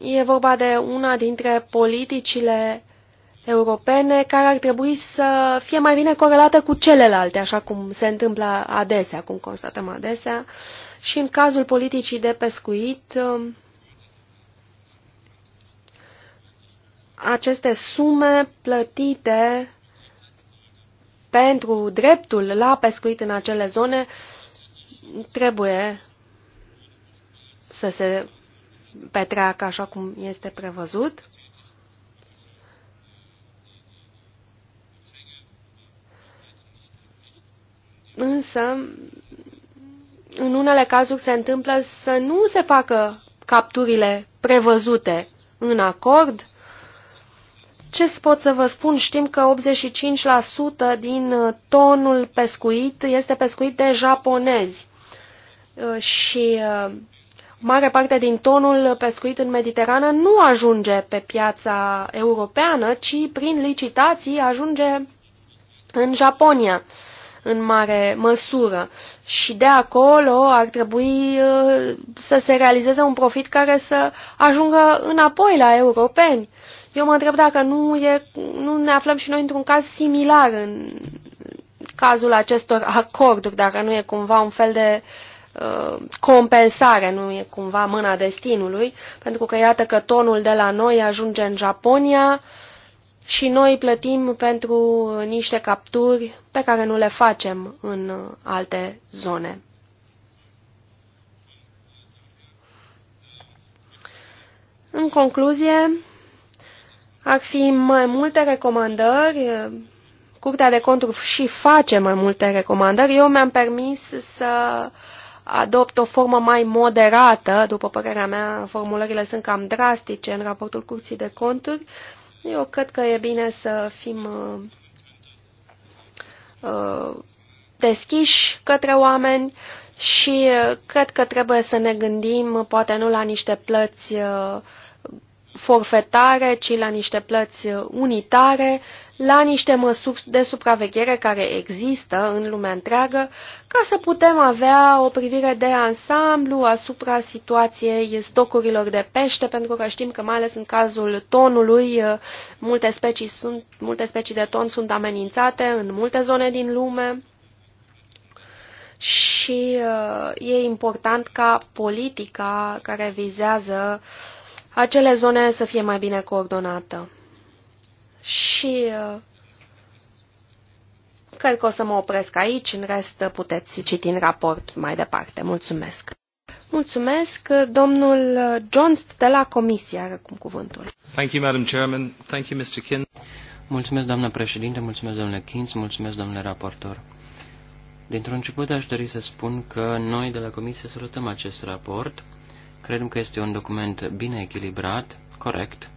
E vorba de una dintre politicile europene care ar trebui să fie mai bine corelată cu celelalte, așa cum se întâmplă adesea, cum constatăm adesea. Și în cazul politicii de pescuit, um, aceste sume plătite pentru dreptul la pescuit în acele zone trebuie să se petreacă așa cum este prevăzut. Însă, în unele cazuri se întâmplă să nu se facă capturile prevăzute în acord ce pot să vă spun? Știm că 85% din uh, tonul pescuit este pescuit de japonezi uh, și uh, mare parte din tonul pescuit în Mediterană nu ajunge pe piața europeană, ci prin licitații ajunge în Japonia în mare măsură și de acolo ar trebui să se realizeze un profit care să ajungă înapoi la europeni eu mă întreb dacă nu, e, nu ne aflăm și noi într-un caz similar în cazul acestor acorduri, dacă nu e cumva un fel de uh, compensare, nu e cumva mâna destinului, pentru că iată că tonul de la noi ajunge în Japonia și noi plătim pentru niște capturi pe care nu le facem în alte zone. În concluzie, ar fi mai multe recomandări. Curtea de conturi și face mai multe recomandări. Eu mi-am permis să adopt o formă mai moderată. După părerea mea, formulările sunt cam drastice în raportul Curții de conturi. Eu cred că e bine să fim uh, uh, deschiși către oameni și uh, cred că trebuie să ne gândim, poate nu la niște plăți forfetare, ci la niște plăți unitare, la niște măsuri de supraveghere care există în lumea întreagă, ca să putem avea o privire de ansamblu asupra situației stocurilor de pește, pentru că știm că mai ales în cazul tonului, eh, multe specii, sunt, multe specii de ton sunt amenințate în multe zone din lume și eh, e important ca politica care vizează uh, acele zone să fie mai bine coordonată. Și uh, cred că o să mă opresc aici, în rest puteți citi în raport mai departe. Mulțumesc! Mulțumesc. Domnul Jones de la Comisie are acum cuvântul. Thank you, Madam Chairman. Thank you, Mr. Kin. Mulțumesc, doamnă președinte, mulțumesc, domnule Kins, mulțumesc, domnule raportor. Dintr-un început aș dori să spun că noi de la Comisie salutăm acest raport Credem că este un document bine echilibrat, corect.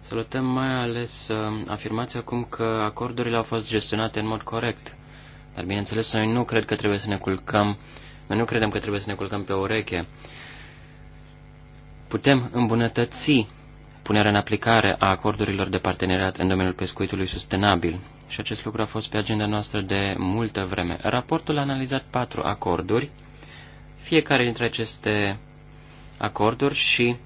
Salutăm mai ales uh, afirmația acum că acordurile au fost gestionate în mod corect. Dar bineînțeles, noi nu cred că trebuie să ne culcăm, noi nu credem că trebuie să ne culcăm pe ureche. Putem îmbunătăți punerea în aplicare a acordurilor de parteneriat în domeniul pescuitului sustenabil. Și acest lucru a fost pe agenda noastră de multă vreme. Raportul a analizat patru acorduri fiecare dintre aceste acorduri și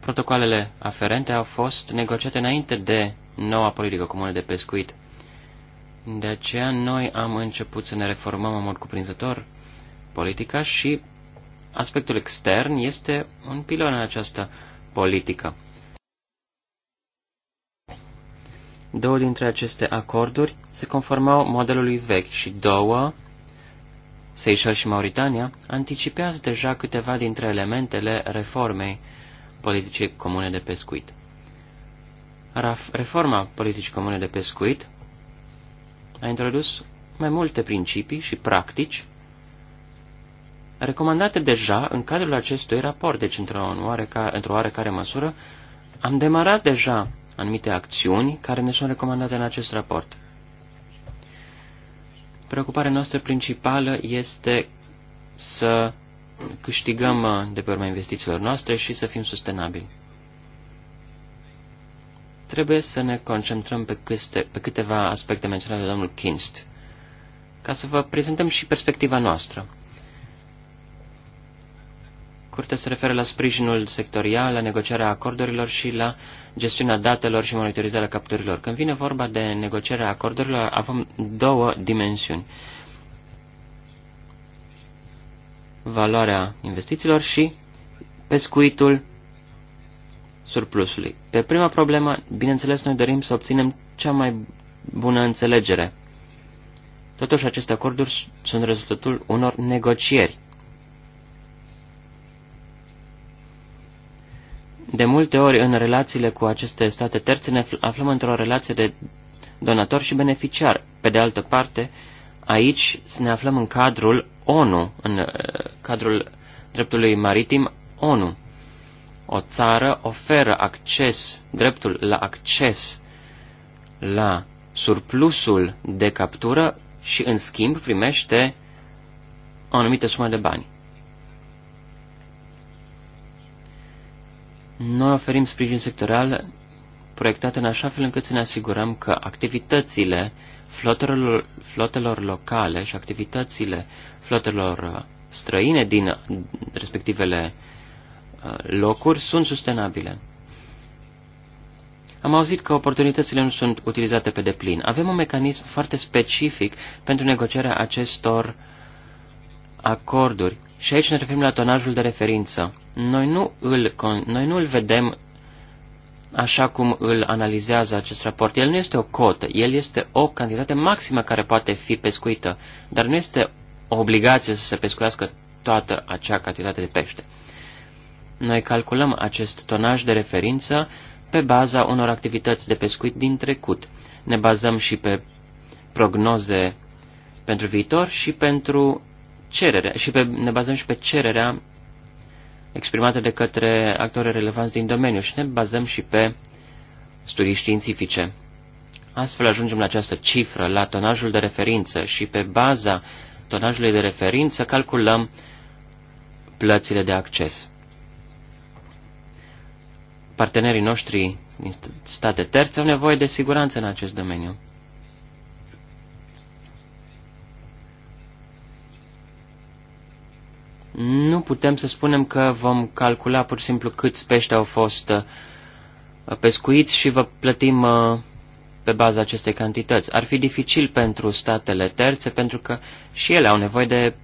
protocoalele aferente au fost negociate înainte de noua politică comună de pescuit. De aceea noi am început să ne reformăm în mod cuprinzător politica și aspectul extern este un pilon în această politică. Două dintre aceste acorduri se conformau modelului vechi și două Seychelles și Mauritania, anticipează deja câteva dintre elementele reformei politice comune de pescuit. Reforma politicii comune de pescuit a introdus mai multe principii și practici recomandate deja în cadrul acestui raport, deci într-o oarecare, într oarecare măsură am demarat deja anumite acțiuni care ne sunt recomandate în acest raport. Preocuparea noastră principală este să câștigăm uh, de pe urma investițiilor noastre și să fim sustenabili. Trebuie să ne concentrăm pe, câste, pe câteva aspecte menționate de domnul Kinst, ca să vă prezentăm și perspectiva noastră. Curtea se referă la sprijinul sectorial, la negocierea acordurilor și la gestiunea datelor și monitorizarea capturilor. Când vine vorba de negocierea acordurilor, avem două dimensiuni. Valoarea investițiilor și pescuitul surplusului. Pe prima problemă, bineînțeles, noi dorim să obținem cea mai bună înțelegere. Totuși, aceste acorduri sunt rezultatul unor negocieri De multe ori, în relațiile cu aceste state terțe, ne aflăm într-o relație de donator și beneficiar. Pe de altă parte, aici ne aflăm în cadrul ONU, în uh, cadrul dreptului maritim ONU. O țară oferă acces, dreptul la acces la surplusul de captură și, în schimb, primește o anumită sumă de bani. Noi oferim sprijin sectorial proiectat în așa fel încât să ne asigurăm că activitățile flotelor, flotelor locale și activitățile flotelor uh, străine din uh, respectivele uh, locuri sunt sustenabile. Am auzit că oportunitățile nu sunt utilizate pe deplin. Avem un mecanism foarte specific pentru negocierea acestor acorduri. Și aici ne referim la tonajul de referință. Noi nu îl, noi nu îl vedem așa cum îl analizează acest raport. El nu este o cotă, el este o cantitate maximă care poate fi pescuită, dar nu este o obligație să se pescuiască toată acea cantitate de pește. Noi calculăm acest tonaj de referință pe baza unor activități de pescuit din trecut. Ne bazăm și pe prognoze pentru viitor și pentru cererea și pe, ne bazăm și pe cererea exprimată de către actori relevanți din domeniu și ne bazăm și pe studii științifice. Astfel ajungem la această cifră, la tonajul de referință și pe baza tonajului de referință calculăm plățile de acces. Partenerii noștri din state terțe au nevoie de siguranță în acest domeniu. Nu putem să spunem că vom calcula pur și simplu câți pești au fost uh, pescuiți și vă plătim uh, pe baza acestei cantități. Ar fi dificil pentru statele terțe pentru că și ele au nevoie de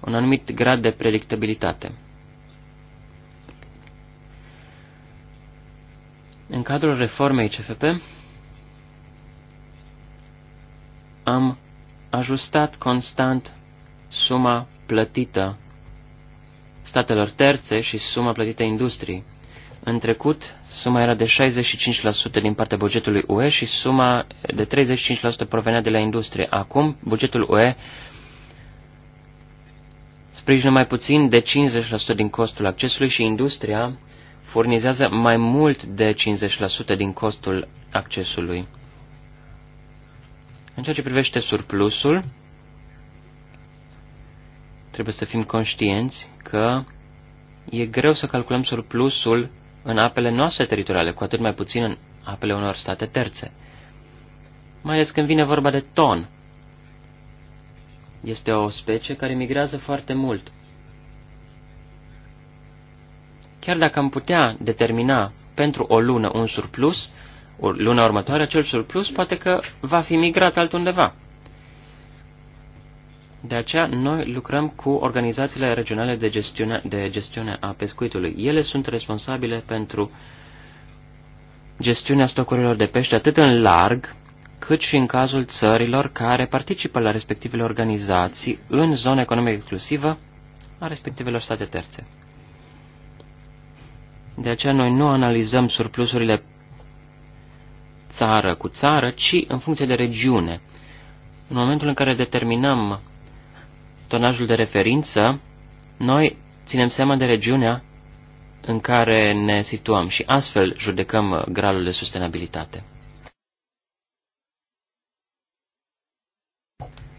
un anumit grad de predictabilitate. În cadrul reformei CFP am ajustat constant suma plătită statelor terțe și suma plătită industriei. În trecut, suma era de 65% din partea bugetului UE și suma de 35% provenea de la industrie. Acum, bugetul UE sprijină mai puțin de 50% din costul accesului și industria furnizează mai mult de 50% din costul accesului. În ceea ce privește surplusul, trebuie să fim conștienți că e greu să calculăm surplusul în apele noastre teritoriale, cu atât mai puțin în apele unor state terțe. Mai ales când vine vorba de ton. Este o specie care migrează foarte mult. Chiar dacă am putea determina pentru o lună un surplus, luna următoare acel surplus poate că va fi migrat altundeva. De aceea, noi lucrăm cu organizațiile regionale de gestiune, de gestiune a pescuitului. Ele sunt responsabile pentru gestiunea stocurilor de pește atât în larg, cât și în cazul țărilor care participă la respectivele organizații în zona economică exclusivă a respectivelor state terțe. De aceea noi nu analizăm surplusurile țară cu țară, ci în funcție de regiune. În momentul în care determinăm tonajul de referință, noi ținem seama de regiunea în care ne situăm și astfel judecăm uh, gradul de sustenabilitate.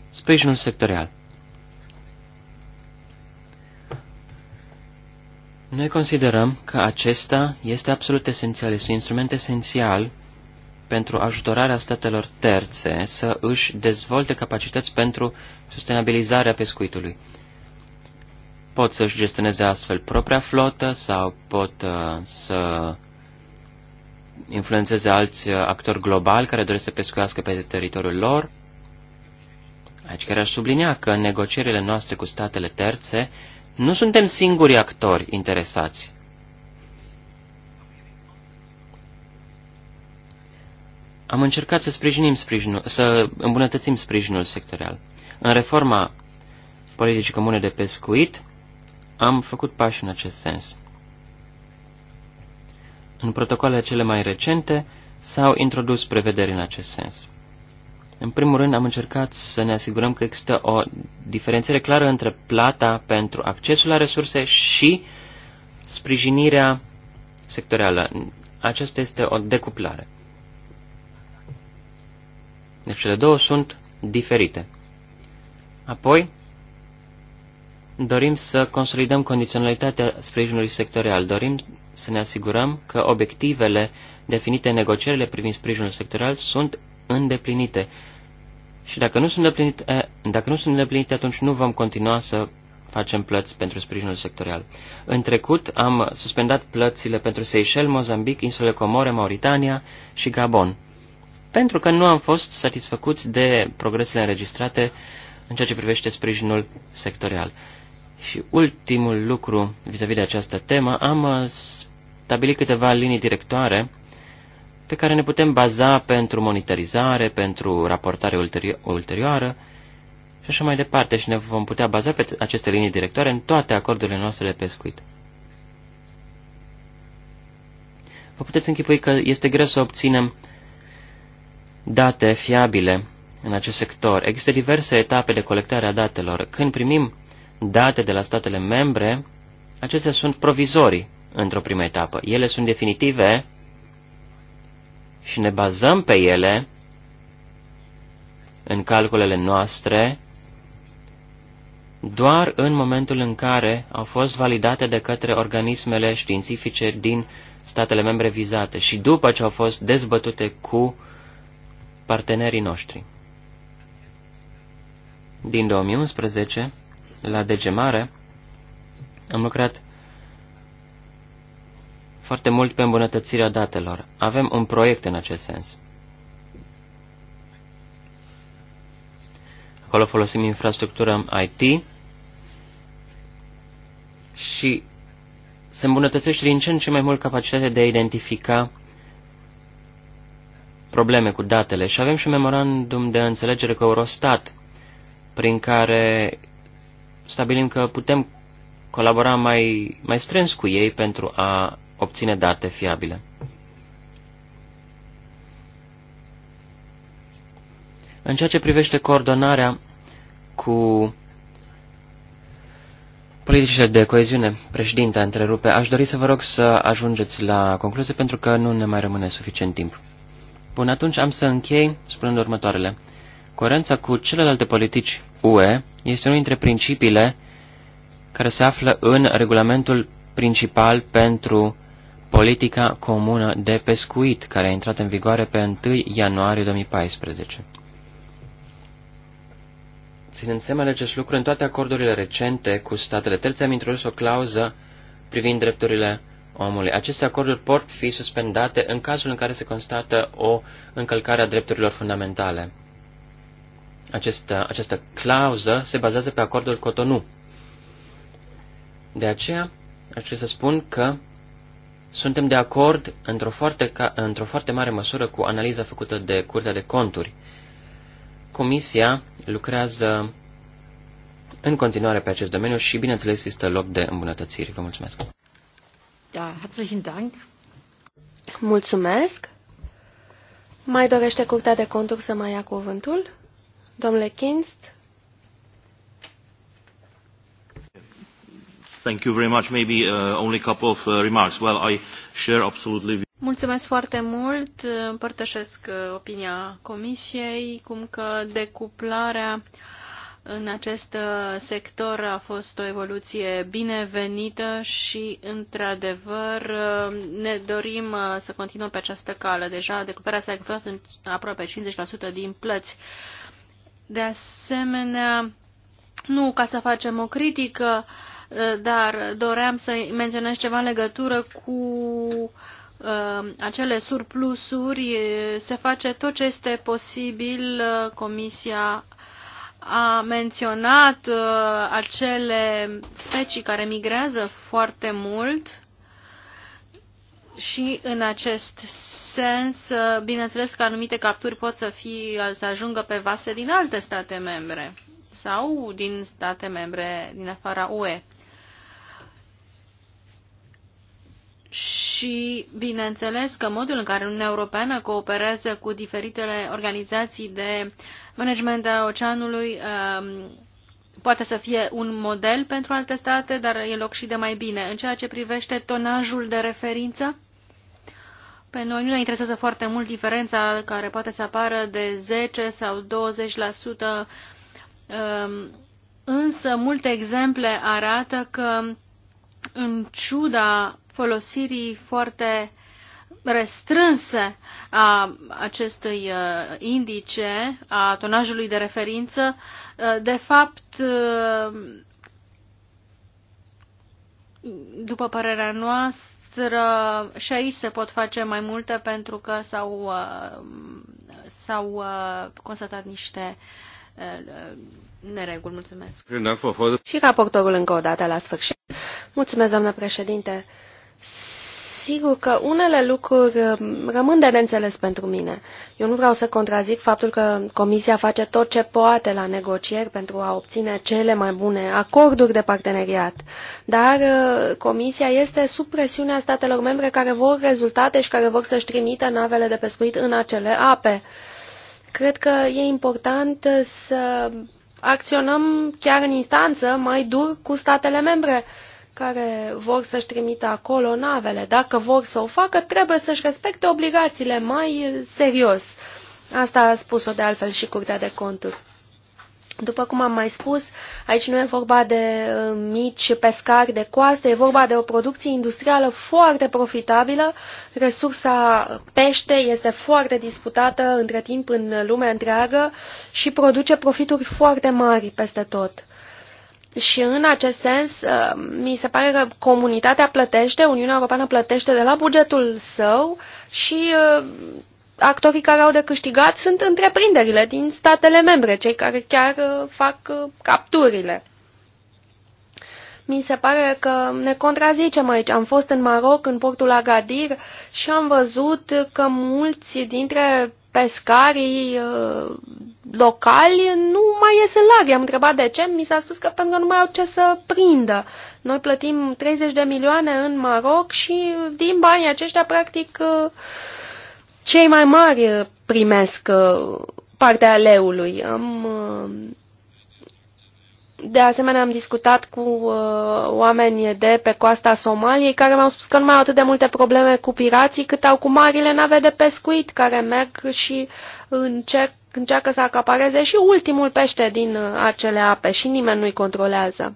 Sprijinul sectorial. Noi considerăm că acesta este absolut esențial, este un instrument esențial pentru ajutorarea statelor terțe să își dezvolte capacități pentru sustenabilizarea pescuitului. Pot să-și gestioneze astfel propria flotă sau pot uh, să influențeze alți uh, actori globali care doresc să pescuiască pe teritoriul lor. Aici chiar aș sublinia că în negocierile noastre cu statele terțe nu suntem singuri actori interesați. Am încercat să, sprijinim sprijinul, să îmbunătățim sprijinul sectorial. În reforma politicii comune de pescuit, am făcut pași în acest sens. În protocoalele cele mai recente s-au introdus prevederi în acest sens. În primul rând, am încercat să ne asigurăm că există o diferențiere clară între plata pentru accesul la resurse și sprijinirea sectorială. Aceasta este o decuplare. Deci cele două sunt diferite. Apoi, dorim să consolidăm condiționalitatea sprijinului sectorial. Dorim să ne asigurăm că obiectivele definite în negocierile privind sprijinul sectorial sunt îndeplinite. Și dacă nu sunt îndeplinite, eh, dacă nu sunt îndeplinite atunci nu vom continua să facem plăți pentru sprijinul sectorial. În trecut am suspendat plățile pentru Seychelles, Mozambic, insulele Comore, Mauritania și Gabon pentru că nu am fost satisfăcuți de progresele înregistrate în ceea ce privește sprijinul sectorial. Și ultimul lucru vis-a-vis -vis de această temă, am uh, stabilit câteva linii directoare pe care ne putem baza pentru monitorizare, pentru raportare ulterior, ulterioară și așa mai departe și ne vom putea baza pe aceste linii directoare în toate acordurile noastre de pescuit. Vă puteți închipui că este greu să obținem uh, date fiabile în acest sector. Există diverse etape de colectare a datelor. Când primim date de la statele membre, acestea sunt provizorii într-o primă etapă. Ele sunt definitive și ne bazăm pe ele în calculele noastre doar în momentul în care au fost validate de către organismele științifice din statele membre vizate și după ce au fost dezbătute cu partenerii noștri. Din 2011, la DG Mare, am lucrat foarte mult pe îmbunătățirea datelor. Avem un proiect în acest sens. Acolo folosim infrastructură IT și se îmbunătățește din ce în ce mai mult capacitatea de a identifica probleme cu datele și avem și un memorandum de înțelegere cu Eurostat, prin care stabilim că putem colabora mai, mai strâns cu ei pentru a obține date fiabile. În ceea ce privește coordonarea cu politicile de coeziune, președinte, întrerupe, aș dori să vă rog să ajungeți la concluzie pentru că nu ne mai rămâne suficient timp. Până atunci am să închei spunând următoarele. Coerența cu celelalte politici UE este unul dintre principiile care se află în regulamentul principal pentru politica comună de pescuit, care a intrat în vigoare pe 1 ianuarie 2014. Ținând seama de acest lucru, în toate acordurile recente cu statele terțe am introdus o clauză privind drepturile omului. Aceste acorduri pot fi suspendate în cazul în care se constată o încălcare a drepturilor fundamentale. Această, această clauză se bazează pe acordul Cotonou. De aceea, aș trebui să spun că suntem de acord într-o foarte, într foarte mare măsură cu analiza făcută de Curtea de Conturi. Comisia lucrează în continuare pe acest domeniu și, bineînțeles, este loc de îmbunătățiri. Vă mulțumesc! Da, herzlichen Dank. Mulțumesc. Mai dorește Curtea de Conturi să mai ia cuvântul? Domnule Kinst? Thank you very much. Maybe uh, only a couple of uh, remarks. Well, I share absolutely... Mulțumesc foarte mult. Împărtășesc uh, opinia Comisiei, cum că decuplarea uh, în acest uh, sector a fost o evoluție binevenită și, într-adevăr, uh, ne dorim uh, să continuăm pe această cală. Deja decuperarea s-a efectuat în aproape 50% din plăți. De asemenea, nu ca să facem o critică, dar doream să menționez ceva în legătură cu acele surplusuri. Se face tot ce este posibil. Comisia a menționat uh, acele specii care migrează foarte mult și în acest sens, uh, bineînțeles că anumite capturi pot să, fi, să ajungă pe vase din alte state membre sau din state membre din afara UE. și bineînțeles că modul în care Uniunea Europeană cooperează cu diferitele organizații de management a oceanului um, poate să fie un model pentru alte state, dar e loc și de mai bine. În ceea ce privește tonajul de referință, pe noi nu ne interesează foarte mult diferența care poate să apară de 10 sau 20%, um, însă multe exemple arată că în ciuda folosirii foarte restrânse a acestui uh, indice, a tonajului de referință, uh, de fapt, uh, după părerea noastră, și aici se pot face mai multe pentru că s-au, s-au constatat niște nereguli. Mulțumesc. Și raportorul încă o dată la sfârșit. Mulțumesc, doamnă președinte. Sigur că unele lucruri um, rămân de neînțeles pentru mine. Eu nu vreau să contrazic faptul că Comisia face tot ce poate la negocieri pentru a obține cele mai bune acorduri de parteneriat, dar uh, Comisia este sub presiunea statelor membre care vor rezultate și care vor să-și trimită navele de pescuit în acele ape. Cred că e important să acționăm chiar în instanță mai dur cu statele membre care vor să-și trimită acolo navele. Dacă vor să o facă, trebuie să-și respecte obligațiile mai serios. Asta a spus-o de altfel și Curtea de Conturi. După cum am mai spus, aici nu e vorba de uh, mici pescari de coastă, e vorba de o producție industrială foarte profitabilă. Resursa pește este foarte disputată între timp în lumea întreagă și produce profituri foarte mari peste tot. Și în acest sens, uh, mi se pare că comunitatea plătește, Uniunea Europeană plătește de la bugetul său și uh, actorii care au de câștigat sunt întreprinderile din statele membre, cei care chiar uh, fac capturile. Mi se pare că ne contrazicem aici. Am fost în Maroc, în portul Agadir și am văzut că mulți dintre pescarii uh, locali nu mai ies în larg. Am întrebat de ce, mi s-a spus că pentru că nu mai au ce să prindă. Noi plătim 30 de milioane în Maroc și din banii aceștia, practic, uh, cei mai mari primesc uh, partea leului. Am de asemenea, am discutat cu uh, oameni de pe coasta Somaliei care mi-au spus că nu mai au atât de multe probleme cu pirații cât au cu marile nave de pescuit care merg și încerc, încearcă să acapareze și ultimul pește din uh, acele ape și nimeni nu-i controlează.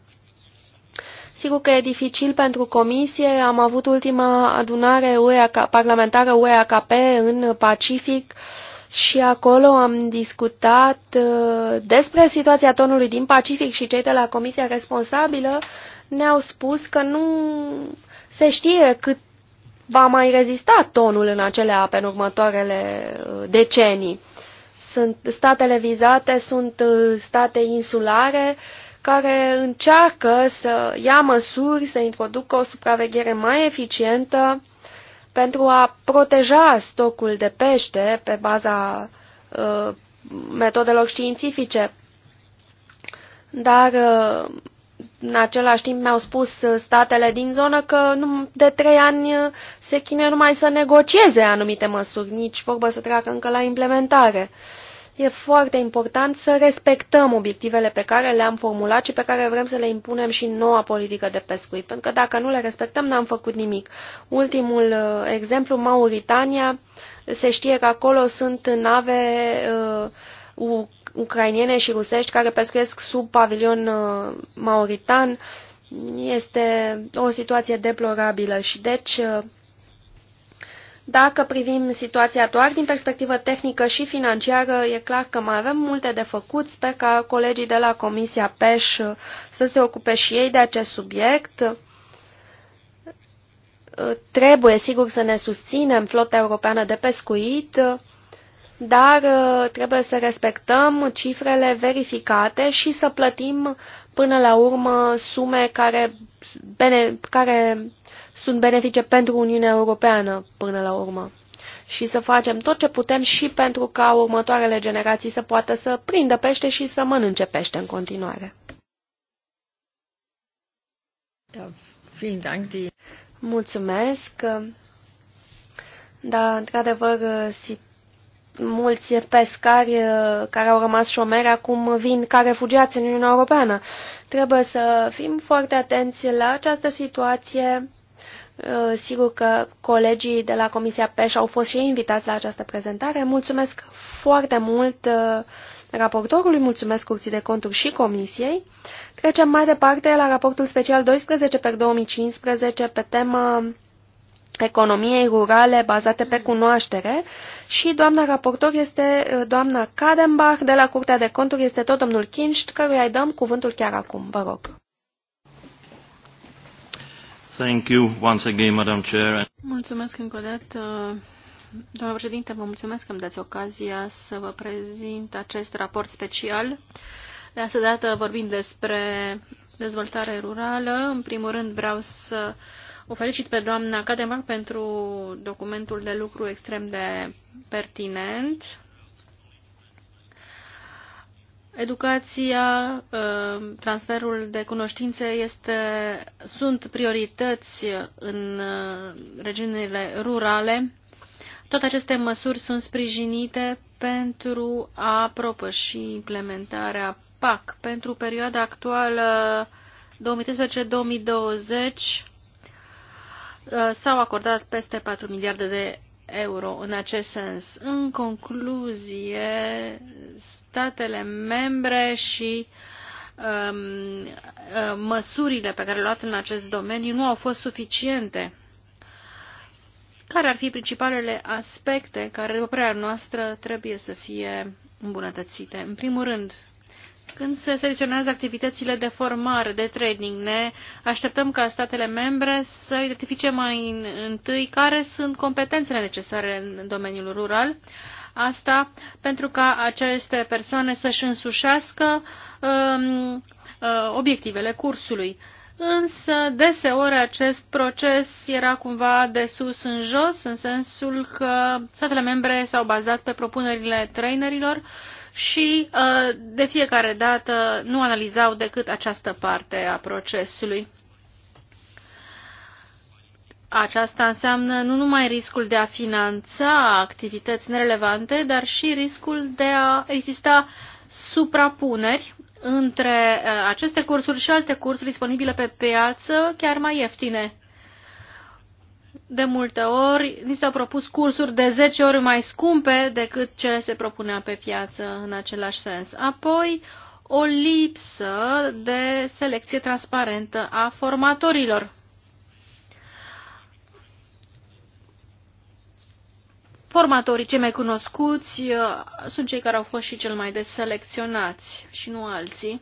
Sigur că e dificil pentru comisie. Am avut ultima adunare UE, parlamentară UEAKP în Pacific. Uh, și acolo am discutat uh, despre situația tonului din Pacific și cei de la Comisia Responsabilă ne-au spus că nu se știe cât va mai rezista tonul în acele ape în următoarele uh, decenii. Sunt, statele vizate sunt uh, state insulare care încearcă să ia măsuri, să introducă o supraveghere mai eficientă pentru a proteja stocul de pește pe baza uh, metodelor științifice. Dar uh, în același timp mi-au spus statele din zonă că nu, de trei ani se chinuie numai să negocieze anumite măsuri, nici vorbă să treacă încă la implementare. Uh, E foarte important să respectăm obiectivele pe care le-am formulat și pe care vrem să le impunem și în noua politică de pescuit, pentru că dacă nu le respectăm, n-am făcut nimic. Ultimul uh, exemplu, Mauritania, se știe că acolo sunt nave uh, ucrainiene și rusești care pescuiesc sub pavilion uh, mauritan. Este o situație deplorabilă și deci... Uh, dacă privim situația doar din perspectivă tehnică și financiară, e clar că mai avem multe de făcut. Sper ca colegii de la Comisia PES să se ocupe și ei de acest subiect. Trebuie, sigur, să ne susținem flota europeană de pescuit, dar uh, trebuie să respectăm cifrele verificate și să plătim până la urmă sume care, bene, care sunt benefice pentru Uniunea Europeană până la urmă și să facem tot ce putem și pentru ca următoarele generații să poată să prindă pește și să mănânce pește în continuare. Da, Mulțumesc. Da, într-adevăr, mulți pescari eh, care au rămas șomeri acum vin ca refugiați în Uniunea Europeană. Trebuie să fim foarte atenți la această situație Uh, sigur că colegii de la Comisia PEș au fost și ei invitați la această prezentare. Mulțumesc foarte mult uh, raportorului, mulțumesc Curții de Conturi și Comisiei. Trecem mai departe la raportul special 12 pe 2015 pe tema economiei rurale bazate pe cunoaștere și doamna raportor este uh, doamna Kadenbach de la Curtea de Conturi, este tot domnul Kinst, căruia îi dăm cuvântul chiar acum. Vă rog. Thank you once again, Madam Chair. Mulțumesc încă o dată. Doamna președinte, vă mulțumesc că îmi dați ocazia să vă prezint acest raport special. De asta dată vorbim despre dezvoltare rurală. În primul rând vreau să o felicit pe doamna Cademac pentru documentul de lucru extrem de pertinent Educația, ă, transferul de cunoștințe este, sunt priorități în ă, regiunile rurale. Toate aceste măsuri sunt sprijinite pentru a propăși implementarea PAC. Pentru perioada actuală 2013-2020 ă, s-au acordat peste 4 miliarde de euro în acest sens. În concluzie, statele membre și um, uh, măsurile pe care le-au luat în acest domeniu nu au fost suficiente. Care ar fi principalele aspecte care, după părerea noastră, trebuie să fie îmbunătățite? În primul rând, când se selecționează activitățile de formare, de training. Ne așteptăm ca statele membre să identifice mai întâi care sunt competențele necesare în domeniul rural, asta pentru ca aceste persoane să-și însușească um, uh, obiectivele cursului. Însă, deseori, acest proces era cumva de sus în jos, în sensul că statele membre s-au bazat pe propunerile trainerilor uh, și uh, de fiecare dată nu analizau decât această parte a procesului. Aceasta înseamnă nu numai riscul de a finanța activități nerelevante, dar și riscul de a exista suprapuneri între uh, aceste cursuri și alte cursuri disponibile pe piață, chiar mai ieftine de multe ori ni s-au propus cursuri de 10 ori mai scumpe decât ce se propunea pe piață în același sens. Apoi, o lipsă de selecție transparentă a formatorilor. Formatorii cei mai cunoscuți uh, sunt cei care au fost și cel mai des selecționați și nu alții.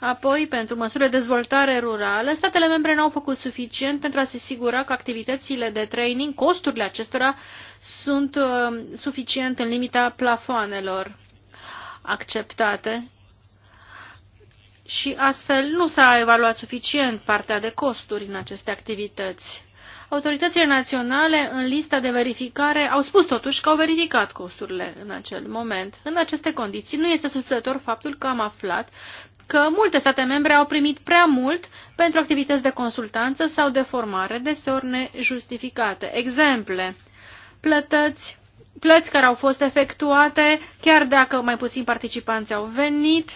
Apoi, pentru măsurile de dezvoltare rurală, statele membre n-au făcut suficient pentru a se asigura că activitățile de training, costurile acestora, sunt uh, suficient în limita plafoanelor acceptate și astfel nu s-a evaluat suficient partea de costuri în aceste activități. Autoritățile naționale în lista de verificare au spus totuși că au verificat costurile în acel moment. În aceste condiții nu este surprinzător faptul că am aflat că multe state membre au primit prea mult pentru activități de consultanță sau de formare, deseori nejustificate. Exemple, plătăți, plăți care au fost efectuate, chiar dacă mai puțin participanți au venit,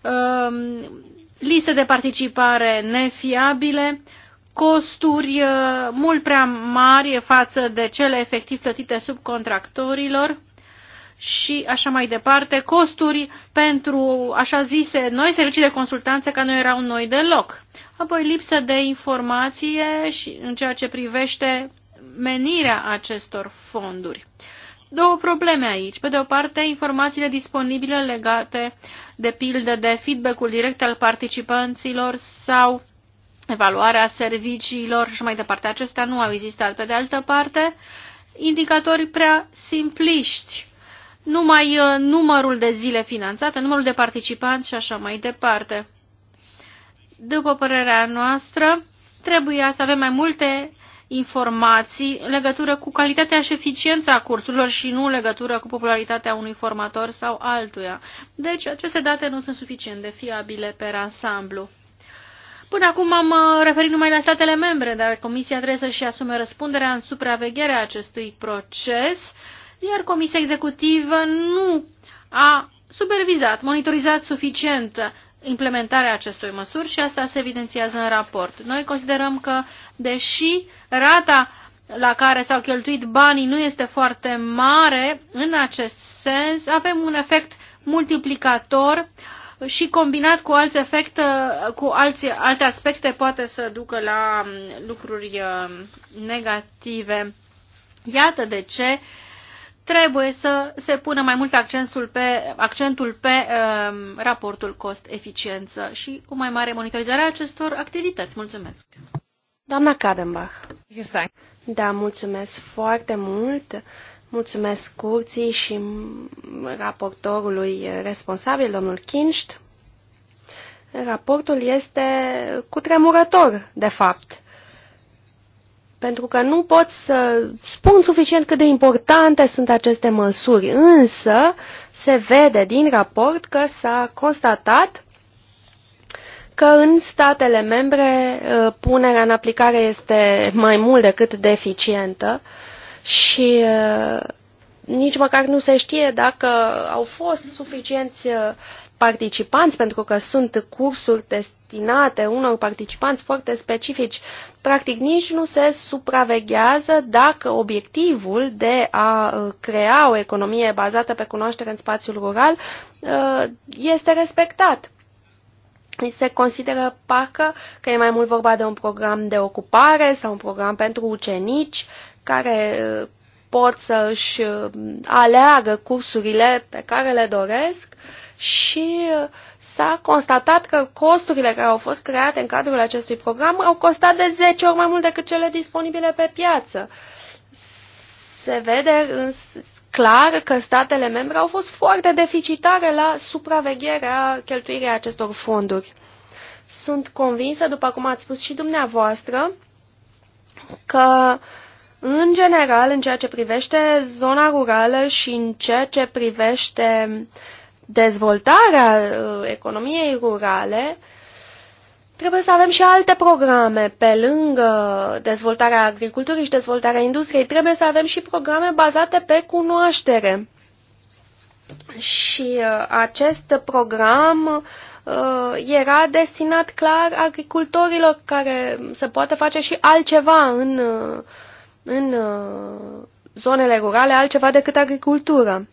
um, liste de participare nefiabile, costuri uh, mult prea mari față de cele efectiv plătite subcontractorilor, și așa mai departe, costuri pentru așa zise noi servicii de consultanță ca nu erau noi deloc. Apoi lipsă de informație și în ceea ce privește menirea acestor fonduri. Două probleme aici. Pe de o parte, informațiile disponibile legate de pildă de feedback-ul direct al participanților sau evaluarea serviciilor și mai departe. Acestea nu au existat. Pe de altă parte, indicatori prea simpliști numai uh, numărul de zile finanțate, numărul de participanți și așa mai departe. După părerea noastră, trebuia să avem mai multe informații în legătură cu calitatea și eficiența cursurilor și nu în legătură cu popularitatea unui formator sau altuia. Deci aceste date nu sunt suficient de fiabile pe ansamblu. Până acum am uh, referit numai la statele membre, dar Comisia trebuie să-și asume răspunderea în supravegherea acestui proces iar Comisia Executivă nu a supervizat, monitorizat suficient implementarea acestor măsuri și asta se evidențiază în raport. Noi considerăm că, deși rata la care s-au cheltuit banii nu este foarte mare, în acest sens avem un efect multiplicator și combinat cu alte efecte, cu alți, alte aspecte poate să ducă la um, lucruri um, negative. Iată de ce trebuie să se pună mai mult accentul pe, accentul pe um, raportul cost-eficiență și o mai mare monitorizare a acestor activități. Mulțumesc! Doamna Kadenbach. Exact. Da, mulțumesc foarte mult. Mulțumesc curții și raportorului responsabil, domnul Kinst. Raportul este cutremurător, de fapt pentru că nu pot să spun suficient cât de importante sunt aceste măsuri, însă se vede din raport că s-a constatat că în statele membre uh, punerea în aplicare este mai mult decât deficientă și uh, nici măcar nu se știe dacă au fost suficienți uh, participanți, pentru că sunt cursuri destinate unor participanți foarte specifici. Practic nici nu se supraveghează dacă obiectivul de a uh, crea o economie bazată pe cunoaștere în spațiul rural uh, este respectat. Se consideră parcă că e mai mult vorba de un program de ocupare sau un program pentru ucenici care uh, pot să își aleagă cursurile pe care le doresc uh, și s-a constatat că costurile care au fost create în cadrul acestui program au costat de 10 ori mai mult decât cele disponibile pe piață. Se vede clar că statele membre au fost foarte deficitare la supravegherea cheltuirii acestor fonduri. Sunt convinsă, după cum ați spus și dumneavoastră, că în general, în ceea ce privește zona rurală și în ceea ce privește uh, dezvoltarea uh, economiei rurale, trebuie să avem și alte programe pe lângă dezvoltarea agriculturii și dezvoltarea industriei. Trebuie să avem și programe bazate pe cunoaștere. Și uh, acest program uh, era destinat clar agricultorilor care se poate face și altceva în, în zonele rurale, altceva decât agricultură.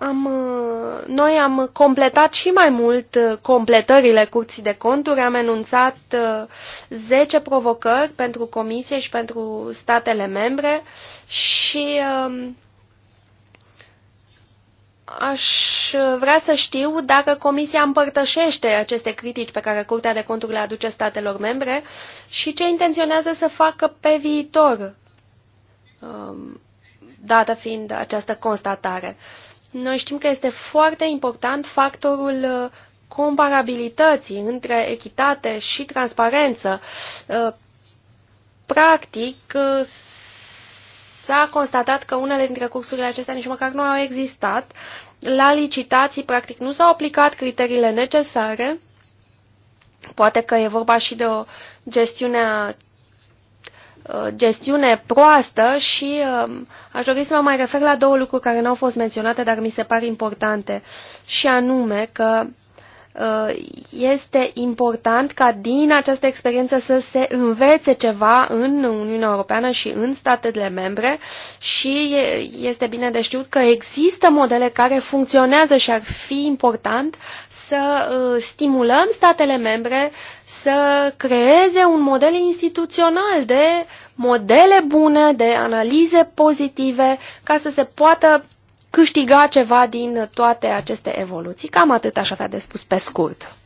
Am, uh, noi am completat și mai mult uh, completările curții de conturi, am enunțat 10 uh, provocări pentru comisie și pentru statele membre și um, aș vrea să știu dacă Comisia împărtășește aceste critici pe care Curtea de Conturi le aduce statelor membre și ce intenționează să facă pe viitor, um, dată fiind această constatare. Noi știm că este foarte important factorul uh, comparabilității între echitate și transparență. Uh, practic, uh, s-a constatat că unele dintre cursurile acestea nici măcar nu au existat. La licitații, practic, nu s-au aplicat criteriile necesare. Poate că e vorba și de o gestiune a Uh, gestiune proastă și uh, aș dori să mă mai refer la două lucruri care nu au fost menționate, dar mi se par importante, și anume că Uh, este important ca din această experiență să se învețe ceva în Uniunea Europeană și în statele membre și este bine de știut că există modele care funcționează și ar fi important să uh, stimulăm statele membre să creeze un model instituțional de modele bune, de analize pozitive, ca să se poată câștiga ceva din toate aceste evoluții. Cam atât aș avea de spus pe scurt.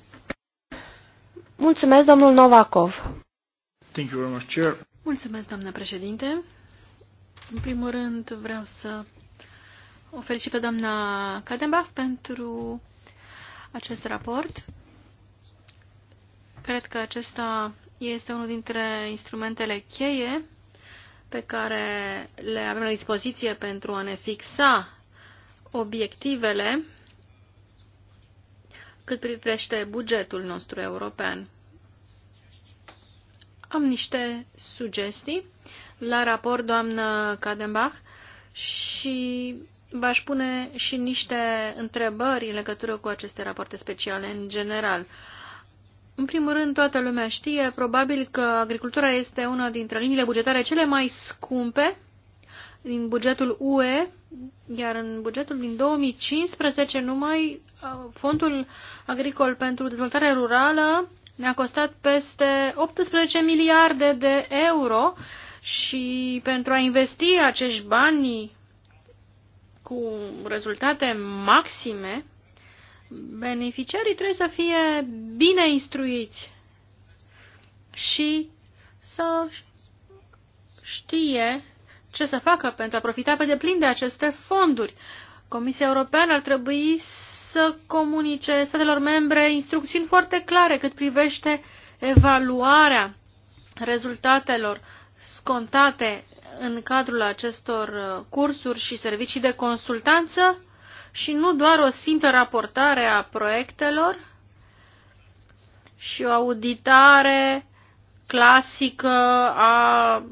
Mulțumesc, domnul Novakov. Thank you very much, Chair. Mulțumesc, doamnă președinte. În primul rând vreau să o felicit pe doamna Kadenbach pentru acest raport. Cred că acesta este unul dintre instrumentele cheie pe care le avem la dispoziție pentru a ne fixa obiectivele cât privește bugetul nostru european. Am niște sugestii la raport, doamnă Kadenbach, și v-aș pune și niște întrebări în legătură cu aceste rapoarte speciale în general. În primul rând, toată lumea știe, probabil că agricultura este una dintre liniile bugetare cele mai scumpe din bugetul UE iar în bugetul din 2015 numai uh, fondul agricol pentru dezvoltare rurală ne-a costat peste 18 miliarde de euro și pentru a investi acești bani cu rezultate maxime, beneficiarii trebuie să fie bine instruiți și să știe ce să facă pentru a profita pe deplin de aceste fonduri. Comisia Europeană ar trebui să comunice statelor membre instrucțiuni foarte clare cât privește evaluarea rezultatelor scontate în cadrul acestor uh, cursuri și servicii de consultanță și nu doar o simplă raportare a proiectelor și o auditare clasică a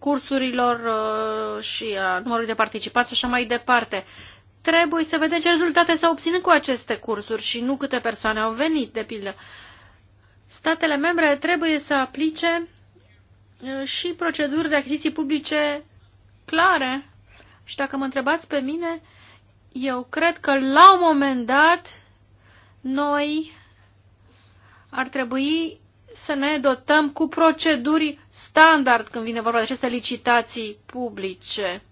cursurilor uh, și a numărului de participați și așa mai departe. Trebuie să vedem ce rezultate s-au obținut cu aceste cursuri și nu câte persoane au venit, de pildă. Statele membre trebuie să aplice uh, și proceduri de achiziții publice clare. Și dacă mă întrebați pe mine, eu cred că la un moment dat noi ar trebui să ne dotăm cu proceduri standard când vine vorba de aceste licitații publice.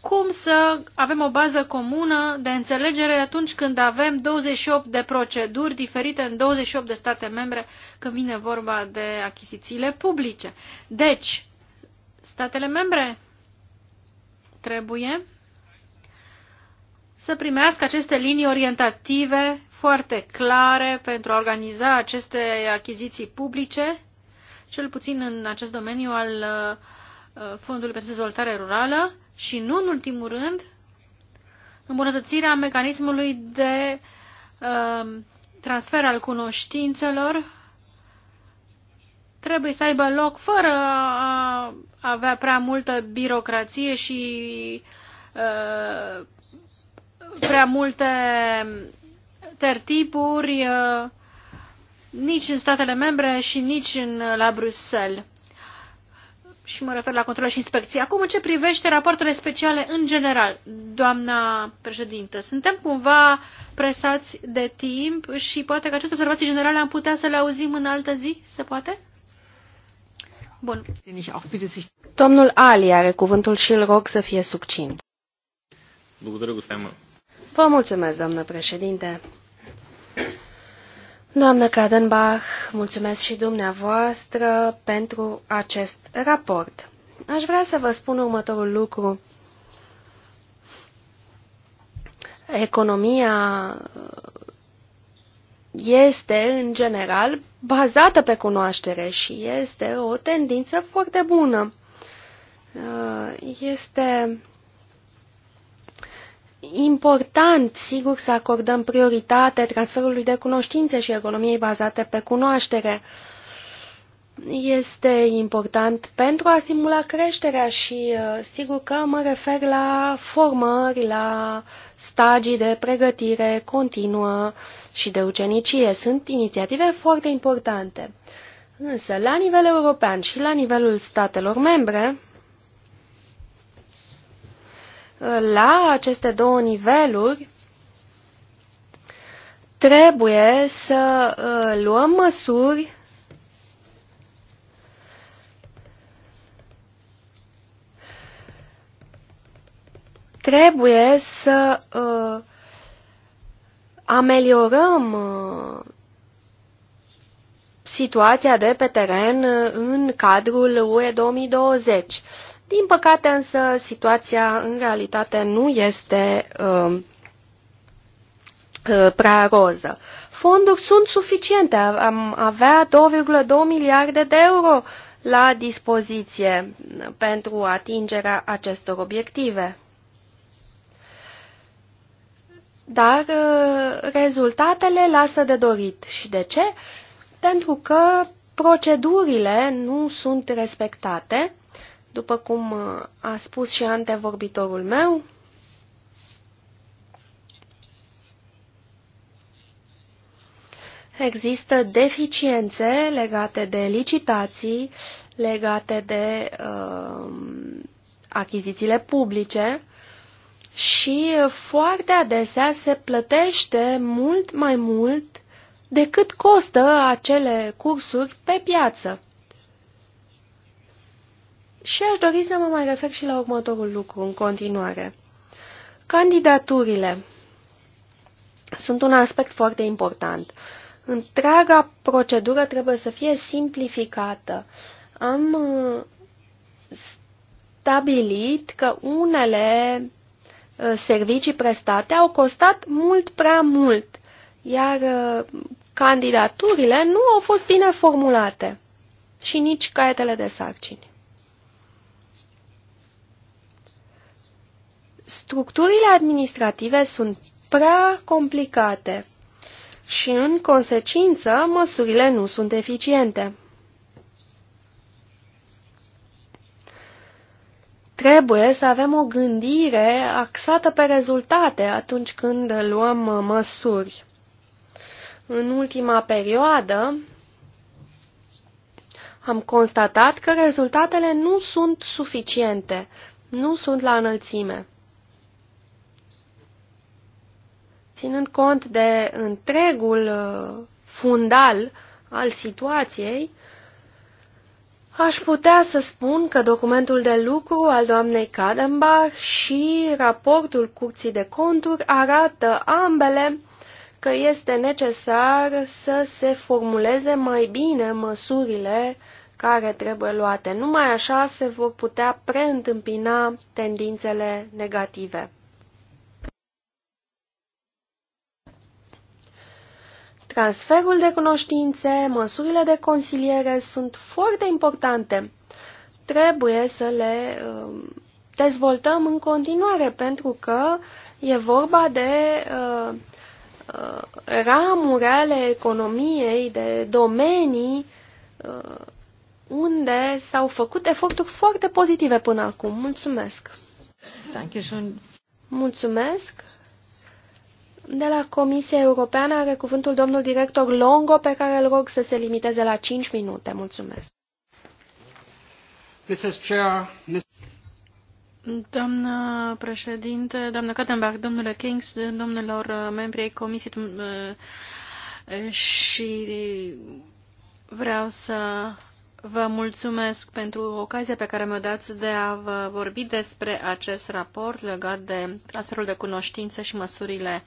Cum să avem o bază comună de înțelegere atunci când avem 28 de proceduri diferite în 28 de state membre când vine vorba de achizițiile publice. Deci, statele membre trebuie să primească aceste linii orientative foarte clare pentru a organiza aceste achiziții publice, cel puțin în acest domeniu al uh, uh, Fondului pentru Dezvoltare Rurală și nu în ultimul rând îmbunătățirea mecanismului de uh, transfer al cunoștințelor trebuie să aibă loc fără a avea prea multă birocrație și uh, prea multe tertipuri uh, nici în statele membre și nici în, uh, la Bruxelles. Și mă refer la control și inspecție. Acum, în ce privește rapoartele speciale în general, doamna președintă, suntem cumva presați de timp și poate că aceste observații generale am putea să le auzim în altă zi? Se poate? Bun. Domnul Ali are cuvântul și îl rog să fie succint. Mulțumesc. Vă mulțumesc, doamnă președinte. Doamnă Cadenbach, mulțumesc și dumneavoastră pentru acest raport. Aș vrea să vă spun următorul lucru. Economia este, în general, bazată pe cunoaștere și este o tendință foarte bună. Este important, sigur, să acordăm prioritate transferului de cunoștințe și economiei bazate pe cunoaștere. Este important pentru a stimula creșterea și uh, sigur că mă refer la formări, la stagii de pregătire continuă și de ucenicie. Sunt inițiative foarte importante. Însă, la nivel european și la nivelul statelor membre, la aceste două niveluri trebuie să uh, luăm măsuri trebuie să uh, ameliorăm uh, situația de pe teren uh, în cadrul UE 2020. Din păcate însă situația în realitate nu este um, uh, prea roză. Fonduri sunt suficiente, am avea 2,2 miliarde de euro la dispoziție pentru atingerea acestor obiective. Dar uh, rezultatele lasă de dorit. Și de ce? Pentru că procedurile nu sunt respectate după cum uh, a spus și antevorbitorul meu, există deficiențe legate de licitații, legate de uh, achizițiile publice și foarte adesea se plătește mult mai mult decât costă acele cursuri pe piață. Și aș dori să mă mai refer și la următorul lucru în continuare. Candidaturile sunt un aspect foarte important. Întreaga procedură trebuie să fie simplificată. Am uh, stabilit că unele uh, servicii prestate au costat mult prea mult, iar uh, candidaturile nu au fost bine formulate și nici caietele de sarcini. structurile administrative sunt prea complicate și, în consecință, măsurile nu sunt eficiente. Trebuie să avem o gândire axată pe rezultate atunci când luăm măsuri. În ultima perioadă am constatat că rezultatele nu sunt suficiente, nu sunt la înălțime. ținând cont de întregul uh, fundal al situației, aș putea să spun că documentul de lucru al doamnei Kadenbach și raportul Curții de Conturi arată ambele că este necesar să se formuleze mai bine măsurile care trebuie luate. Numai așa se vor putea preîntâmpina tendințele negative. Transferul de cunoștințe, măsurile de consiliere sunt foarte importante. Trebuie să le um, dezvoltăm în continuare pentru că e vorba de uh, uh, ramuri ale economiei, de domenii uh, unde s-au făcut eforturi foarte pozitive până acum. Mulțumesc! Mulțumesc! De la Comisia Europeană are cuvântul domnul director Longo, pe care îl rog să se limiteze la 5 minute. Mulțumesc. Mrs. Chair, Mrs. Doamnă președinte, doamnă Kattenbach, domnule Kings, domnilor membri ai comisiei eh, și vreau să Vă mulțumesc pentru ocazia pe care mi-o dați de a vă vorbi despre acest raport legat de transferul de cunoștințe și măsurile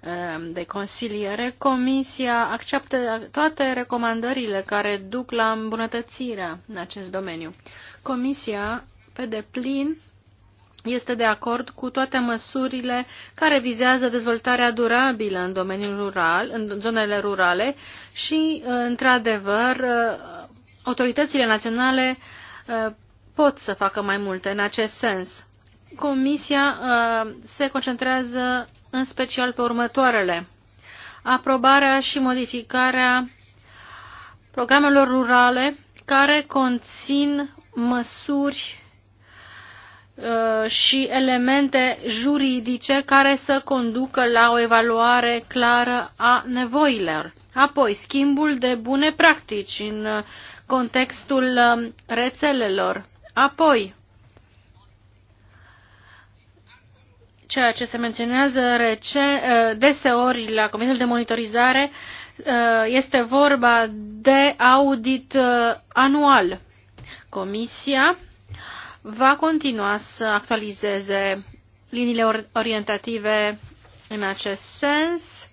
ehm, de consiliere. Comisia acceptă toate recomandările care duc la îmbunătățirea în acest domeniu. Comisia, pe deplin, este de acord cu toate măsurile care vizează dezvoltarea durabilă în domeniul rural, în zonele rurale și, într-adevăr, autoritățile naționale uh, pot să facă mai multe în acest sens. Comisia uh, se concentrează în special pe următoarele. Aprobarea și modificarea programelor rurale care conțin măsuri uh, și elemente juridice care să conducă la o evaluare clară a nevoilor. Apoi, schimbul de bune practici în contextul um, rețelelor. Apoi, ceea ce se menționează rece, uh, deseori la Comisia de Monitorizare uh, este vorba de audit uh, anual. Comisia va continua să actualizeze liniile orientative în acest sens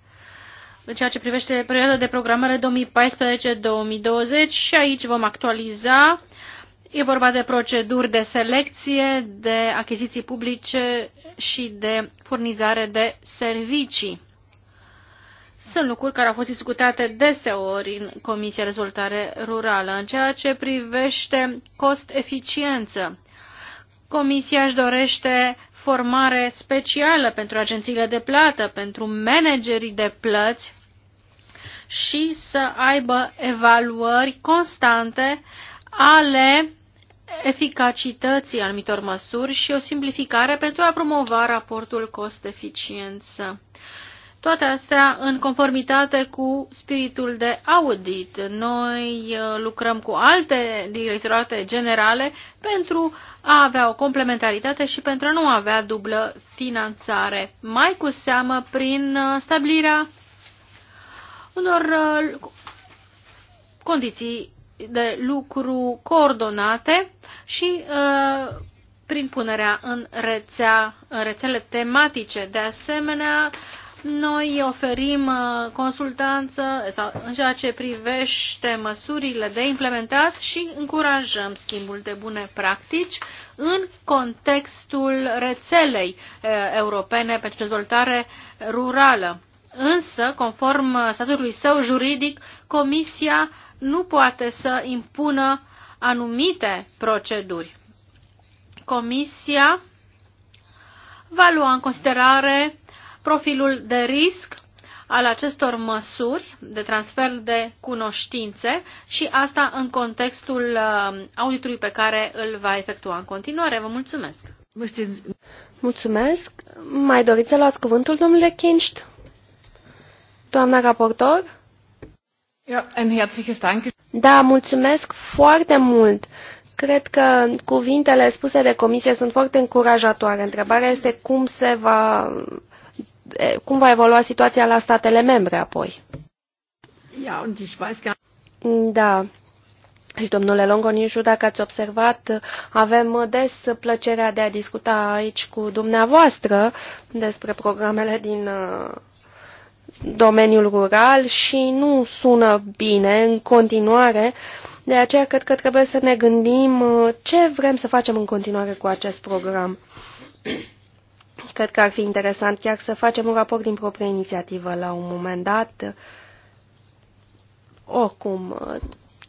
în ceea ce privește perioada de programare 2014-2020 și aici vom actualiza. E vorba de proceduri de selecție, de achiziții publice și de furnizare de servicii. Sunt lucruri care au fost discutate deseori în Comisia Rezultare Rurală. În ceea ce privește cost-eficiență, Comisia își dorește formare specială pentru agențiile de plată, pentru managerii de plăți și să aibă evaluări constante ale eficacității anumitor măsuri și o simplificare pentru a promova raportul cost-eficiență. Toate astea în conformitate cu spiritul de audit. Noi uh, lucrăm cu alte directorate generale pentru a avea o complementaritate și pentru a nu avea dublă finanțare, mai cu seamă prin uh, stabilirea unor uh, condiții de lucru coordonate și uh, prin punerea în, rețea, în rețele tematice. De asemenea, noi oferim uh, consultanță sau în ceea ce privește măsurile de implementat și încurajăm schimbul de bune practici în contextul rețelei europene pentru dezvoltare rurală. Însă, conform statutului său juridic, Comisia nu poate să impună anumite proceduri. Comisia va lua în considerare profilul de risc al acestor măsuri de transfer de cunoștințe și asta în contextul uh, auditului pe care îl va efectua în continuare. Vă mulțumesc! Mulțumesc! Mai doriți să luați cuvântul, domnule Kinșt? Doamna raportor? Da, mulțumesc foarte mult. Cred că cuvintele spuse de comisie sunt foarte încurajatoare. Întrebarea este cum se va cum va evolua situația la statele membre apoi. Da. Și domnule Longo, nu știu dacă ați observat, avem des plăcerea de a discuta aici cu dumneavoastră despre programele din domeniul rural și nu sună bine în continuare, de aceea cred că trebuie să ne gândim uh, ce vrem să facem în continuare cu acest program. Cred că ar fi interesant chiar să facem un raport din propria inițiativă la un moment dat. Oricum,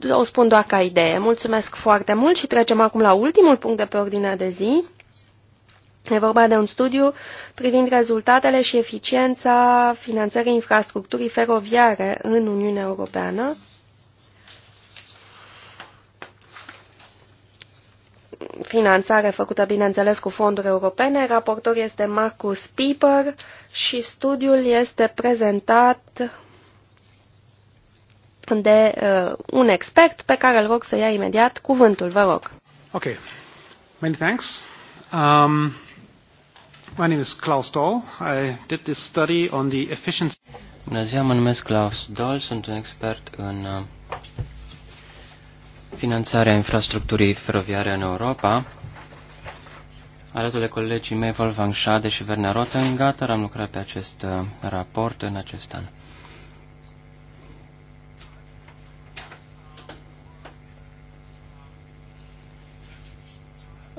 uh, o spun doar ca idee. Mulțumesc foarte mult și trecem acum la ultimul punct de pe ordinea de zi. E vorba de un studiu privind rezultatele și eficiența finanțării infrastructurii feroviare în Uniunea Europeană. Finanțare făcută, bineînțeles, cu fonduri europene. Raportor este Marcus Pieper și studiul este prezentat de uh, un expert pe care îl rog să ia imediat cuvântul. Vă rog. Ok. Many thanks. Um... My name is Klaus Doll. I did this study on the efficiency. Bună ziua, mă numesc Klaus Doll sunt un expert în uh, finanțarea infrastructurii feroviare în Europa. Alături de colegii mei Wolfgang Schade și Werner Rottengatter am lucrat pe acest uh, raport în acest an.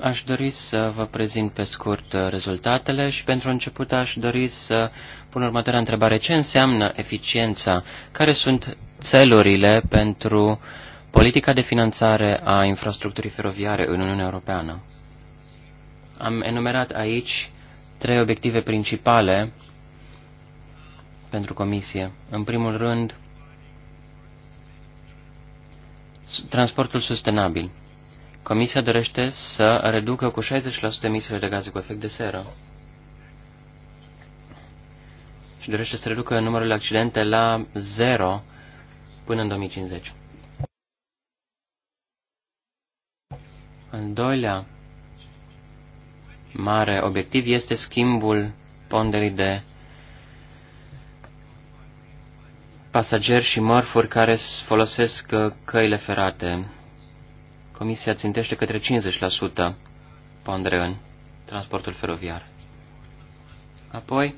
Aș dori să vă prezint pe scurt uh, rezultatele și pentru început aș dori să pun următoarea întrebare. Ce înseamnă eficiența? Care sunt țelurile pentru politica de finanțare a infrastructurii feroviare în Uniunea Europeană? Am enumerat aici trei obiective principale pentru Comisie. În primul rând, transportul sustenabil. Comisia dorește să reducă cu 60% emisiile de gaze cu efect de seră și dorește să reducă numărul accidente la zero până în 2050. Al doilea mare obiectiv este schimbul ponderii de pasageri și mărfuri care folosesc uh, căile ferate. Comisia țintește către 50% pondere în transportul feroviar. Apoi,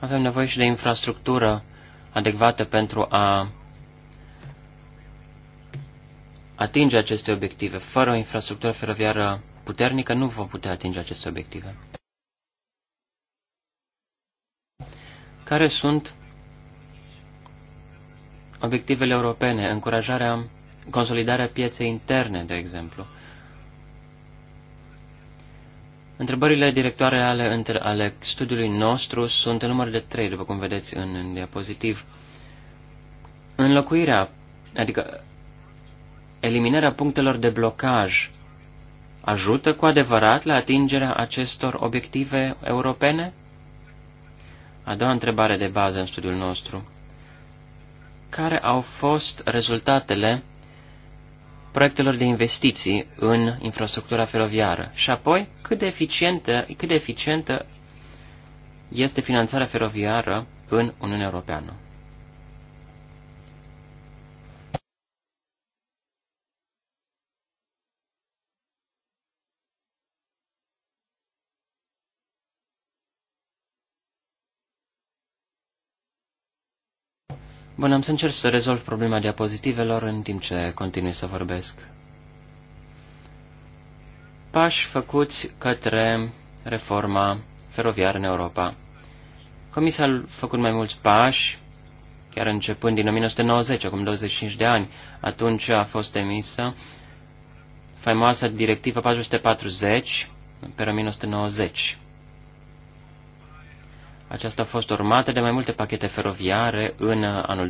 avem nevoie și de infrastructură adecvată pentru a atinge aceste obiective. Fără o infrastructură feroviară puternică nu vom putea atinge aceste obiective. Care sunt obiectivele europene? Încurajarea consolidarea pieței interne, de exemplu. Întrebările directoare ale, între, ale studiului nostru sunt în număr de trei, după cum vedeți în, în diapozitiv. Înlocuirea, adică eliminarea punctelor de blocaj, ajută cu adevărat la atingerea acestor obiective europene? A doua întrebare de bază în studiul nostru. Care au fost rezultatele proiectelor de investiții în infrastructura feroviară și apoi cât de eficientă, cât de eficientă este finanțarea feroviară în Uniunea Europeană. Bun, am să încerc să rezolv problema diapozitivelor în timp ce continui să vorbesc. Pași făcuți către reforma feroviară în Europa. Comisia a făcut mai mulți pași, chiar începând din 1990, acum 25 de ani. Atunci a fost emisă faimoasa directivă 440 pe 1990. Aceasta a fost urmată de mai multe pachete feroviare în anul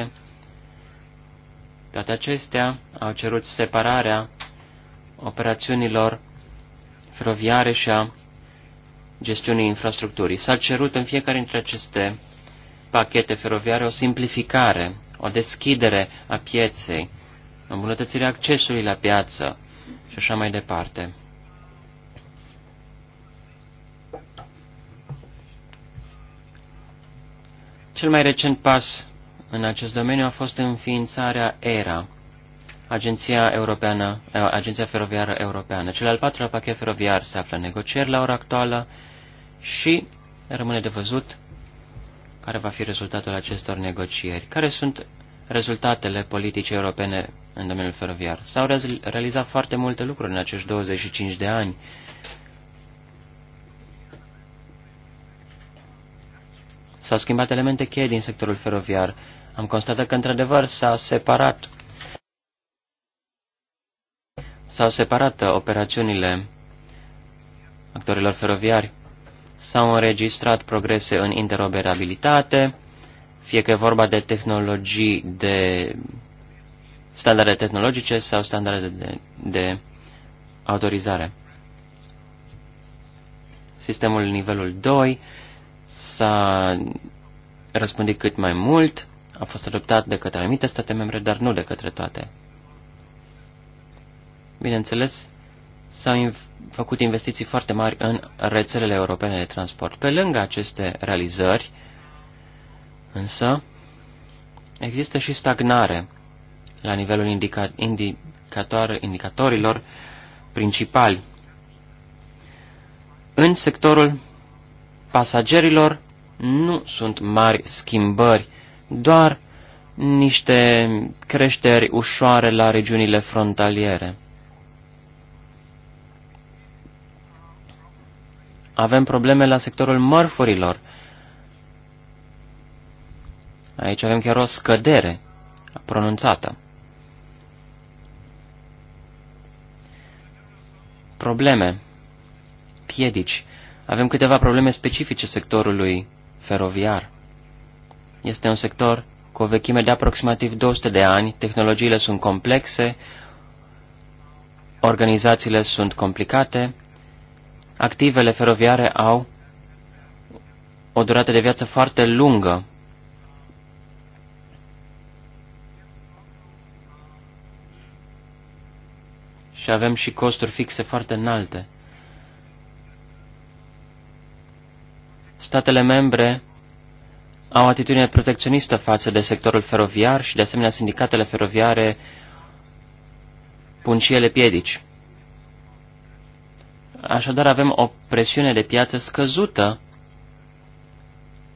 2001-2006. Toate acestea au cerut separarea operațiunilor feroviare și a gestiunii infrastructurii. S-a cerut în fiecare dintre aceste pachete feroviare o simplificare, o deschidere a pieței, îmbunătățirea accesului la piață și așa mai departe. Cel mai recent pas în acest domeniu a fost înființarea ERA, Agenția, Europeană, eh, Agenția Feroviară Europeană. Cel al patrulea pachet feroviar se află în negocieri la ora actuală și rămâne de văzut care va fi rezultatul acestor negocieri. Care sunt rezultatele politice europene în domeniul feroviar? S-au realizat foarte multe lucruri în acești 25 de ani S-au schimbat elemente cheie din sectorul feroviar. Am constatat că, într-adevăr, s-a separat s-au separat operațiunile actorilor feroviari. S-au înregistrat progrese în interoperabilitate, fie că e vorba de tehnologii de standarde tehnologice sau standarde de, de autorizare. Sistemul nivelul 2 s-a răspândit cât mai mult, a fost adoptat de către anumite state membre, dar nu de către toate. Bineînțeles, s-au inv- făcut investiții foarte mari în rețelele europene de transport. Pe lângă aceste realizări, însă, există și stagnare la nivelul indica- indicator- indicatorilor principali în sectorul pasagerilor nu sunt mari schimbări, doar niște creșteri ușoare la regiunile frontaliere. Avem probleme la sectorul mărfurilor. Aici avem chiar o scădere pronunțată. Probleme, piedici, avem câteva probleme specifice sectorului feroviar. Este un sector cu o vechime de aproximativ 200 de ani, tehnologiile sunt complexe, organizațiile sunt complicate, activele feroviare au o durată de viață foarte lungă. Și avem și costuri fixe foarte înalte. statele membre au atitudine protecționistă față de sectorul feroviar și, de asemenea, sindicatele feroviare pun și ele piedici. Așadar, avem o presiune de piață scăzută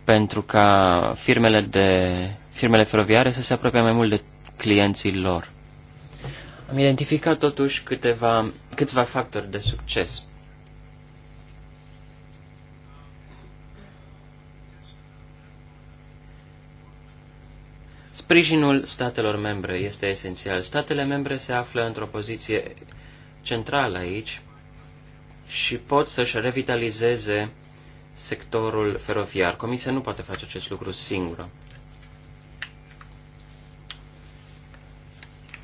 pentru ca firmele, de, firmele feroviare să se apropie mai mult de clienții lor. Am identificat totuși câteva, câțiva factori de succes. Sprijinul statelor membre este esențial. Statele membre se află într-o poziție centrală aici și pot să-și revitalizeze sectorul feroviar. Comisia nu poate face acest lucru singură.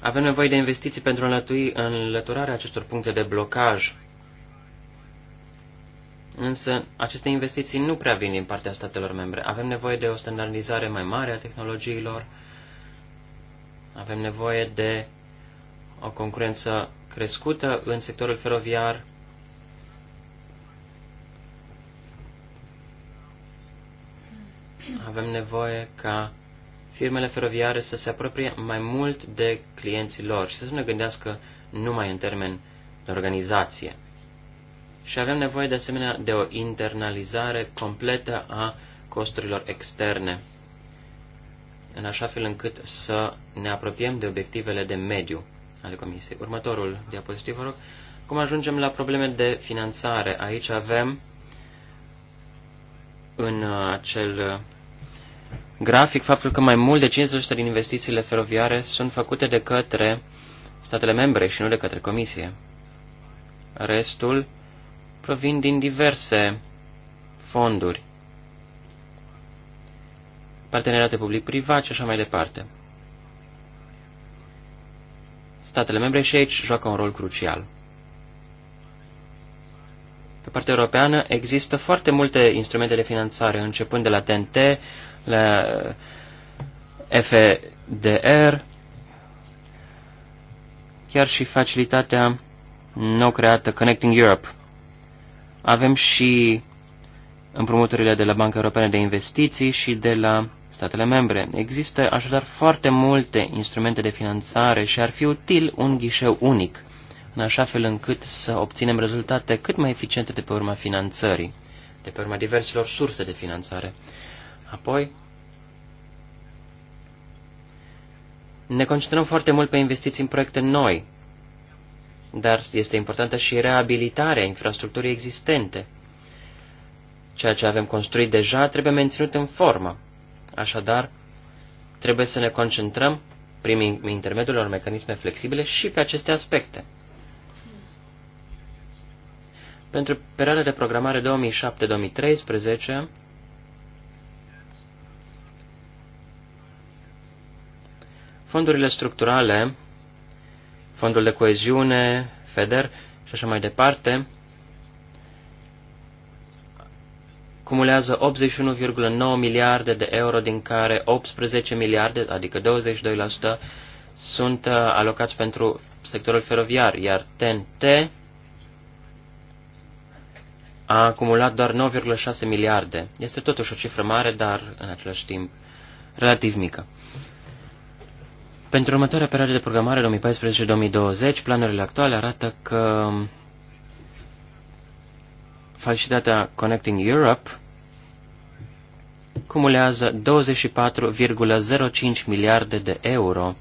Avem nevoie de investiții pentru înlătui, înlăturarea acestor puncte de blocaj. Însă, aceste investiții nu prea vin din partea statelor membre. Avem nevoie de o standardizare mai mare a tehnologiilor, avem nevoie de o concurență crescută în sectorul feroviar. Avem nevoie ca firmele feroviare să se apropie mai mult de clienții lor și să nu ne gândească numai în termen de organizație. Și avem nevoie de asemenea de o internalizare completă a costurilor externe în așa fel încât să ne apropiem de obiectivele de mediu ale Comisiei. Următorul diapozitiv, vă rog. Cum ajungem la probleme de finanțare? Aici avem în acel grafic faptul că mai mult de 50% din investițiile feroviare sunt făcute de către statele membre și nu de către Comisie. Restul provin din diverse fonduri parteneriate public-privat și așa mai departe. Statele membre și aici joacă un rol crucial. Pe partea europeană există foarte multe instrumente de finanțare, începând de la TNT, la FDR, chiar și facilitatea nou creată Connecting Europe. Avem și împrumuturile de la Banca Europeană de Investiții și de la statele membre. Există așadar foarte multe instrumente de finanțare și ar fi util un ghișeu unic, în așa fel încât să obținem rezultate cât mai eficiente de pe urma finanțării, de pe urma diverselor surse de finanțare. Apoi, ne concentrăm foarte mult pe investiții în proiecte noi, dar este importantă și reabilitarea infrastructurii existente Ceea ce avem construit deja trebuie menținut în formă. Așadar, trebuie să ne concentrăm prin intermediul unor mecanisme flexibile și pe aceste aspecte. Pentru perioada de programare 2007-2013, fondurile structurale, fondul de coeziune, FEDER și așa mai departe, cumulează 81,9 miliarde de euro, din care 18 miliarde, adică 22%, sunt uh, alocați pentru sectorul feroviar, iar TNT a acumulat doar 9,6 miliarde. Este totuși o cifră mare, dar în același timp relativ mică. Pentru următoarea perioadă de programare 2014-2020, planurile actuale arată că facilitatea Connecting Europe cumulează 24,05 miliarde de euro.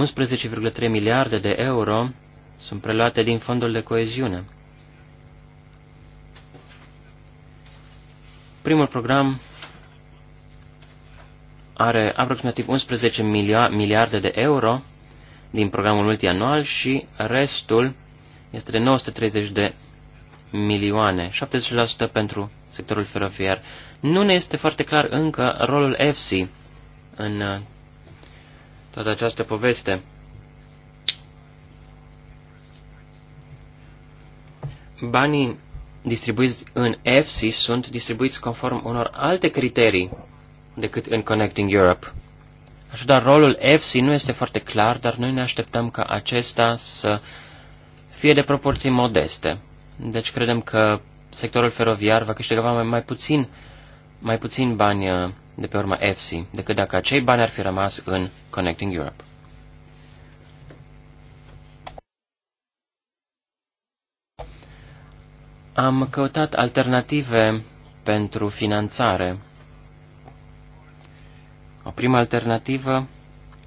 11,3 miliarde de euro sunt preluate din fondul de coeziune. Primul program are aproximativ 11 miliarde de euro din programul multianual și restul este de 930 de milioane, 70% pentru sectorul feroviar. Nu ne este foarte clar încă rolul FC în uh, toată această poveste. Banii distribuiți în FC sunt distribuiți conform unor alte criterii decât în Connecting Europe. Așadar, rolul FC nu este foarte clar, dar noi ne așteptăm ca acesta să fie de proporții modeste. Deci credem că sectorul feroviar va câștiga mai, mai puțin mai puțin bani uh, de pe urma EFSI decât dacă acei bani ar fi rămas în Connecting Europe. Am căutat alternative pentru finanțare. O primă alternativă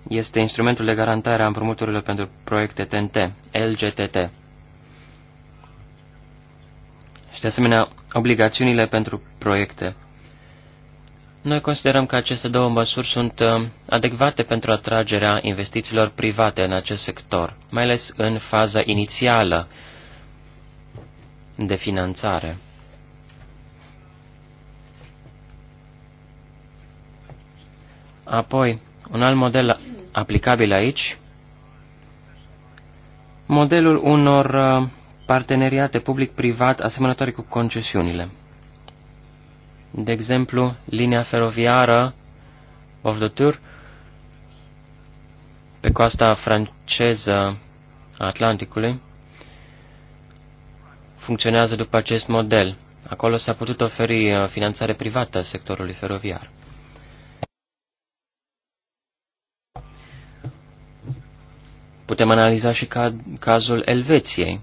este instrumentul de garantare a împrumuturilor pentru proiecte TNT, LGTT de asemenea obligațiunile pentru proiecte. Noi considerăm că aceste două măsuri sunt uh, adecvate pentru atragerea investițiilor private în acest sector, mai ales în faza inițială de finanțare. Apoi, un alt model aplicabil aici, modelul unor uh, parteneriate public-privat asemănătoare cu concesiunile. De exemplu, linia feroviară Bordeaux pe coasta franceză a Atlanticului funcționează după acest model. Acolo s-a putut oferi uh, finanțare privată sectorului feroviar. Putem analiza și ca, cazul Elveției.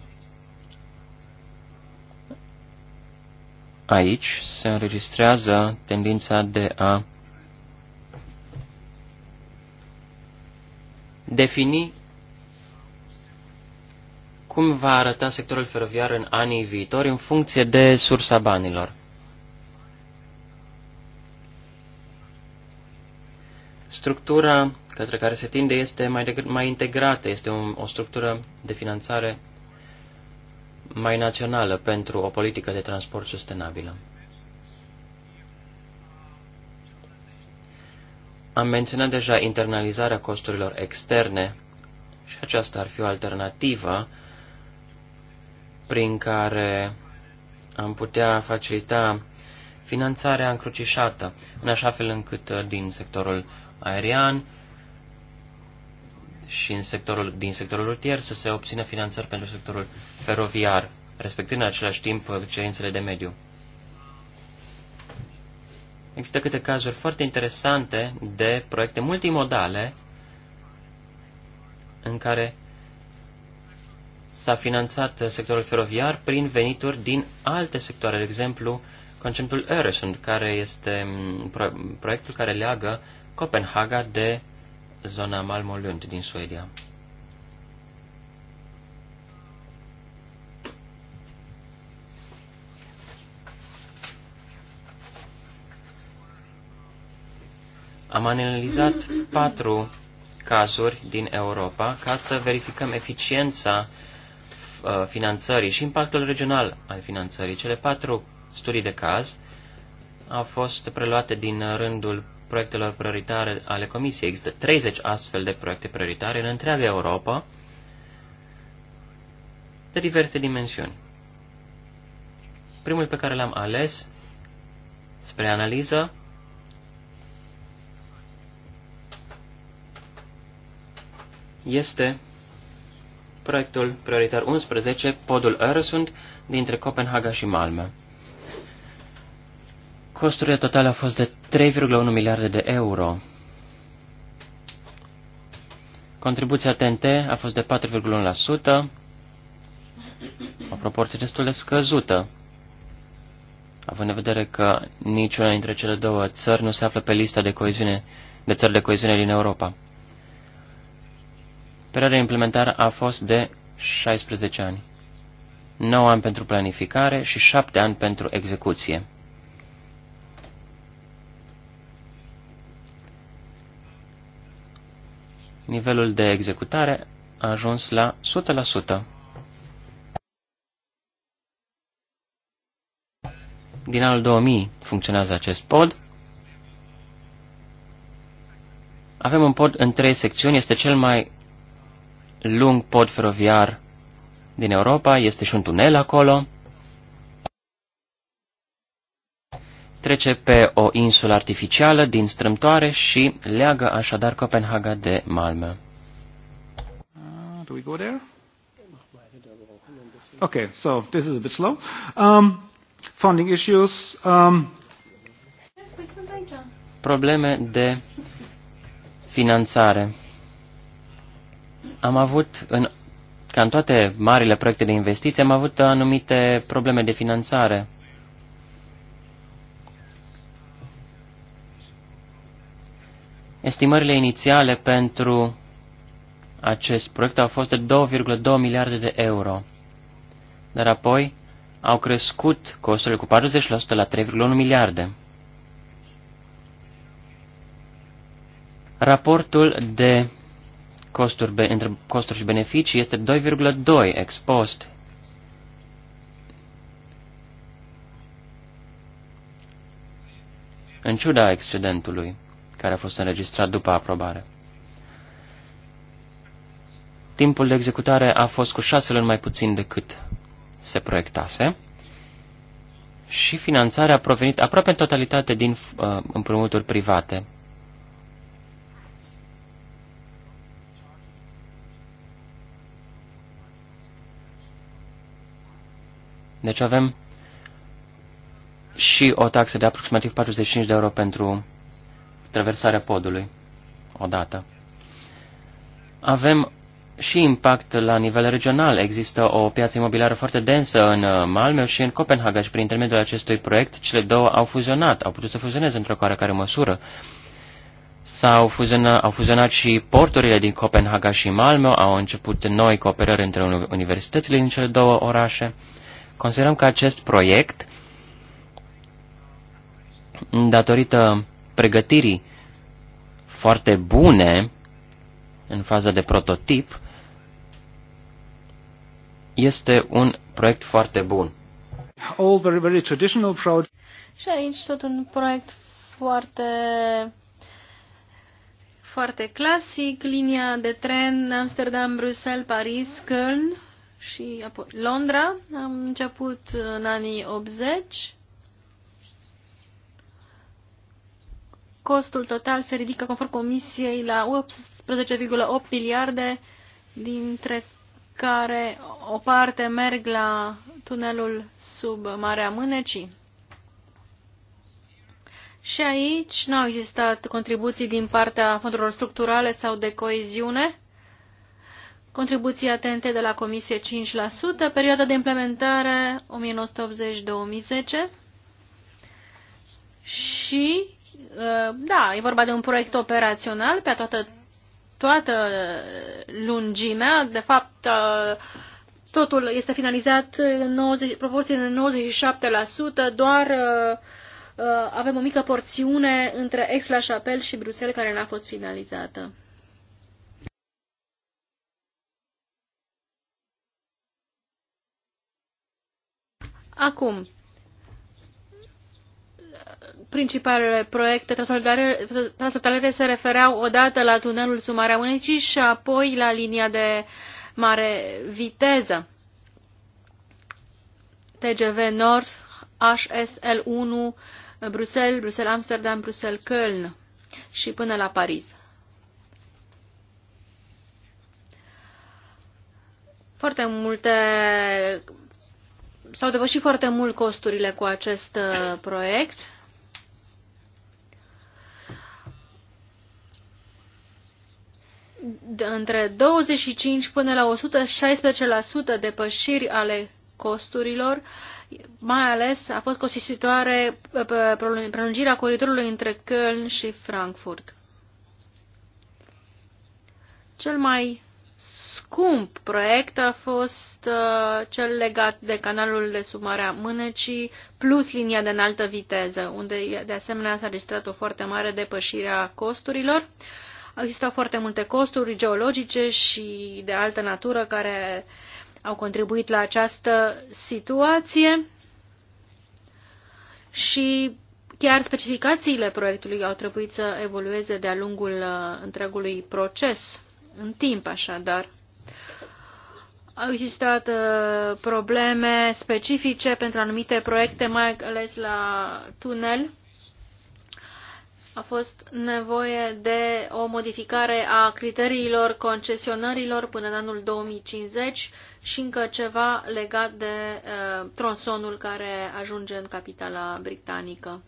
Aici se înregistrează tendința de a defini cum va arăta sectorul feroviar în anii viitori în funcție de sursa banilor. Structura către care se tinde este mai, mai integrată, este un, o structură de finanțare mai națională pentru o politică de transport sustenabilă. Am menționat deja internalizarea costurilor externe și aceasta ar fi o alternativă prin care am putea facilita finanțarea încrucișată, în așa fel încât din sectorul aerian și în sectorul, din sectorul rutier să se obțină finanțări pentru sectorul feroviar, respectând în același timp uh, cerințele de mediu. Există câte cazuri foarte interesante de proiecte multimodale în care s-a finanțat uh, sectorul feroviar prin venituri din alte sectoare, de exemplu, conceptul Öresund, care este mm, proiectul care leagă Copenhaga de zona Malmö Lund din Suedia. Am analizat patru cazuri din Europa ca să verificăm eficiența uh, finanțării și impactul regional al finanțării. Cele patru studii de caz au fost preluate din rândul proiectelor prioritare ale Comisiei. Există 30 astfel de proiecte prioritare în întreaga Europa, de diverse dimensiuni. Primul pe care l-am ales spre analiză este proiectul prioritar 11, podul Öresund, dintre Copenhaga și Malmö. Costurile totale au fost de 3,1 miliarde de euro. Contribuția TNT a fost de 4,1%, o proporție destul de scăzută, având în vedere că niciuna dintre cele două țări nu se află pe lista de, coeziune, de țări de coeziune din Europa. Perioada implementară a fost de 16 ani, 9 ani pentru planificare și 7 ani pentru execuție. nivelul de executare a ajuns la 100%. Din anul 2000 funcționează acest pod. Avem un pod în trei secțiuni, este cel mai lung pod feroviar din Europa, este și un tunel acolo. trece pe o insulă artificială din strâmtoare și leagă așadar Copenhaga de Malmö. Uh, do we go there? Okay, so this is a bit slow. Um, funding issues. Um, probleme de finanțare. Am avut în ca în toate marile proiecte de investiții, am avut anumite probleme de finanțare. Estimările inițiale pentru acest proiect au fost de 2,2 miliarde de euro, dar apoi au crescut costurile cu 40% la 3,1 miliarde. Raportul de costuri, între costuri și beneficii este 2,2 ex post. În ciuda excedentului care a fost înregistrat după aprobare. Timpul de executare a fost cu șase luni mai puțin decât se proiectase și finanțarea a provenit aproape în totalitate din uh, împrumuturi private. Deci avem și o taxă de aproximativ 45 de euro pentru traversarea podului odată. Avem și impact la nivel regional. Există o piață imobiliară foarte densă în uh, Malmö și în Copenhaga și prin intermediul acestui proiect cele două au fuzionat, au putut să fuzioneze într-o care măsură. S-au fuzionat, au fuzionat și porturile din Copenhaga și Malmö, au început noi cooperări între universitățile din cele două orașe. Considerăm că acest proiect, datorită pregătirii foarte bune în faza de prototip, este un proiect foarte bun. All very, very traditional Și aici tot un proiect foarte foarte clasic, linia de tren Amsterdam, Bruxelles, Paris, Köln și apoi Londra. Am început în anii 80 Costul total se ridică conform Comisiei la 18,8 miliarde, dintre care o parte merg la tunelul sub Marea Mânecii. Și aici nu au existat contribuții din partea fondurilor structurale sau de coeziune. Contribuția atente de la Comisie 5%, perioada de implementare 1980-2010 și Uh, da, e vorba de un proiect operațional pe toată, toată lungimea. De fapt, uh, totul este finalizat în 90, proporție de 97%, doar uh, avem o mică porțiune între Aix-la-Chapelle și Bruxelles care n-a fost finalizată. Acum, principalele proiecte transfrontaliere se refereau odată la tunelul Sumarea Unicii și apoi la linia de mare viteză. TGV Nord, HSL1, Bruxelles, Bruxelles-Amsterdam, Bruxelles-Köln și până la Paris. Foarte multe s-au depășit foarte mult costurile cu acest uh, proiect de între 25 până la 116% depășiri ale costurilor, mai ales a fost costisitoare prelungirea coridorului între Köln și Frankfurt. Cel mai scump proiect a fost uh, cel legat de canalul de sub Marea Mânecii plus linia de înaltă viteză, unde de asemenea s-a registrat o foarte mare depășire a costurilor. Uh, Există foarte multe costuri geologice și de altă natură care au contribuit la această situație și chiar specificațiile proiectului au trebuit să evolueze de-a lungul uh, întregului proces, în timp așadar. Au existat uh, probleme specifice pentru anumite proiecte, mai ales la tunel, a fost nevoie de o modificare a criteriilor concesionărilor până în anul 2050 și încă ceva legat de uh, tronsonul care ajunge în capitala britanică.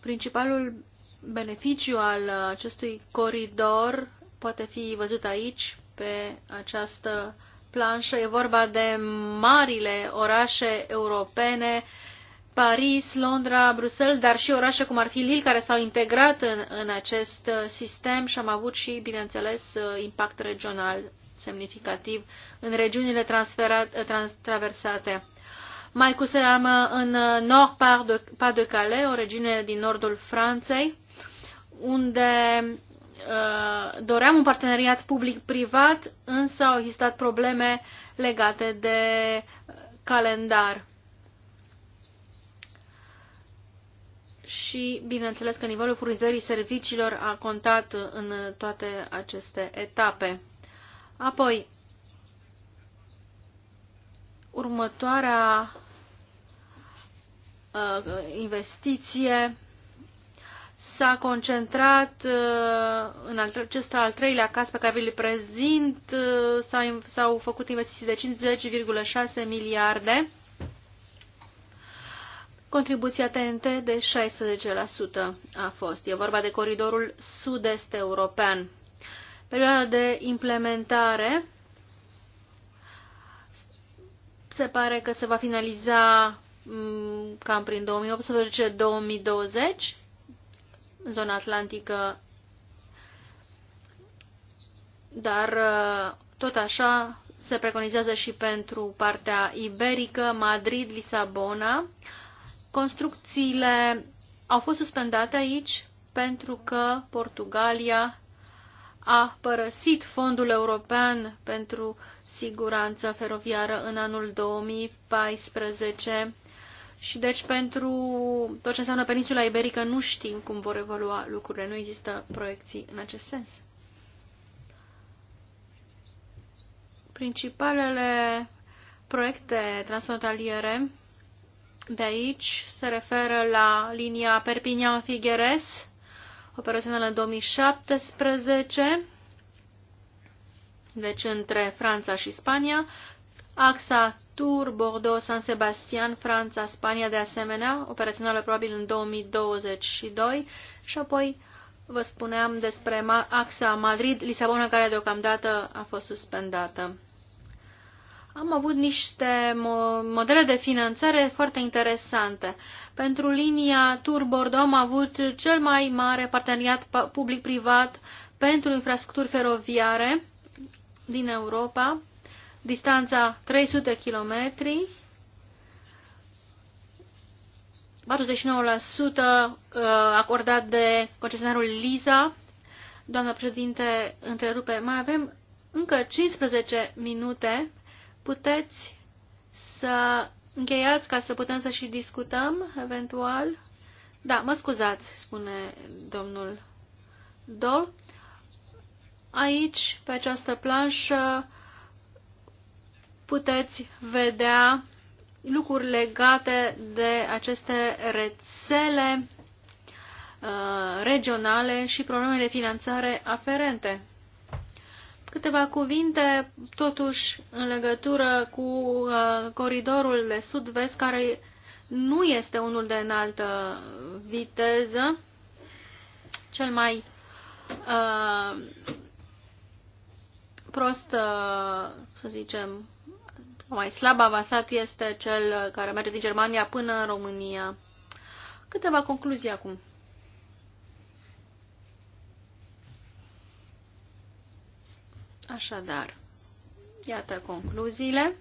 Principalul beneficiu al acestui coridor poate fi văzut aici, pe această planșă. E vorba de marile orașe europene uh, Paris, Londra, Bruxelles, dar și orașe cum ar fi Lille, care s-au integrat în, în acest uh, sistem și am avut și, bineînțeles, uh, impact regional semnificativ în regiunile uh, trans, traversate. Mai cu seamă în Nord Pas-de-Calais, o regiune din nordul Franței, unde uh, doream un parteneriat public-privat, însă au existat probleme legate de calendar și, bineînțeles, că nivelul furnizării serviciilor a contat în toate aceste etape. Apoi, următoarea uh, investiție s-a concentrat uh, în acest al treilea caz pe care vi-l prezint, uh, s-au făcut investiții de 50,6 miliarde Contribuția TNT de 16% a fost. E vorba de coridorul sud-est european. Perioada de implementare se pare că se va finaliza mm, cam prin 2018-2020 în zona atlantică, dar uh, tot așa se preconizează și pentru partea iberică, Madrid, Lisabona, Construcțiile au fost suspendate aici pentru că Portugalia a părăsit Fondul European pentru Siguranță Feroviară în anul 2014 și deci pentru tot ce înseamnă peninsula iberică nu știm cum vor evolua lucrurile, nu există proiecții în acest sens. Principalele proiecte transfrontaliere de aici se referă la linia Perpignan-Figueres, operațională 2017, deci între Franța și Spania, axa Tour, Bordeaux, San Sebastian, Franța, Spania de asemenea, operațională probabil în 2022 și apoi vă spuneam despre axa Madrid-Lisabona care deocamdată a fost suspendată. Am avut niște modele de finanțare foarte interesante. Pentru linia Tur Bordeaux am avut cel mai mare parteneriat public-privat pentru infrastructuri feroviare din Europa, distanța 300 km, 49% acordat de concesionarul Liza. Doamna președinte, întrerupe, mai avem încă 15 minute puteți să încheiați ca să putem să și discutăm, eventual? Da, mă scuzați, spune domnul Dol. Aici, pe această planșă, puteți vedea lucruri legate de aceste rețele uh, regionale și problemele de finanțare aferente. Câteva cuvinte, totuși, în legătură cu uh, coridorul de sud-vest, care nu este unul de înaltă viteză, cel mai uh, prost, uh, să zicem, mai slab avansat este cel care merge din Germania până în România. Câteva concluzii acum. Așadar, iată concluziile.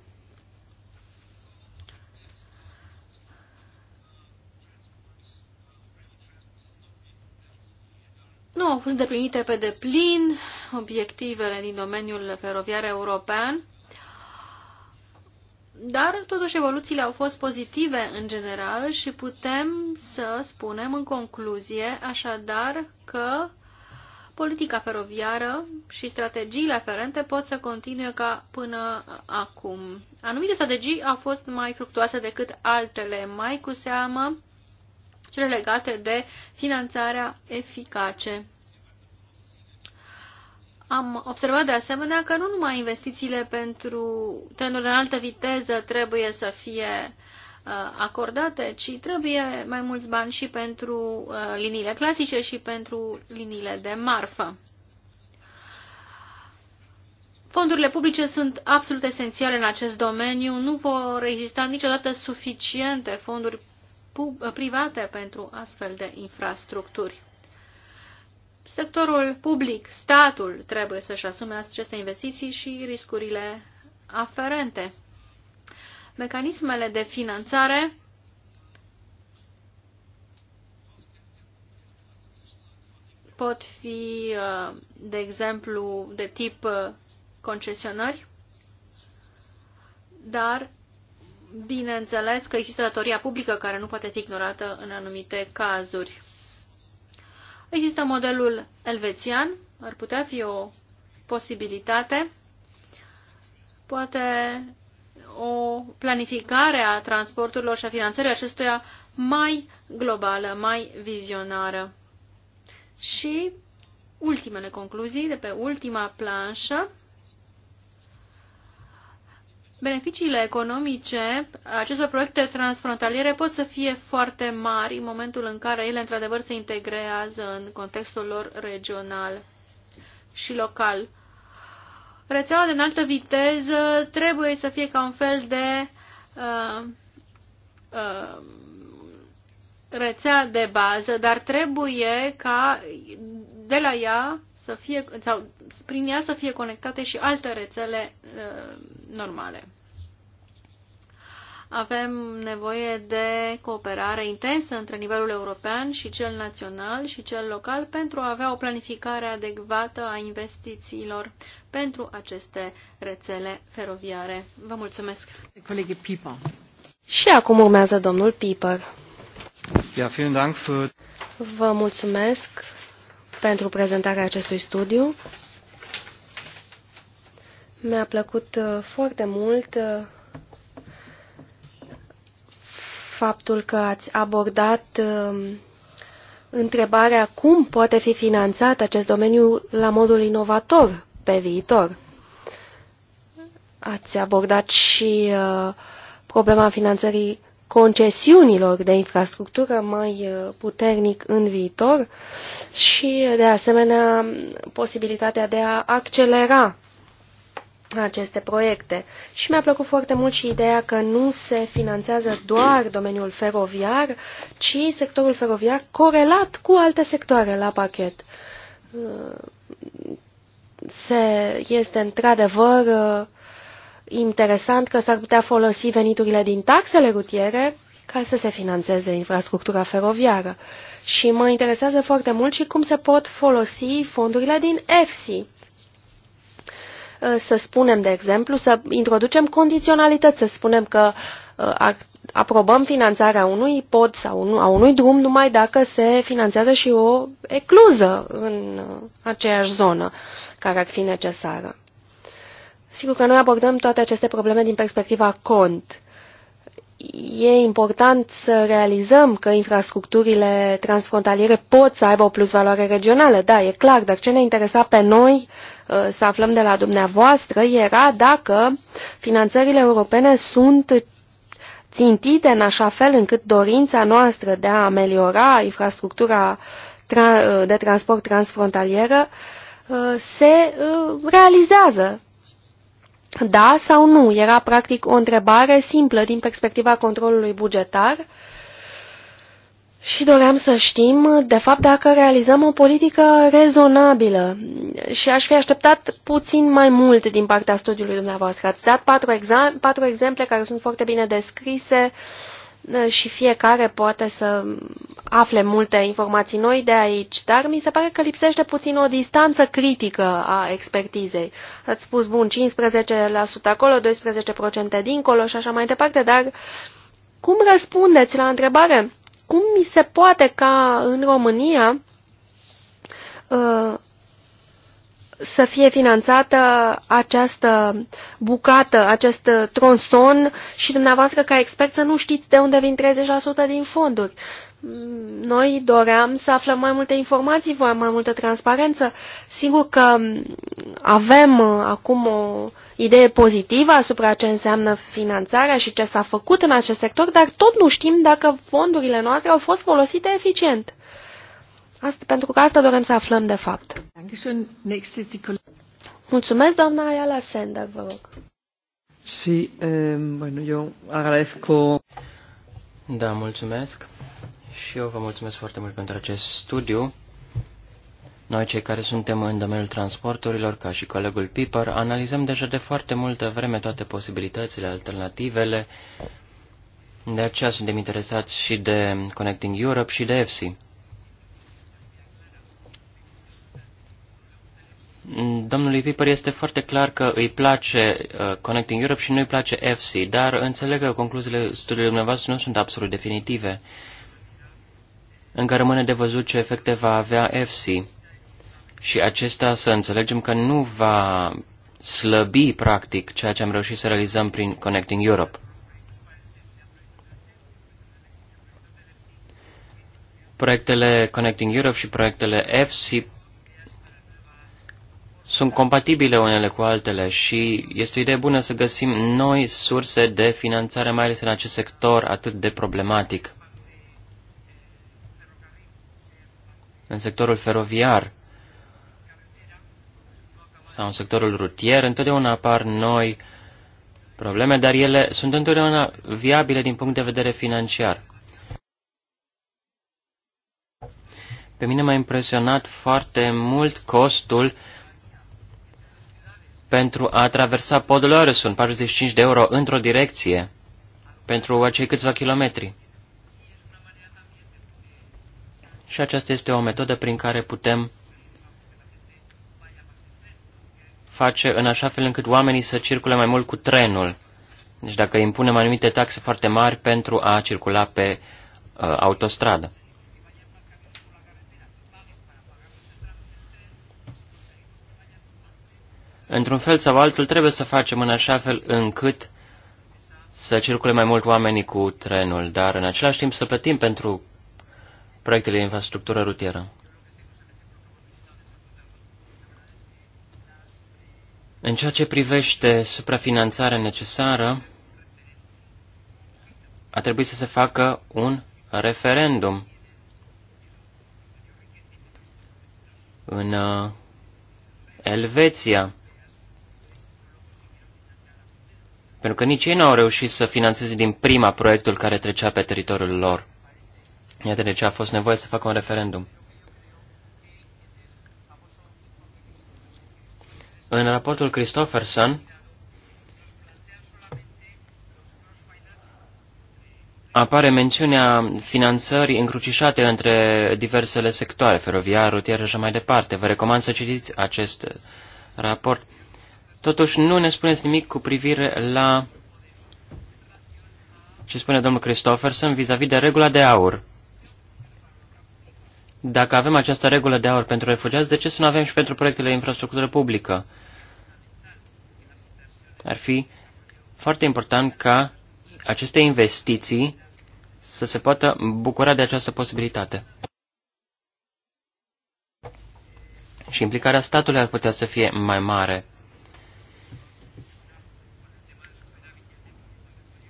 Nu au fost deplinite pe deplin obiectivele din domeniul feroviar european, dar totuși evoluțiile au fost pozitive în general și putem să spunem în concluzie așadar că politica feroviară și strategiile aferente pot să continue ca până acum. Anumite strategii au fost mai fructuoase decât altele, mai cu seamă cele legate de finanțarea eficace. Am observat de asemenea că nu numai investițiile pentru trenuri de înaltă viteză trebuie să fie uh, Uh, acordate, ci trebuie mai mulți bani și pentru uh, liniile clasice și pentru liniile de marfă. Fondurile publice sunt absolut esențiale în acest domeniu. Nu vor exista niciodată suficiente fonduri uh, private pentru astfel de infrastructuri. Sectorul public, statul, trebuie să-și asume aceste investiții și riscurile aferente mecanismele de finanțare pot fi, uh, de exemplu, de tip uh, concesionări, dar bineînțeles că există datoria publică care nu poate fi ignorată în anumite cazuri. Există modelul elvețian, ar putea fi o posibilitate. Poate o planificare a transporturilor și a finanțării acestuia mai globală, mai vizionară. Și ultimele concluzii de pe ultima planșă. Beneficiile economice acestor proiecte transfrontaliere pot să fie foarte mari în momentul în care ele într-adevăr se integrează în contextul lor regional și local rețeaua de înaltă viteză trebuie să fie ca un fel de uh, uh, rețea de bază, dar trebuie ca de la ea să fie, sau prin ea să fie conectate și alte rețele uh, normale. Avem nevoie de cooperare intensă între nivelul european și cel național și cel local pentru a avea o planificare adecvată a investițiilor pentru aceste rețele feroviare. Vă mulțumesc! Colegii Și acum urmează domnul Piper. Ja, Dank für... Vă mulțumesc pentru prezentarea acestui studiu. Mi-a plăcut uh, foarte mult uh, faptul că ați abordat um, întrebarea cum poate fi finanțat acest domeniu la modul inovator pe viitor. Ați abordat și uh, problema finanțării concesiunilor de infrastructură mai uh, puternic în viitor și, de asemenea, posibilitatea de a accelera aceste proiecte. Și mi-a plăcut foarte mult și ideea că nu se finanțează doar domeniul feroviar, ci sectorul feroviar corelat cu alte sectoare la pachet. Se, este într-adevăr uh, interesant că s-ar putea folosi veniturile din taxele rutiere ca să se financeze infrastructura feroviară. Și mă interesează foarte mult și cum se pot folosi fondurile din EFSI Eh, să spunem, de exemplu, să introducem condiționalități, să spunem că eh, aprobăm finanțarea unui pod sau a unui drum numai dacă se finanțează și o ecluză în eh, aceeași zonă care ar fi necesară. Sigur că noi abordăm toate aceste probleme din perspectiva cont e important să realizăm că infrastructurile transfrontaliere pot să aibă o plusvaloare regională, da, e clar, dar ce ne interesa pe noi uh, să aflăm de la dumneavoastră era dacă finanțările europene sunt țintite în așa fel încât dorința noastră de a ameliora infrastructura de transport transfrontalieră uh, se uh, realizează da sau nu? Era practic o întrebare simplă din perspectiva controlului bugetar și doream să știm, de fapt, dacă realizăm o politică rezonabilă și aș fi așteptat puțin mai mult din partea studiului dumneavoastră. Ați dat patru, patru exemple care sunt foarte bine descrise uh, Eh, și fiecare poate să afle multe informații noi de aici, dar mi se pare că lipsește puțin o distanță critică a expertizei. Ați spus, bun, 15% acolo, 12% dincolo și așa mai departe, dar cum răspundeți la întrebare? Cum mi se poate ca în România eh, să fie finanțată această bucată, acest uh, tronson și dumneavoastră ca expert să nu știți de unde vin 30% din fonduri. Mm, noi doream să aflăm mai multe informații, voiam mai multă transparență. Sigur că mm, avem uh, acum o idee pozitivă asupra ce înseamnă finanțarea și ce s-a făcut în acest sector, dar tot nu știm dacă fondurile noastre au fost folosite eficient. Asta, pentru că asta dorem să aflăm de fapt. Mulțumesc, doamna Ayala Sender, vă rog. Sí, eh, bueno, yo agradezco... Da, mulțumesc. Și eu vă mulțumesc foarte mult pentru acest studiu. Noi, cei care suntem în domeniul transporturilor, ca și colegul Piper, analizăm deja de foarte multă vreme toate posibilitățile, alternativele. De aceea suntem interesați și de Connecting Europe și de EFSI. Mm, domnului Piper este foarte clar că îi place uh, Connecting Europe și nu îi place FC. dar înțeleg că concluziile studiului dumneavoastră nu sunt absolut definitive. Încă rămâne de văzut ce efecte va avea FC. Și acesta să înțelegem că nu va slăbi practic ceea ce am reușit să realizăm prin Connecting Europe. Proiectele Connecting Europe și proiectele FC sunt compatibile unele cu altele și este o idee bună să găsim noi surse de finanțare, mai ales în acest sector atât de problematic. În sectorul feroviar sau în sectorul rutier, întotdeauna apar noi probleme, dar ele sunt întotdeauna viabile din punct de vedere financiar. Pe mine m-a impresionat foarte mult costul uh, pentru a traversa podul Oresun, 45 de euro într-o direcție, pentru acei câțiva kilometri. Și aceasta este o metodă prin care putem face în așa fel încât oamenii să circule mai mult cu trenul. Deci dacă impunem anumite taxe foarte mari pentru a circula pe uh, autostradă. într-un fel sau altul, trebuie să facem în așa fel încât să circule mai mult oamenii cu trenul, dar în același timp să plătim pentru proiectele de infrastructură rutieră. În ceea ce privește suprafinanțarea necesară, a trebuit să se facă un referendum în uh, Elveția. Pentru că nici ei nu au reușit să finanțeze din prima proiectul care trecea pe teritoriul lor. Iată de ce a fost nevoie să facă un referendum. În raportul Christofferson apare mențiunea finanțării încrucișate între diversele sectoare, feroviar, rutier și așa mai departe. Vă recomand să citiți acest raport. Totuși nu ne spuneți nimic cu privire la ce spune domnul Christofferson vis-a-vis de regula de aur. Dacă avem această regulă de aur pentru refugiați, de ce să nu avem și pentru proiectele de infrastructură publică? Ar fi foarte important ca aceste investiții să se poată bucura de această posibilitate. Și implicarea statului ar putea să fie mai mare.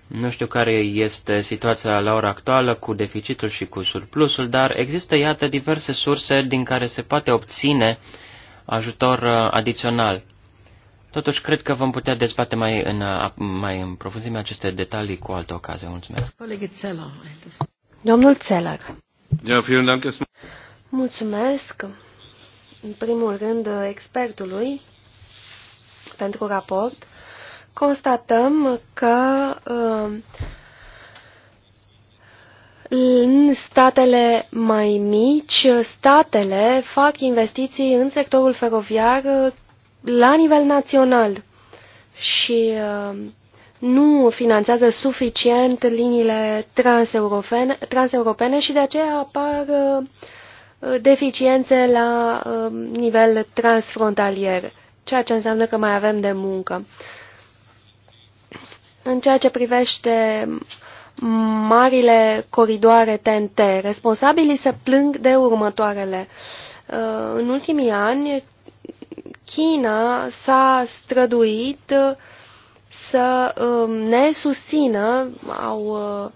Nu știu care este situația la ora actuală cu deficitul și cu surplusul, dar există, iată, diverse surse din care se poate obține ajutor uh, adițional. Totuși, cred că vom putea dezbate mai în, uh, mai în profunzime aceste detalii cu altă ocazie. Mulțumesc. Domnul Țelăr. Mulțumesc, în primul rând, uh, expertului pentru raport constatăm că uh, în statele mai mici, statele fac investiții în sectorul feroviar uh, la nivel național și uh, nu finanțează suficient liniile transeuropene, transeuropene și de aceea apar deficiențe la nivel transfrontalier, ceea ce înseamnă că mai avem de muncă. În ceea ce privește marile coridoare TNT, responsabilii se plâng de următoarele. Uh, în ultimii ani, China s-a străduit uh, să um, ne susțină, au uh,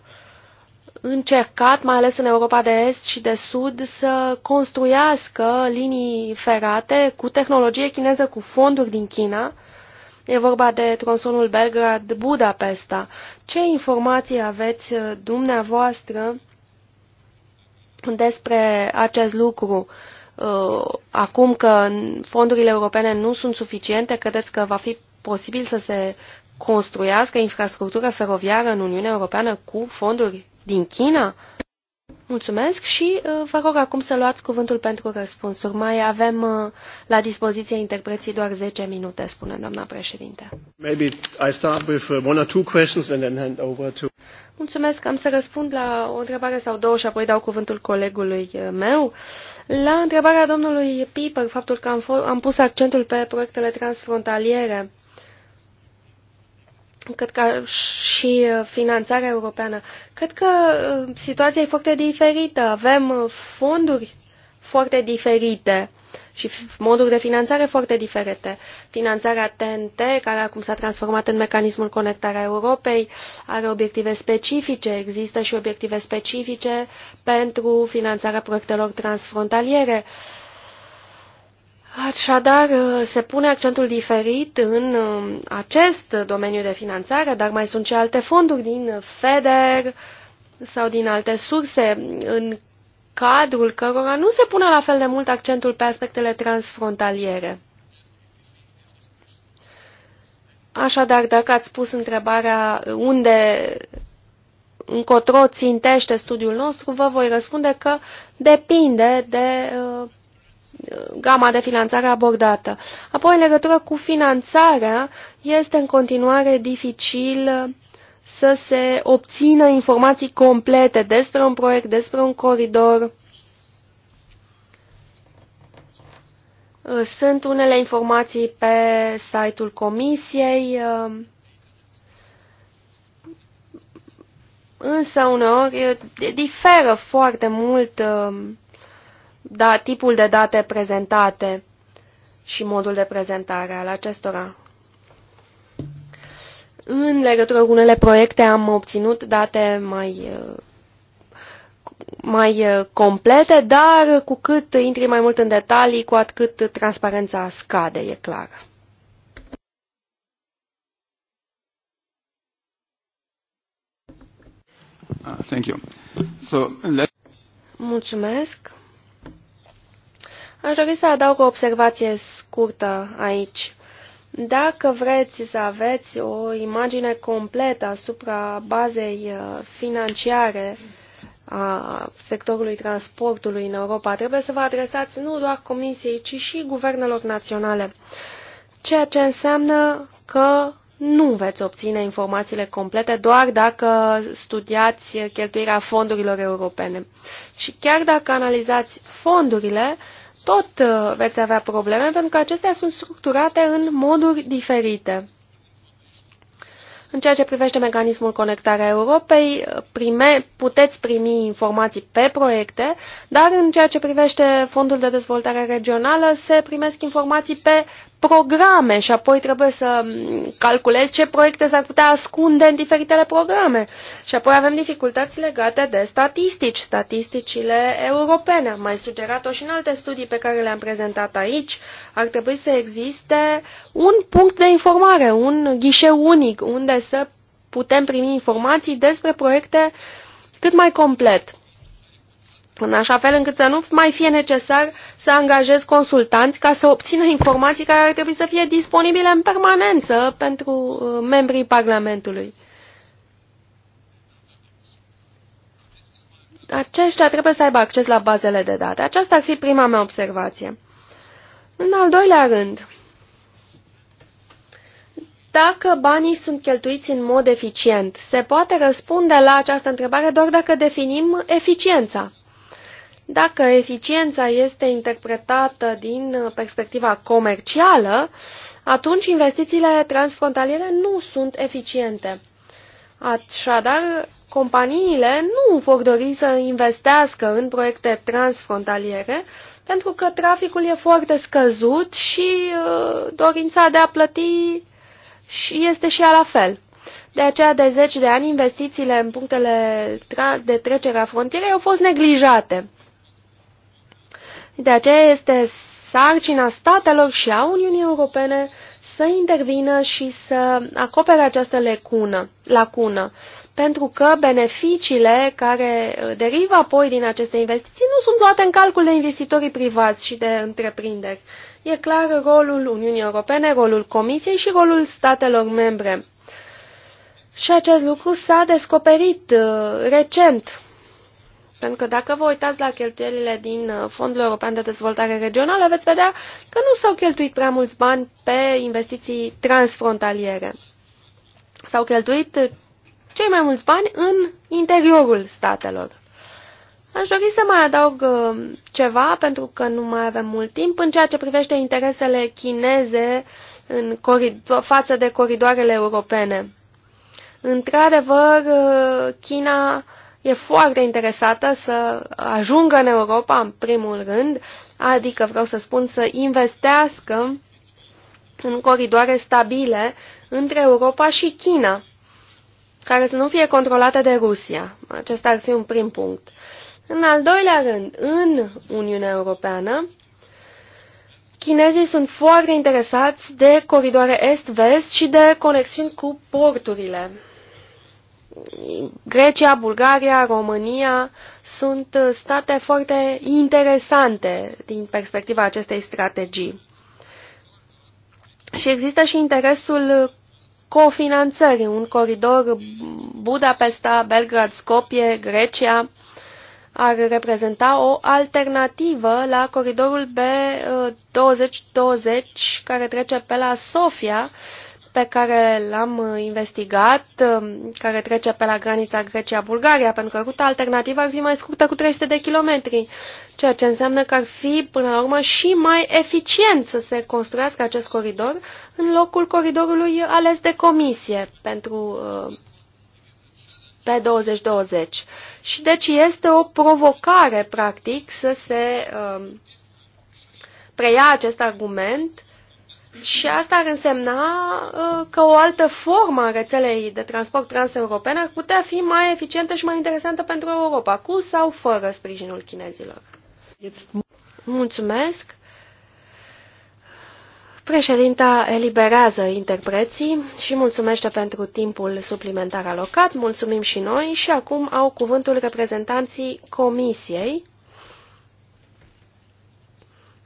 încercat, mai ales în Europa de Est și de Sud, să construiască linii ferate cu tehnologie chineză, cu fonduri din China, E vorba de tronsonul Belgrad-Budapesta. Ce informații aveți uh, dumneavoastră despre acest lucru? Uh, acum că fondurile europene nu sunt suficiente, credeți că va fi posibil să se construiască infrastructură feroviară în Uniunea Europeană cu fonduri din China? Uh, Mulțumesc și uh, vă rog acum să luați cuvântul pentru răspunsuri. Mai avem uh, la dispoziție interpreții doar 10 minute, spune doamna președinte. Maybe I start with uh, one or two questions and then hand over to... Mulțumesc, am să răspund la o întrebare sau două și apoi dau cuvântul colegului meu. La întrebarea domnului Piper, faptul că am, am pus accentul pe proiectele transfrontaliere, cât ca și uh, finanțarea europeană. Cred că uh, situația e foarte diferită. Avem uh, fonduri foarte diferite și moduri de finanțare foarte diferite. Finanțarea TNT, care acum s-a transformat în mecanismul conectarea Europei, are obiective specifice, există și obiective specifice pentru finanțarea proiectelor transfrontaliere. Uh, Așadar, uh, se pune accentul diferit în uh, acest domeniu de finanțare, dar mai sunt și alte fonduri din FEDER sau din alte surse în cadrul cărora nu se pune la fel de mult accentul pe aspectele transfrontaliere. Așadar, dacă ați pus întrebarea unde încotro țintește studiul nostru, vă voi răspunde că depinde de uh, gama de finanțare abordată. Apoi, în legătură cu finanțarea, este în continuare dificil să se obțină informații complete despre un proiect, despre un coridor. Sunt unele informații pe site-ul comisiei, însă uneori diferă foarte mult da, tipul de date prezentate și modul de prezentare al acestora. În legătură cu unele proiecte am obținut date mai, eh, mai eh, complete, dar cu cât intri mai mult în detalii, cu atât transparența scade, e clar. Uh, thank you. So, let... Mulțumesc. Aș dori să adaug o observație scurtă aici. Dacă vreți să aveți o imagine completă asupra bazei uh, financiare a sectorului transportului în Europa, trebuie să vă adresați nu doar Comisiei, ci și guvernelor naționale. Ceea ce înseamnă că nu veți obține informațiile complete doar dacă studiați cheltuirea fondurilor europene. Și chiar dacă analizați fondurile, tot uh, veți avea probleme pentru că acestea sunt structurate în moduri diferite. În ceea ce privește mecanismul conectarea Europei, uh, prime, puteți primi informații pe proiecte, dar în ceea ce privește fondul de dezvoltare regională se primesc informații pe programe și apoi trebuie să calculezi ce proiecte s-ar putea ascunde în diferitele programe. Și apoi avem dificultăți legate de statistici, statisticile europene. Am mai sugerat-o și în alte studii pe care le-am prezentat aici. Ar trebui să existe un punct de informare, un ghișeu unic, unde să putem primi informații despre proiecte cât mai complet în așa fel încât să nu mai fie necesar să angajez consultanți ca să obțină informații care ar trebui să fie disponibile în permanență pentru uh, membrii Parlamentului. Aceștia trebuie să aibă acces la bazele de date. Aceasta ar fi prima mea observație. În al doilea rând, dacă banii sunt cheltuiți în mod eficient, se poate răspunde la această întrebare doar dacă definim eficiența. Dacă eficiența este interpretată din perspectiva comercială, atunci investițiile transfrontaliere nu sunt eficiente. Așadar, companiile nu vor dori să investească în proiecte transfrontaliere pentru că traficul e foarte scăzut și uh, dorința de a plăti este și ea la fel. De aceea, de zeci de ani, investițiile în punctele de trecere a frontierei au fost neglijate. De aceea este sarcina statelor și a Uniunii Europene să intervină și să acopere această lecună, lacună, pentru că beneficiile care uh, derivă apoi din aceste investiții nu sunt luate în calcul de investitorii privați și de întreprinderi. E clar rolul Uniunii Europene, rolul Comisiei și rolul statelor membre. Și acest lucru s-a descoperit uh, recent pentru că dacă vă uitați la cheltuielile din uh, Fondul European de Dezvoltare Regională, veți vedea că nu s-au cheltuit prea mulți bani pe investiții transfrontaliere. S-au cheltuit uh, cei mai mulți bani în interiorul statelor. Aș dori să mai adaug uh, ceva, pentru că nu mai avem mult timp, în ceea ce privește interesele chineze în față de coridoarele europene. Într-adevăr, China e foarte interesată să ajungă în Europa, în primul rând, adică vreau să spun să investească în coridoare stabile între Europa și China, care să nu fie controlate de Rusia. Acesta ar fi un prim punct. În al doilea rând, în Uniunea Europeană, chinezii sunt foarte interesați de coridoare est-vest și de conexiuni cu porturile. Grecia, Bulgaria, România sunt uh, state foarte interesante din perspectiva acestei strategii. Și există și interesul cofinanțării, un coridor Budapesta, Belgrad, Skopje, Grecia ar reprezenta o alternativă la coridorul B2020 uh, care trece pe la Sofia pe care l-am uh, investigat, um, care trece pe la granița Grecia-Bulgaria, pentru că ruta alternativă ar fi mai scurtă cu 300 de kilometri, ceea ce înseamnă că ar fi, până la urmă, și mai eficient să se construiască acest coridor în locul coridorului ales de comisie pentru uh, pe 2020. Și deci este o provocare, practic, să se um, preia acest argument și asta ar însemna uh, că o altă formă a rețelei de transport transeuropene ar putea fi mai eficientă și mai interesantă pentru Europa, cu sau fără sprijinul chinezilor. Mulțumesc! Președinta eliberează interpreții și mulțumește pentru timpul suplimentar alocat, mulțumim și noi și acum au cuvântul reprezentanții Comisiei.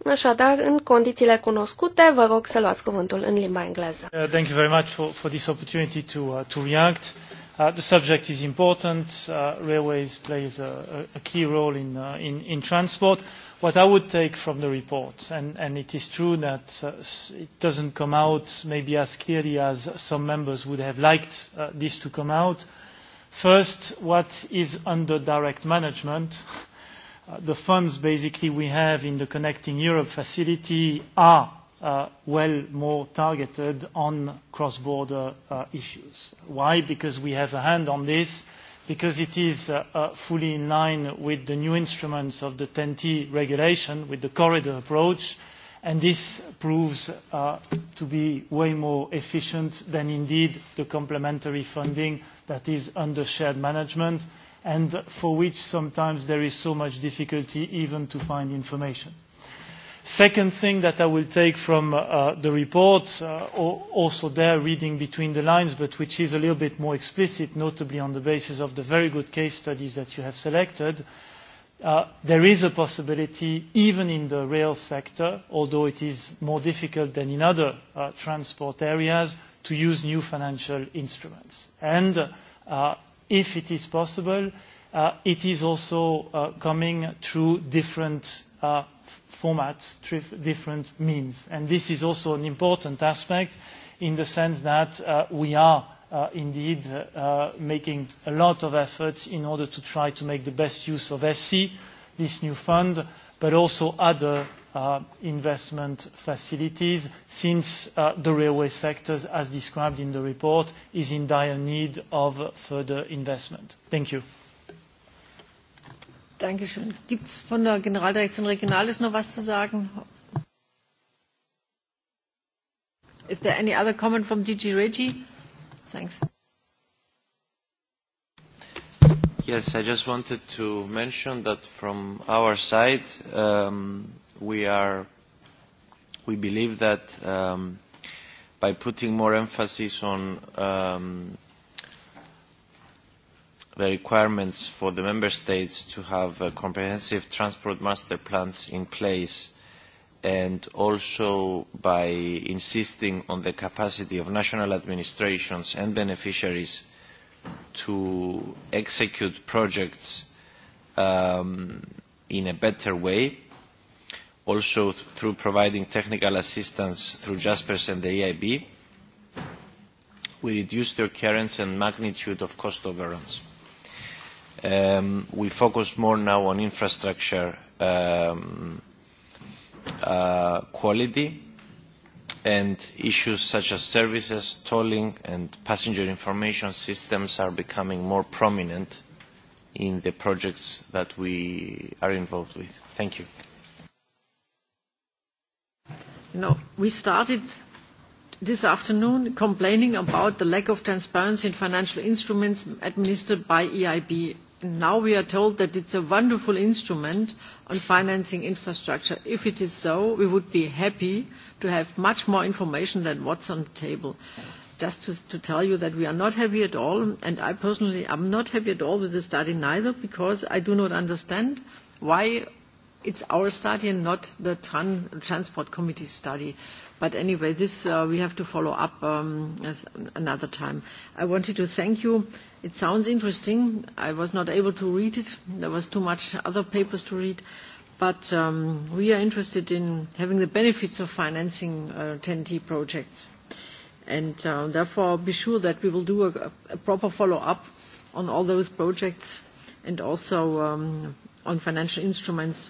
Așadar, în condițiile cunoscute, vă rog să luați cuvântul în limba engleză. Uh, thank you very much for, for this opportunity to, uh, to react. Uh, the subject is important. Uh, railways plays a, a key role in, uh, in, in transport. What I would take from the report, and, and it is true that uh, it doesn't come out maybe as clearly as some members would have liked uh, this to come out. First, what is under direct management Uh, the funds basically we have in the Connecting Europe facility are uh, well more targeted on cross-border uh, issues. Why? Because we have a hand on this, because it is uh, uh, fully in line with the new instruments of the 10T regulation, with the corridor approach, and this proves uh, to be way more efficient than indeed the complementary funding that is under shared management and for which sometimes there is so much difficulty even to find information. Second thing that I will take from uh, the report, uh, also there reading between the lines, but which is a little bit more explicit, notably on the basis of the very good case studies that you have selected, uh, there is a possibility, even in the rail sector, although it is more difficult than in other uh, transport areas, to use new financial instruments. And uh, if it is possible, uh, it is also uh, coming through different uh, formats, different means. And this is also an important aspect in the sense that uh, we are uh, indeed uh, uh making a lot of efforts in order to try to make the best use of FC, this new fund, but also other uh, investment facilities since uh, the railway sector, as described in the report, is in dire need of further investment. Thank you. Dankeschön. Gibt es von der Generaldirektion Regionales noch was zu sagen? Is there any other comment from DG REGI? Thanks. Yes, I just wanted to mention that from our side, um, we are we believe that um, by putting more emphasis on um, the requirements for the member states to have uh, comprehensive transport master plans in place and also by insisting on the capacity of national administrations and beneficiaries to execute projects um, in a better way also through providing technical assistance through JASPERS and the EIB, we reduce the occurrence and magnitude of cost overruns. Um, we focus more now on infrastructure um, uh, quality and issues such as services, tolling and passenger information systems are becoming more prominent in the projects that we are involved with. Thank you. No, we started this afternoon complaining about the lack of transparency in financial instruments administered by EIB. And now we are told that it's a wonderful instrument on financing infrastructure. If it is so, we would be happy to have much more information than what's on the table. Just to, to tell you that we are not happy at all, and I personally am not happy at all with the study neither, because I do not understand why it's our study and not the tran transport committee's study. But anyway, this uh, we have to follow up um, as another time. I wanted to thank you. It sounds interesting. I was not able to read it. There was too much other papers to read. But um, we are interested in having the benefits of financing uh, 10T projects. And uh, therefore, be sure that we will do a, a proper follow-up on all those projects and also um, on financial instruments